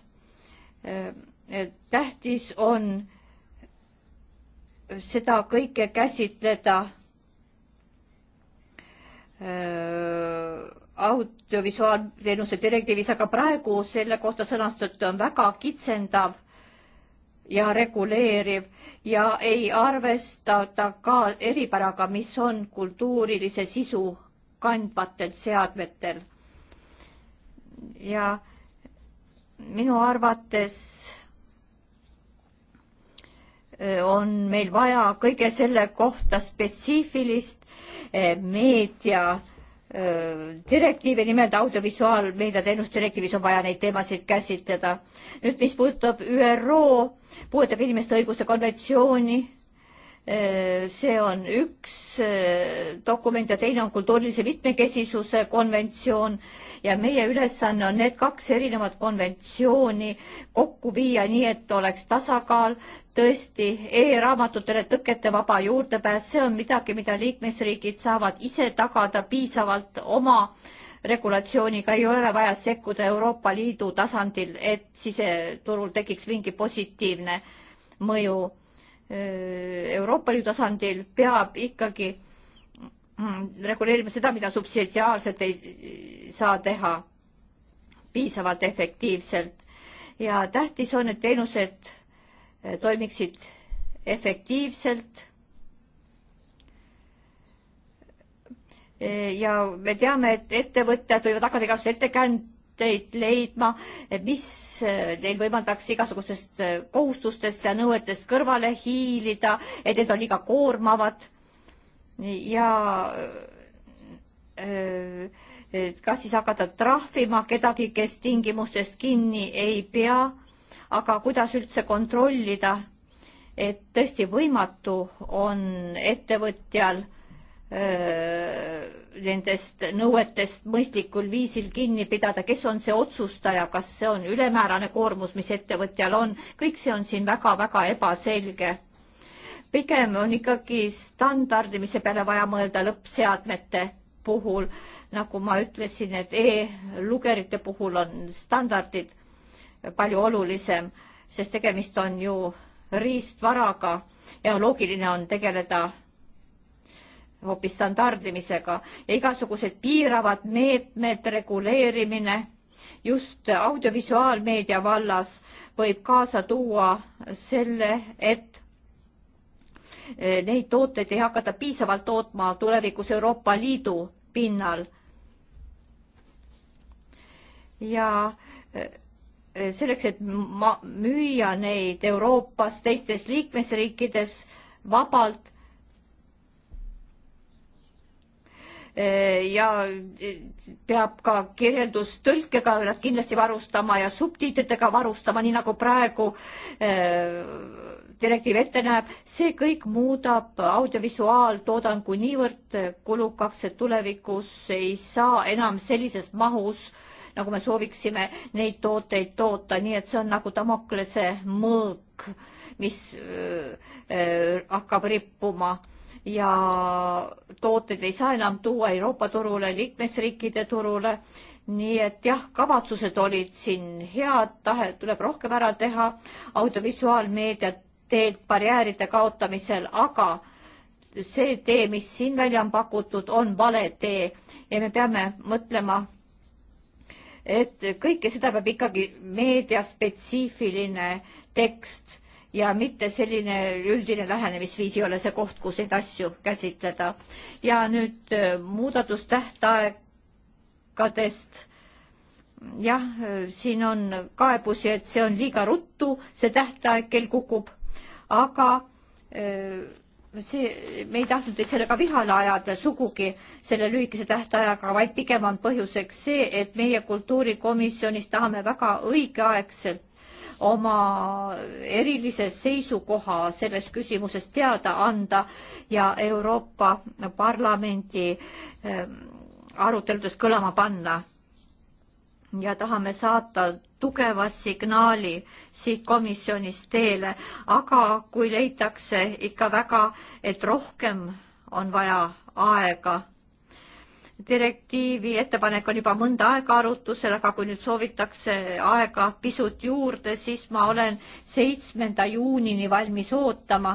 tähtis on seda kõike käsitleda audiovisuaalteenuse direktiivis, aga praegu selle kohta sõnastatud on väga kitsendav ja reguleeriv ja ei arvestata ka eripäraga, mis on kultuurilise sisu kandvatel seadmetel. ja minu arvates Äh, on meil vaja kõige selle kohta spetsiifilist äh, meedia äh, direktiivi, nimelt audiovisuaalmeedia teenuste direktiivis on vaja neid teemasid käsitleda. nüüd, mis puudutab ÜRO puuetega inimeste õiguste konventsiooni, see on üks dokument ja teine on kultuurilise mitmekesisuse konventsioon ja meie ülesanne on need kaks erinevat konventsiooni kokku viia nii, et oleks tasakaal tõesti e-raamatutele tõketevaba juurdepääs, see on midagi, mida liikmesriigid saavad ise tagada piisavalt oma regulatsiooniga, ei ole vaja sekkuda Euroopa Liidu tasandil, et siseturul tekiks mingi positiivne mõju. Euroopa Liidu tasandil peab ikkagi mm, reguleerima seda, mida subsidiaarselt ei saa teha piisavalt efektiivselt ja tähtis on, et teenused Äh, toimiksid efektiivselt. Äh, ja me teame, et ettevõtjad võivad hakata igasuguseid ettekäändeid leidma, mis äh, neil võimaldaks igasugustest kohustustest ja nõuetest kõrvale hiilida, et need on liiga koormavad ja öö, kas siis hakata trahvima kedagi, kes tingimustest kinni ei pea aga kuidas üldse kontrollida, et tõesti võimatu on ettevõtjal öö, nendest nõuetest mõistlikul viisil kinni pidada, kes on see otsustaja, kas see on ülemäärane koormus, mis ettevõtjal on, kõik see on siin väga-väga ebaselge. pigem on ikkagi standardimise peale vaja mõelda lõppseadmete puhul, nagu ma ütlesin, et e-lugerite puhul on standardid palju olulisem, sest tegemist on ju riistvaraga ja loogiline on tegeleda hoopis standardimisega ja igasugused piiravad meetmed, reguleerimine just audiovisuaalmeedia vallas võib kaasa tuua selle, et e, neid tooteid ei hakata piisavalt tootma tulevikus Euroopa Liidu pinnal. ja e, Äh, selleks, et ma-, müüa neid Euroopas, teistes liikmesriikides vabalt. Äh, ja äh, peab ka kirjeldustõlkega nad kindlasti varustama ja subtiitritega varustama, nii nagu praegu direktiiv ette näeb, see kõik muudab audiovisuaaltoodangu niivõrd kulukaks, et tulevikus ei saa enam sellises mahus äh, nagu me sooviksime neid tooteid toota, nii et see on nagu Damoklese mõõk, mis öö, öö, hakkab rippuma ja tooteid ei saa enam tuua Euroopa turule, liikmesriikide turule. nii et jah, kavatsused olid siin head, tahe tuleb rohkem ära teha audiovisuaalmeedia teelt barjääride kaotamisel, aga see tee, mis siin välja on pakutud, on vale tee ja me peame mõtlema et kõike seda peab ikkagi meediaspetsiifiline tekst ja mitte selline üldine lähenemisviis ei ole see koht, kus neid asju käsitleda. ja nüüd äh, muudatustähtaegadest, jah, äh, siin on kaebusi, et see on liiga ruttu, see tähtaeg kell kukub, aga öö, äh, see, me ei tahtnud teid sellega vihale ajada sugugi selle lühikese tähtajaga, vaid pigem on põhjuseks see, et meie kultuurikomisjonis tahame väga õigeaegselt oma erilise seisukoha selles küsimuses teada anda ja Euroopa Parlamendi ähm, aruteludes kõlama panna ja tahame saata tugevat signaali siit komisjonist teele, aga kui leitakse ikka väga, et rohkem on vaja aega. direktiivi ettepanek on juba mõnda aega arutusel, aga kui nüüd soovitakse aega pisut juurde, siis ma olen seitsmenda juunini valmis ootama,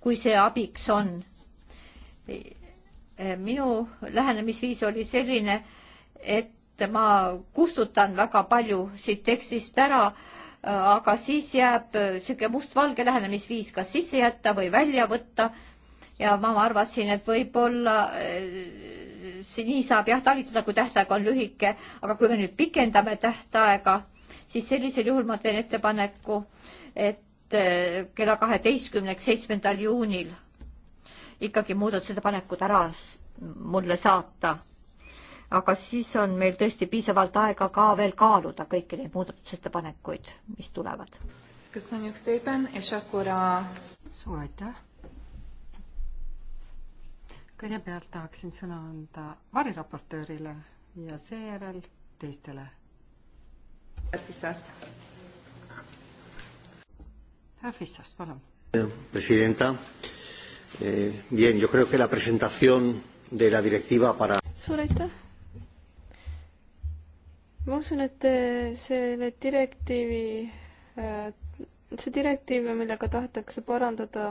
kui see abiks on. minu lähenemisviis oli selline, et et ma kustutan väga palju siit tekstist ära, äh, aga siis jääb niisugune äh, mustvalge lähenemisviis, kas sisse jätta või välja võtta. ja ma arvasin, et võib-olla äh, see nii saab jah talitada, kui tähtaeg on lühike, aga kui me nüüd pikendame tähtaega, siis sellisel juhul ma teen ettepaneku, et kella kaheteistkümneks, seitsmendal juunil ikkagi muudatusettepanekud ära mulle saata aga siis on meil tõesti piisavalt aega ka veel kaaluda kõiki neid muudatusettepanekuid, mis tulevad. suur aitäh! kõigepealt tahaksin sõna anda variraportöörile ja seejärel teistele. härra Fissas, palun. Presidenta, eh, bien, yo creo que la presentación de la directiva para suur aitäh! ma usun, et selle direktiivi, äh, see direktiiv, millega tahetakse parandada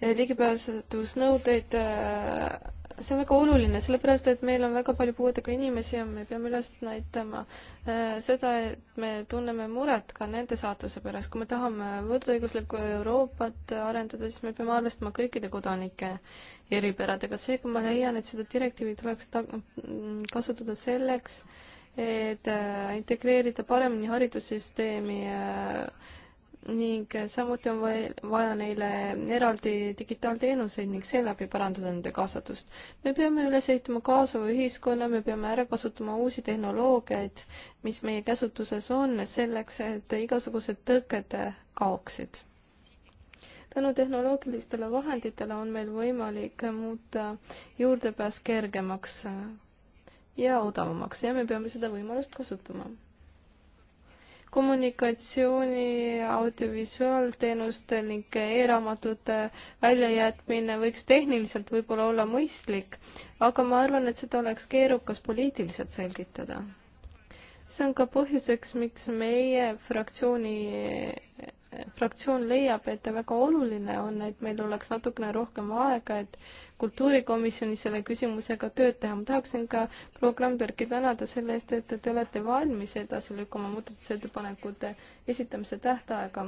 äh, ligipääsetavusnõudeid äh, see on väga oluline, sellepärast et meil on väga palju puudega inimesi ja me peame üles näitama äh, seda, et me tunneme muret ka nende saatuse pärast. kui me tahame võrdõiguslikku Euroopat arendada, siis me peame arvestama kõikide kodanike eripäradega. seega ma leian, et seda direktiivi tuleks ta-, kasutada selleks, et äh, integreerida paremini haridussüsteemi äh, ning samuti on vaja neile eraldi digitaalteenuseid ning seeläbi parandada nende kaasatust. me peame üles ehitama kaasava ühiskonna, me peame ära kasutama uusi tehnoloogiaid, mis meie käsutuses on, selleks, et igasugused tõkked kaoksid. tänu tehnoloogilistele vahenditele on meil võimalik muuta juurdepääs kergemaks ja odavamaks ja me peame seda võimalust kasutama kommunikatsiooni, audiovisuaalteenuste ning e-raamatute väljajätmine võiks tehniliselt võib-olla olla mõistlik, aga ma arvan, et seda oleks keerukas poliitiliselt selgitada. see on ka põhjuseks, miks meie fraktsiooni fraktsioon leiab, et väga oluline on, et meil oleks natukene rohkem aega, et kultuurikomisjonis selle küsimusega tööd teha. ma tahaksin ka proua Krambergi tänada selle eest, et te olete valmis edasi lükkama muudatusettepanekute esitamise tähtaega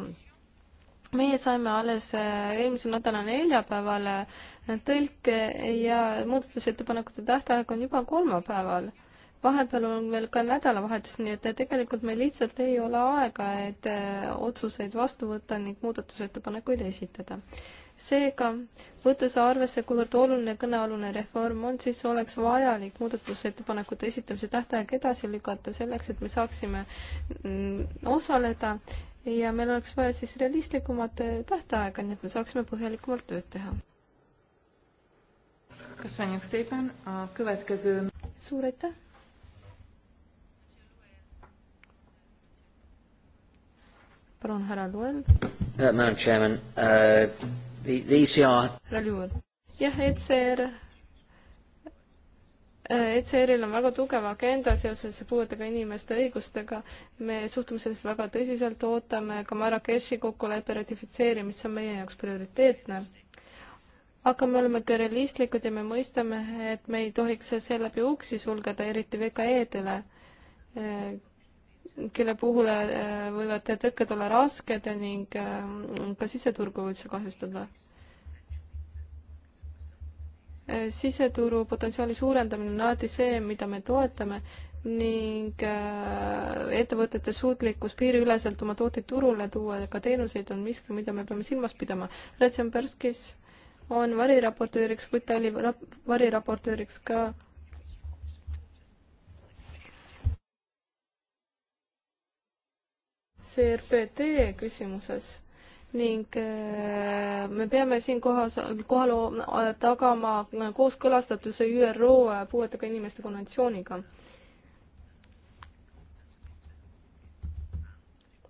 meie saime alles äh, eelmisel nädalal neljapäeval äh, tõlke ja muudatusettepanekute tähtaeg on juba kolmapäeval vahepeal on veel ka nädalavahetus, nii et tegelikult meil lihtsalt ei ole aega, et äh, otsuseid vastu võtta ning muudatusettepanekuid esitada. seega, võttes arvesse, kuivõrd oluline kõnealune reform on, siis oleks vajalik muudatusettepanekute esitamise tähtaeg edasi lükata selleks, et me saaksime mm, osaleda ja meil oleks vaja siis realistlikumat äh, tähtaega, nii et me saaksime põhjalikumalt tööd teha. suur aitäh! palun, härra Luel uh,. Madam Chairman uh,, the, the ECR. härra Luel. jah, ECR uh, ECR-il on väga tugev agenda seoses puuetega inimeste õigustega. me suhtume sellesse väga tõsiselt, ootame ka Marrakechi kokkuleppe ratifitseerimist, see on meie jaoks prioriteetne. aga me oleme ka realistlikud ja me mõistame, et me ei tohiks seeläbi uksi sulgeda, eriti VKE-dele, uh, kelle puhul äh, võivad tõkked olla rasked ning äh, ka siseturgu võib see kahjustada. Äh, siseturu potentsiaali suurendamine on alati see, mida me toetame ning ettevõtete suutlikkus piiriüleselt oma tooteid turule tuua ja ka teenuseid on miski, mida me peame silmas pidama. Retsemberskis on variraportööriks, kuid ta oli variraportööriks ka CRPD küsimuses ning äh, me peame siin kohas, kohal tagama kooskõlastatuse ÜRO puuetega inimeste konventsiooniga.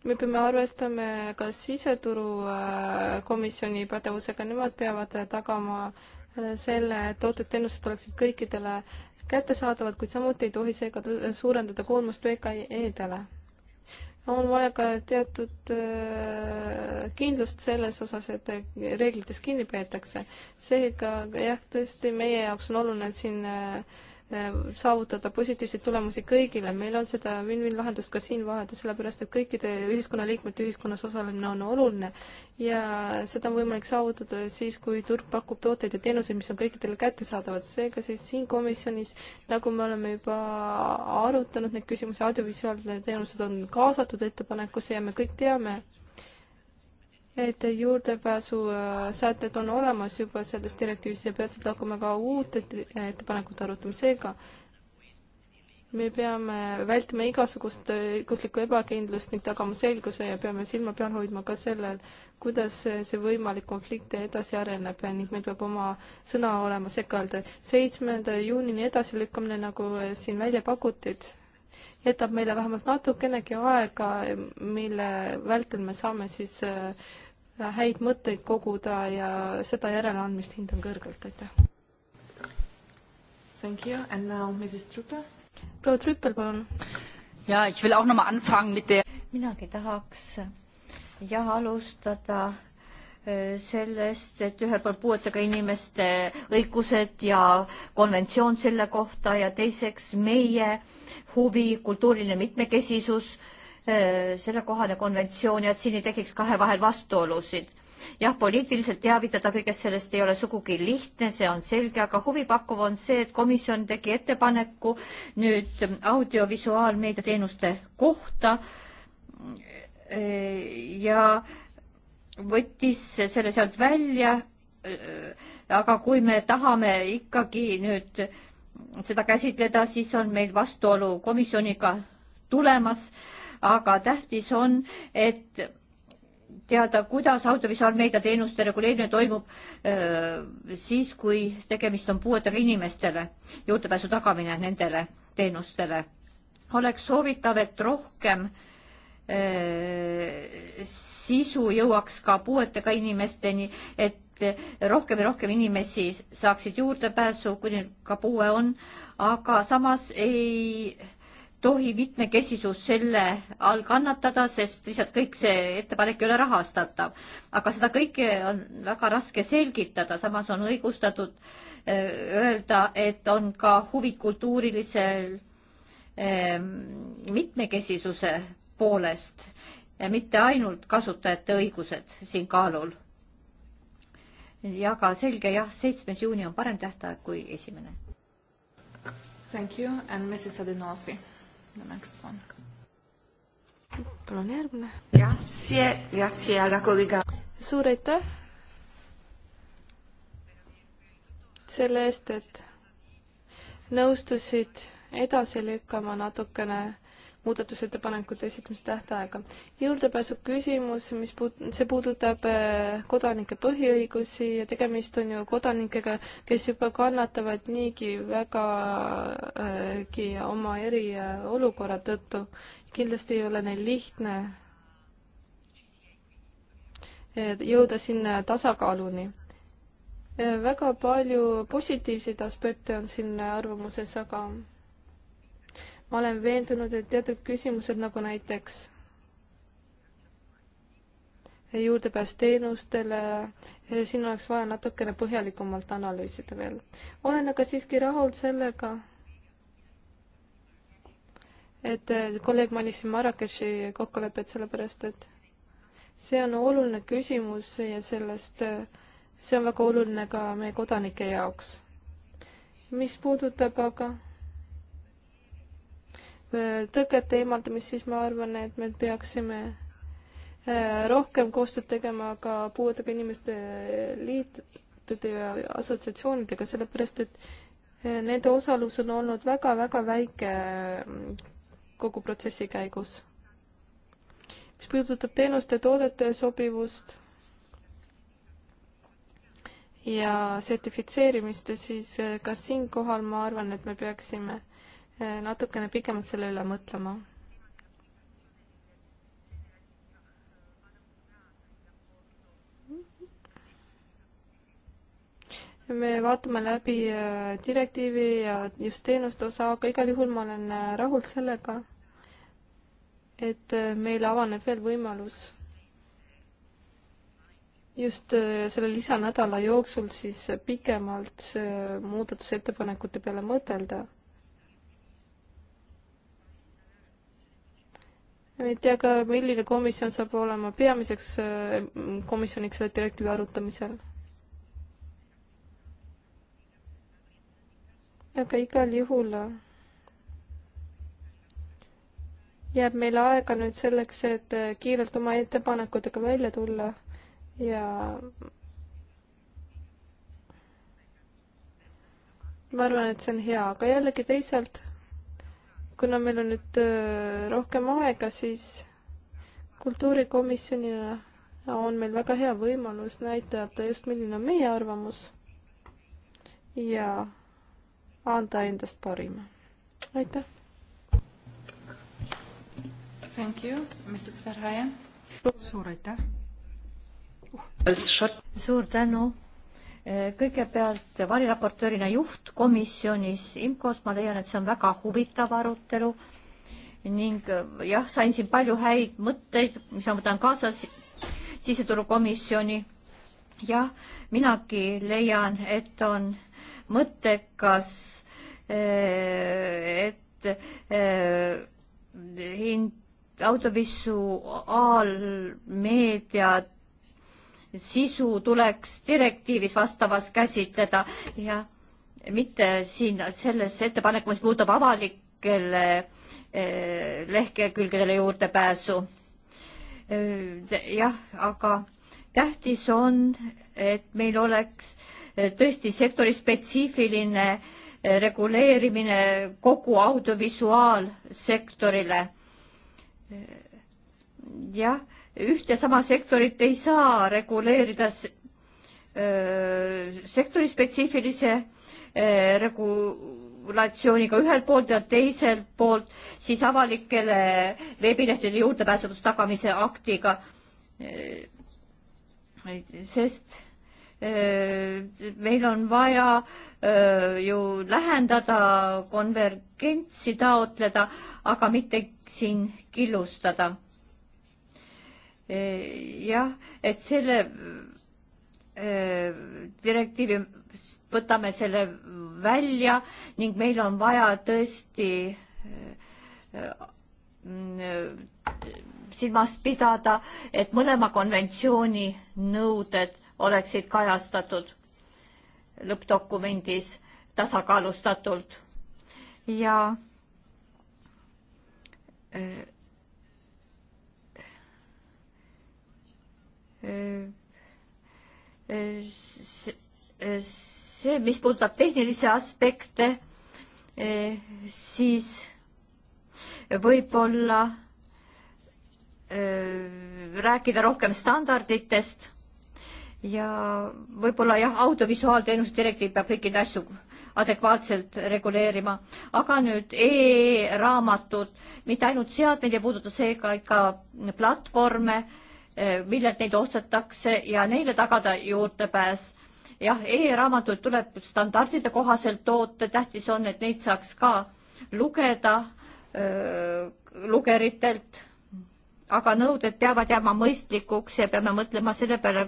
me peame arvestama ka siseturukomisjoni äh, pädevusega, nemad peavad tagama äh, selle, et tooted-teenused oleksid kõikidele kättesaadavad, kuid samuti ei tohi seega suurendada koormust VKE-dele on vaja ka teatud äh, kindlust selles osas, et reeglitest kinni peetakse. seega jah, tõesti meie jaoks on oluline, et siin äh, Äh, saavutada positiivseid tulemusi kõigile, meil on seda win-win lahendust ka siin vaadata, sellepärast et kõikide ühiskonnaliikmete ühiskonnas osalemine on oluline ja seda on võimalik saavutada siis, kui turg pakub tooteid ja teenuseid, mis on kõikidele kättesaadavad, seega siis siin komisjonis, nagu me oleme juba arutanud neid küsimusi, audiovisuaalne teenused on kaasatud ettepanekusse ja me kõik teame, et juurdepääsu äh, sätted on olemas juba selles direktiivis ja peatselt hakkame ka uut ettepanekut arutama, seega me peame vältima igasugust õiguslikku äh, ebakindlust ning tagama selguse ja peame silma peal hoidma ka sellel, kuidas see võimalik konflikt edasi areneb ning meil peab oma sõna olema sekka öelda. seitsmenda juunini edasilükkamine, nagu äh, siin välja pakutud, jätab meile vähemalt natukenegi aega, mille vältel me saame siis äh, häid mõtteid koguda ja seda järeleandmist hindan kõrgelt, aitäh. Thank you and now Mrs Trüppel. proua Trüppel, palun. ja, ich will auch noch mal anfangen mit der. minagi tahaks jah alustada äh, sellest, et ühelt poolt puuetega inimeste õigused ja konventsioon selle kohta ja teiseks meie huvi, kultuuriline mitmekesisus Äh, sellekohane konventsioon ja et siin ei tekiks kahe vahel vastuolusid. jah, poliitiliselt teavitada kõigest sellest ei ole sugugi lihtne, see on selge, aga huvipakkuv on see, et komisjon tegi ettepaneku nüüd audiovisuaalmeedia teenuste kohta äh, ja võttis selle sealt välja. Äh, aga kui me tahame ikkagi nüüd seda käsitleda, siis on meil vastuolu komisjoniga tulemas aga tähtis on, et teada, kuidas audiovisuaalmeedia teenuste reguleerimine toimub öö, äh, siis, kui tegemist on puuetega inimestele, juurdepääsu tagamine nendele teenustele. oleks soovitav, et rohkem öö, äh, sisu jõuaks ka puuetega inimesteni, et rohkem ja rohkem inimesi saaksid juurdepääsu, kui neil ka puue on, aga samas ei öö, tohi mitmekesisus selle all kannatada, sest lihtsalt kõik see ettepanek ei ole rahastatav. aga seda kõike on väga raske selgitada, samas on õigustatud eh, öelda, et on ka huvid kultuurilisel ehm, mitmekesisuse poolest, mitte ainult kasutajate õigused siin kaalul. ja ka selge jah, seitsmes juuni on parem tähtaeg kui esimene. Thank you and Mrs Adinolfi The next one. palun järgmine. Grazie, grazie alla collega. suur aitäh selle eest, et nõustusid edasi lükkama natukene muudatusettepanekute esitamise tähtaega. juurdepääsu küsimus, mis puut-, see puudutab äh, kodanike põhiõigusi ja tegemist on ju kodanikega, kes juba kannatavad niigi vägagi äh, oma eriolukorra äh, tõttu. kindlasti ei ole neil lihtne jõuda sinna tasakaaluni väga palju positiivseid aspekte on siin arvamuses, aga olen veendunud, et teatud küsimused nagu näiteks juurdepääs teenustele, eh, siin oleks vaja natukene põhjalikumalt analüüsida veel. olen aga siiski rahul sellega, et eh, kolleeg mainis siin Marrakechi kokkulepet, sellepärast et see on oluline küsimus ja sellest, eh, see on väga oluline ka meie kodanike jaoks. mis puudutab aga tõkete eemaldamist, siis ma arvan, et me peaksime äh, rohkem koostööd tegema ka puuetega inimeste äh, liitude ja assotsiatsioonidega, sellepärast et äh, nende osalus on olnud väga-väga väike kogu protsessi käigus. mis puudutab teenuste toodete sobivust ja sertifitseerimist, siis ka siinkohal ma arvan, et me peaksime Eh, natukene pikemalt selle üle mõtlema. me vaatame läbi eh, direktiivi ja just teenuste osa, aga igal juhul ma olen eh, rahul sellega, et meile avaneb veel võimalus just selle lisanädala jooksul siis pikemalt muudatusettepanekute peale mõtelda ei tea ka, milline komisjon saab olema peamiseks äh, komisjoniks selle direktiivi arutamisel. aga igal juhul äh, jääb meil aega nüüd selleks, et äh, kiirelt oma ettepanekutega välja tulla ja ma arvan, et see on hea, aga jällegi teisalt kuna meil on nüüd äh, rohkem aega, siis kultuurikomisjonina on meil väga hea võimalus näidata just, milline on meie arvamus ja anda endast parima. aitäh! Thank you, Mrs Verhaien. suur aitäh! suur tänu! kõigepealt variraportöörina juhtkomisjonis IMCO-s ma leian, et see on väga huvitav arutelu ning äh, jah, sain siin palju häid mõtteid, mis ma võtan kaasa siseturukomisjoni. jah, minagi leian, et on mõttekas, äh, et äh, hind autovisuaalmeediat sisu tuleks direktiivis vastavas käsitleda ja mitte siin selles ettepanek, mis puudutab avalikele eh, lehekülgedele juurdepääsu. Eh, jah, aga tähtis on, et meil oleks eh, tõesti sektori spetsiifiline reguleerimine kogu audiovisuaalsektorile. jah ühte sama sektorit ei saa reguleerida sektori spetsiifilise regulatsiooniga ühelt poolt ja teiselt poolt siis avalikele veebilehtedele juurdepääsetavuse tagamise aktiga. sest meil on vaja ju lähendada, konvergentsi taotleda, aga mitte siin killustada Eh, jah, et selle eh, direktiivi võtame selle välja ning meil on vaja tõesti eh, silmas pidada, et mõlema konventsiooni nõuded oleksid kajastatud lõppdokumendis tasakaalustatult ja see, mis puudutab tehnilisi aspekte, siis võib-olla äh, rääkida rohkem standarditest ja võib-olla jah, audiovisuaalteenuse direktiiv peab kõiki asju adekvaatselt reguleerima, aga nüüd e-raamatud, mitte ainult seadmeid ei puuduta, seega ikka platvorme Eh, millelt neid ostetakse ja neile tagada juurdepääs. jah e, e-raamatuid tuleb standardide kohaselt toota, tähtis on, et neid saaks ka lugeda öö, eh, lugeritelt. aga nõuded peavad jääma mõistlikuks ja peame mõtlema selle peale,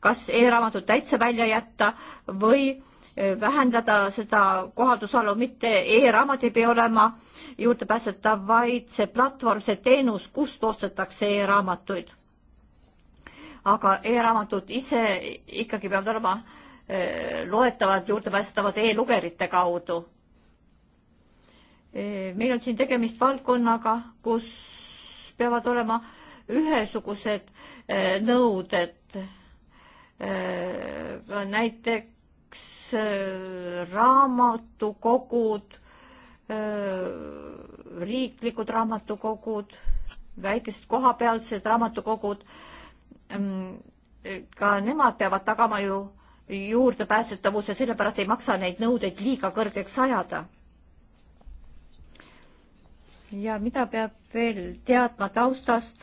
kas e-raamatud täitsa välja jätta või eh, vähendada seda kohaldusalu, mitte e-raamat ei pea olema juurdepääsetav, vaid see platvorm, see teenus, kust ostetakse e-raamatuid aga e-raamatud ise ikkagi peavad olema eh, loetavad, juurdepääsetavad e-lugerite kaudu. Eh, meil on siin tegemist valdkonnaga, kus peavad olema ühesugused eh, nõuded. näiteks raamatukogud, riiklikud raamatukogud, väikesed kohapealsed raamatukogud Ehm, ka nemad peavad tagama ju juurdepääsetavuse, sellepärast ei maksa neid nõudeid liiga kõrgeks ajada. ja mida peab veel teadma taustast?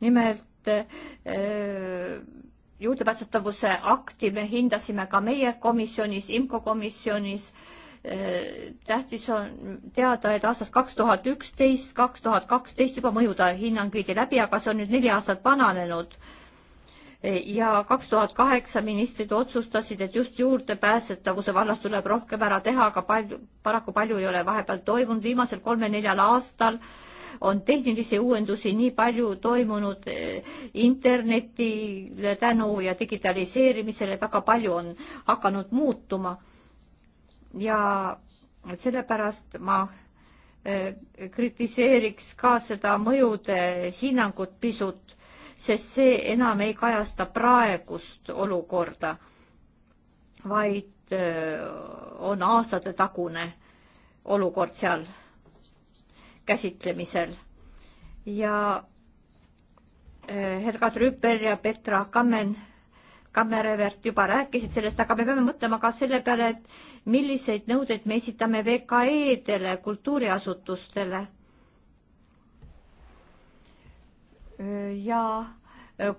nimelt öö, eh, juurdepääsetavuse akti me hindasime ka meie komisjonis, IMCO komisjonis tähtis on teada, et aastast kaks tuhat üksteist, kaks tuhat kaksteist juba mõjude hinnang viidi läbi, aga see on nüüd neli aastat vananenud. ja kaks tuhat kaheksa ministrid otsustasid, et just juurdepääsetavuse vallas tuleb rohkem ära teha, aga palju, paraku palju ei ole vahepeal toimunud, viimasel kolmel-neljal aastal on tehnilisi uuendusi nii palju toimunud eh, internetile tänu ja digitaliseerimisele, väga palju on hakanud muutuma ja sellepärast ma eh, kritiseeriks ka seda mõjude hinnangut pisut, sest see enam ei kajasta praegust olukorda, vaid eh, on aastatetagune olukord seal käsitlemisel. ja eh, Helga Trüppel ja Petra Kammen Kammerevert juba rääkisid sellest, aga me peame mõtlema ka selle peale, et milliseid nõudeid me esitame VKE-dele, kultuuriasutustele. ja äh,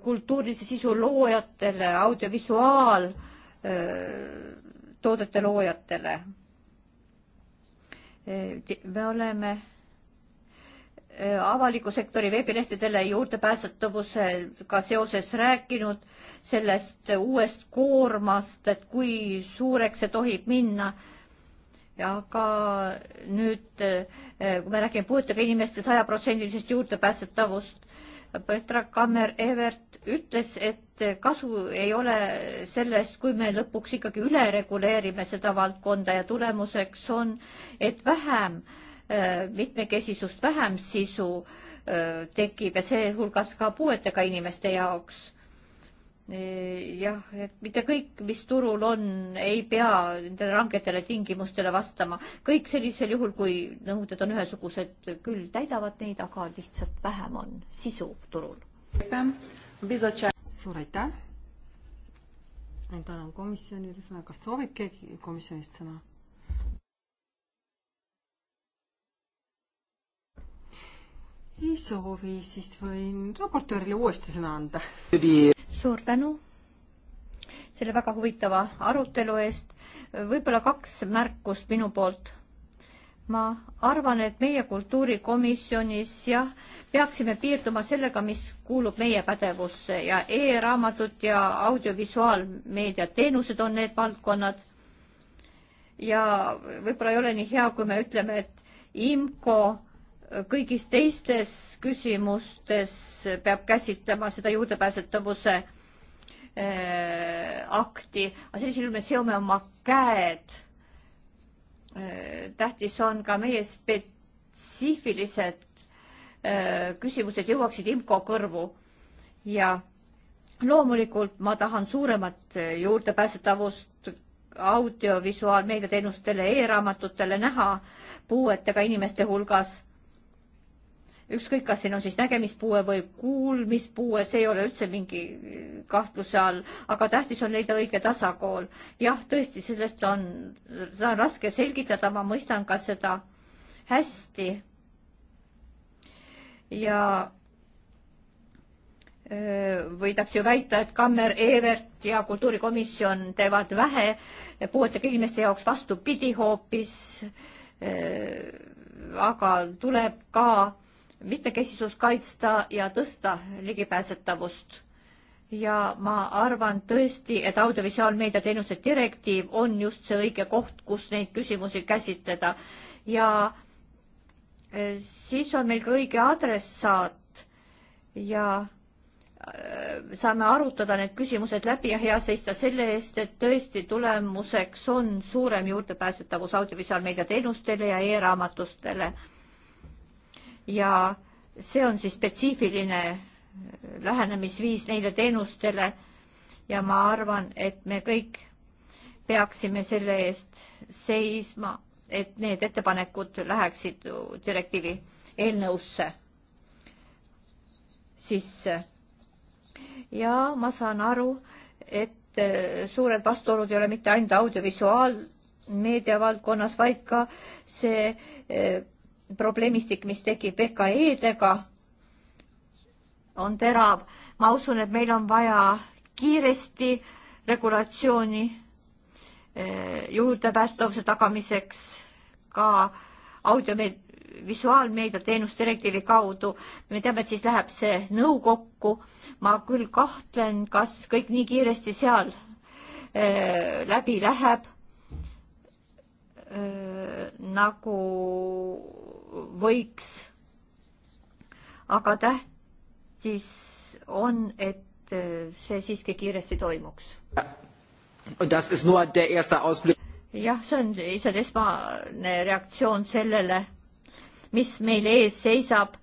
kultuurilise sisu loojatele, audiovisuaaltoodete äh, loojatele. Äh, me oleme avaliku sektori veebilehtedele juurdepääsetavusega seoses rääkinud sellest uuest koormast, et kui suureks see tohib minna. aga nüüd, eh, kui me räägime puuetega inimeste sajaprotsendilisest juurdepääsetavust, Petra Kammer-Evert ütles, et kasu ei ole sellest, kui me lõpuks ikkagi üle reguleerime seda valdkonda ja tulemuseks on, et vähem eh, mitmekesisust, vähem sisu eh, tekib ja sealhulgas ka puuetega inimeste jaoks. E, jah, et mitte kõik, mis turul on, ei pea nendele rangetele tingimustele vastama. kõik sellisel juhul, kui nõuded on ühesugused, küll täidavad neid, aga lihtsalt vähem on sisu turul. suur aitäh. tänan komisjonile sõna, kas soovib keegi komisjonist sõna? ei soovi, siis võin raportöörile uuesti sõna anda. suur tänu selle väga huvitava arutelu eest. võib-olla kaks märkust minu poolt. ma arvan, et meie kultuurikomisjonis jah, peaksime piirduma sellega, mis kuulub meie pädevusse ja e-raamatud ja audiovisuaalmeedia teenused on need valdkonnad. ja võib-olla ei ole nii hea, kui me ütleme, et IMCO kõigis teistes küsimustes peab käsitlema seda juurdepääsetavuse äh, akti, aga sellisel juhul me seome oma käed. Äh, tähtis on ka meie spetsiifilised äh, küsimused jõuaksid IMCO kõrvu ja loomulikult ma tahan suuremat juurdepääsetavust audiovisuaalmeediateenustele e, e-raamatutele näha puuetega inimeste hulgas ükskõik, kas siin on siis nägemispuue või kuulmispuue, see ei ole üldse mingi äh, kahtluse all, aga tähtis on leida õige tasakaal. jah, tõesti, sellest on, seda on raske selgitada, ma mõistan ka seda hästi. ja äh, võidakse ju väita, et Kammer, Evert ja kultuurikomisjon teevad vähe puuetega inimeste jaoks vastupidi hoopis. Äh, aga tuleb ka mitmekesisust kaitsta ja tõsta ligipääsetavust. ja ma arvan tõesti, et audiovisuaalmeedia teenuste direktiiv on just see õige koht, kus neid küsimusi käsitleda ja e, siis on meil ka õige adressaat ja e, saame arutada need küsimused läbi ja hea seista selle eest, et tõesti tulemuseks on suurem juurdepääsetavus audiovisuaalmeedia teenustele ja e-raamatustele ja see on siis spetsiifiline äh, lähenemisviis neile teenustele ja ma arvan, et me kõik peaksime selle eest seisma, et need ettepanekud läheksid direktiivi eelnõusse sisse. ja ma saan aru, et äh, suured vastuolud ei ole mitte ainult audiovisuaalmeedia valdkonnas, vaid ka see äh, probleemistik, mis tekib VKE-dega, on terav. ma usun, et meil on vaja kiiresti regulatsiooni eh, juurdepääsetavuse tagamiseks ka audiovisuaalmeedia teenusdirektiivi kaudu. me teame, et siis läheb see nõukokku. ma küll kahtlen, kas kõik nii kiiresti seal äh, läbi läheb äh,. nagu võiks. aga tähtis on, et äh, see siiski kiiresti toimuks. jah, see on lihtsalt esmane reaktsioon sellele, mis meil ees seisab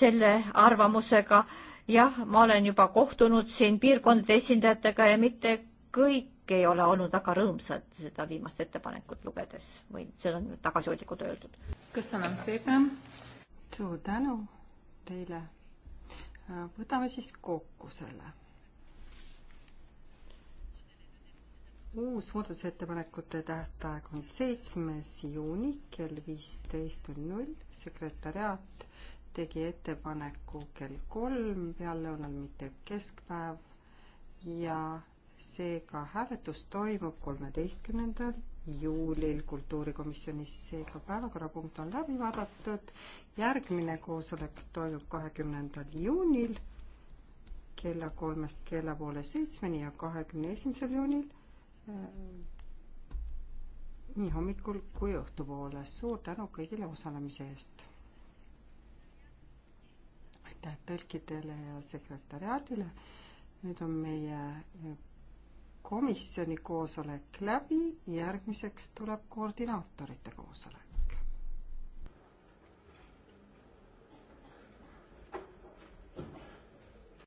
selle arvamusega. jah, ma olen juba kohtunud siin piirkondade esindajatega ja mitte kõik ei ole olnud väga rõõmsad seda viimast ettepanekut lugedes või seda on tagasihoidlikult öeldud. kas sõna seega? suur tänu teile. võtame siis kokku selle. uus muudatusettepanekute tähtaeg on seitsmes juuni kell viisteist null null. sekretäriaat tegi ettepaneku kell kolm peallõunal, mitte keskpäev ja seega hääletus toimub kolmeteistkümnendal juulil kultuurikomisjonis, seega päevakorrapunkt on läbi vaadatud. järgmine koosolek toimub kahekümnendal juunil kella kolmest kella poole seitsmeni ja kahekümne esimesel juunil äh, nii hommikul kui õhtupoole. suur tänu kõigile osalemise eest. aitäh tõlkidele ja sekretäriaadile. nüüd on meie komisjoni koosolek läbi, järgmiseks tuleb koordinaatorite koosolek.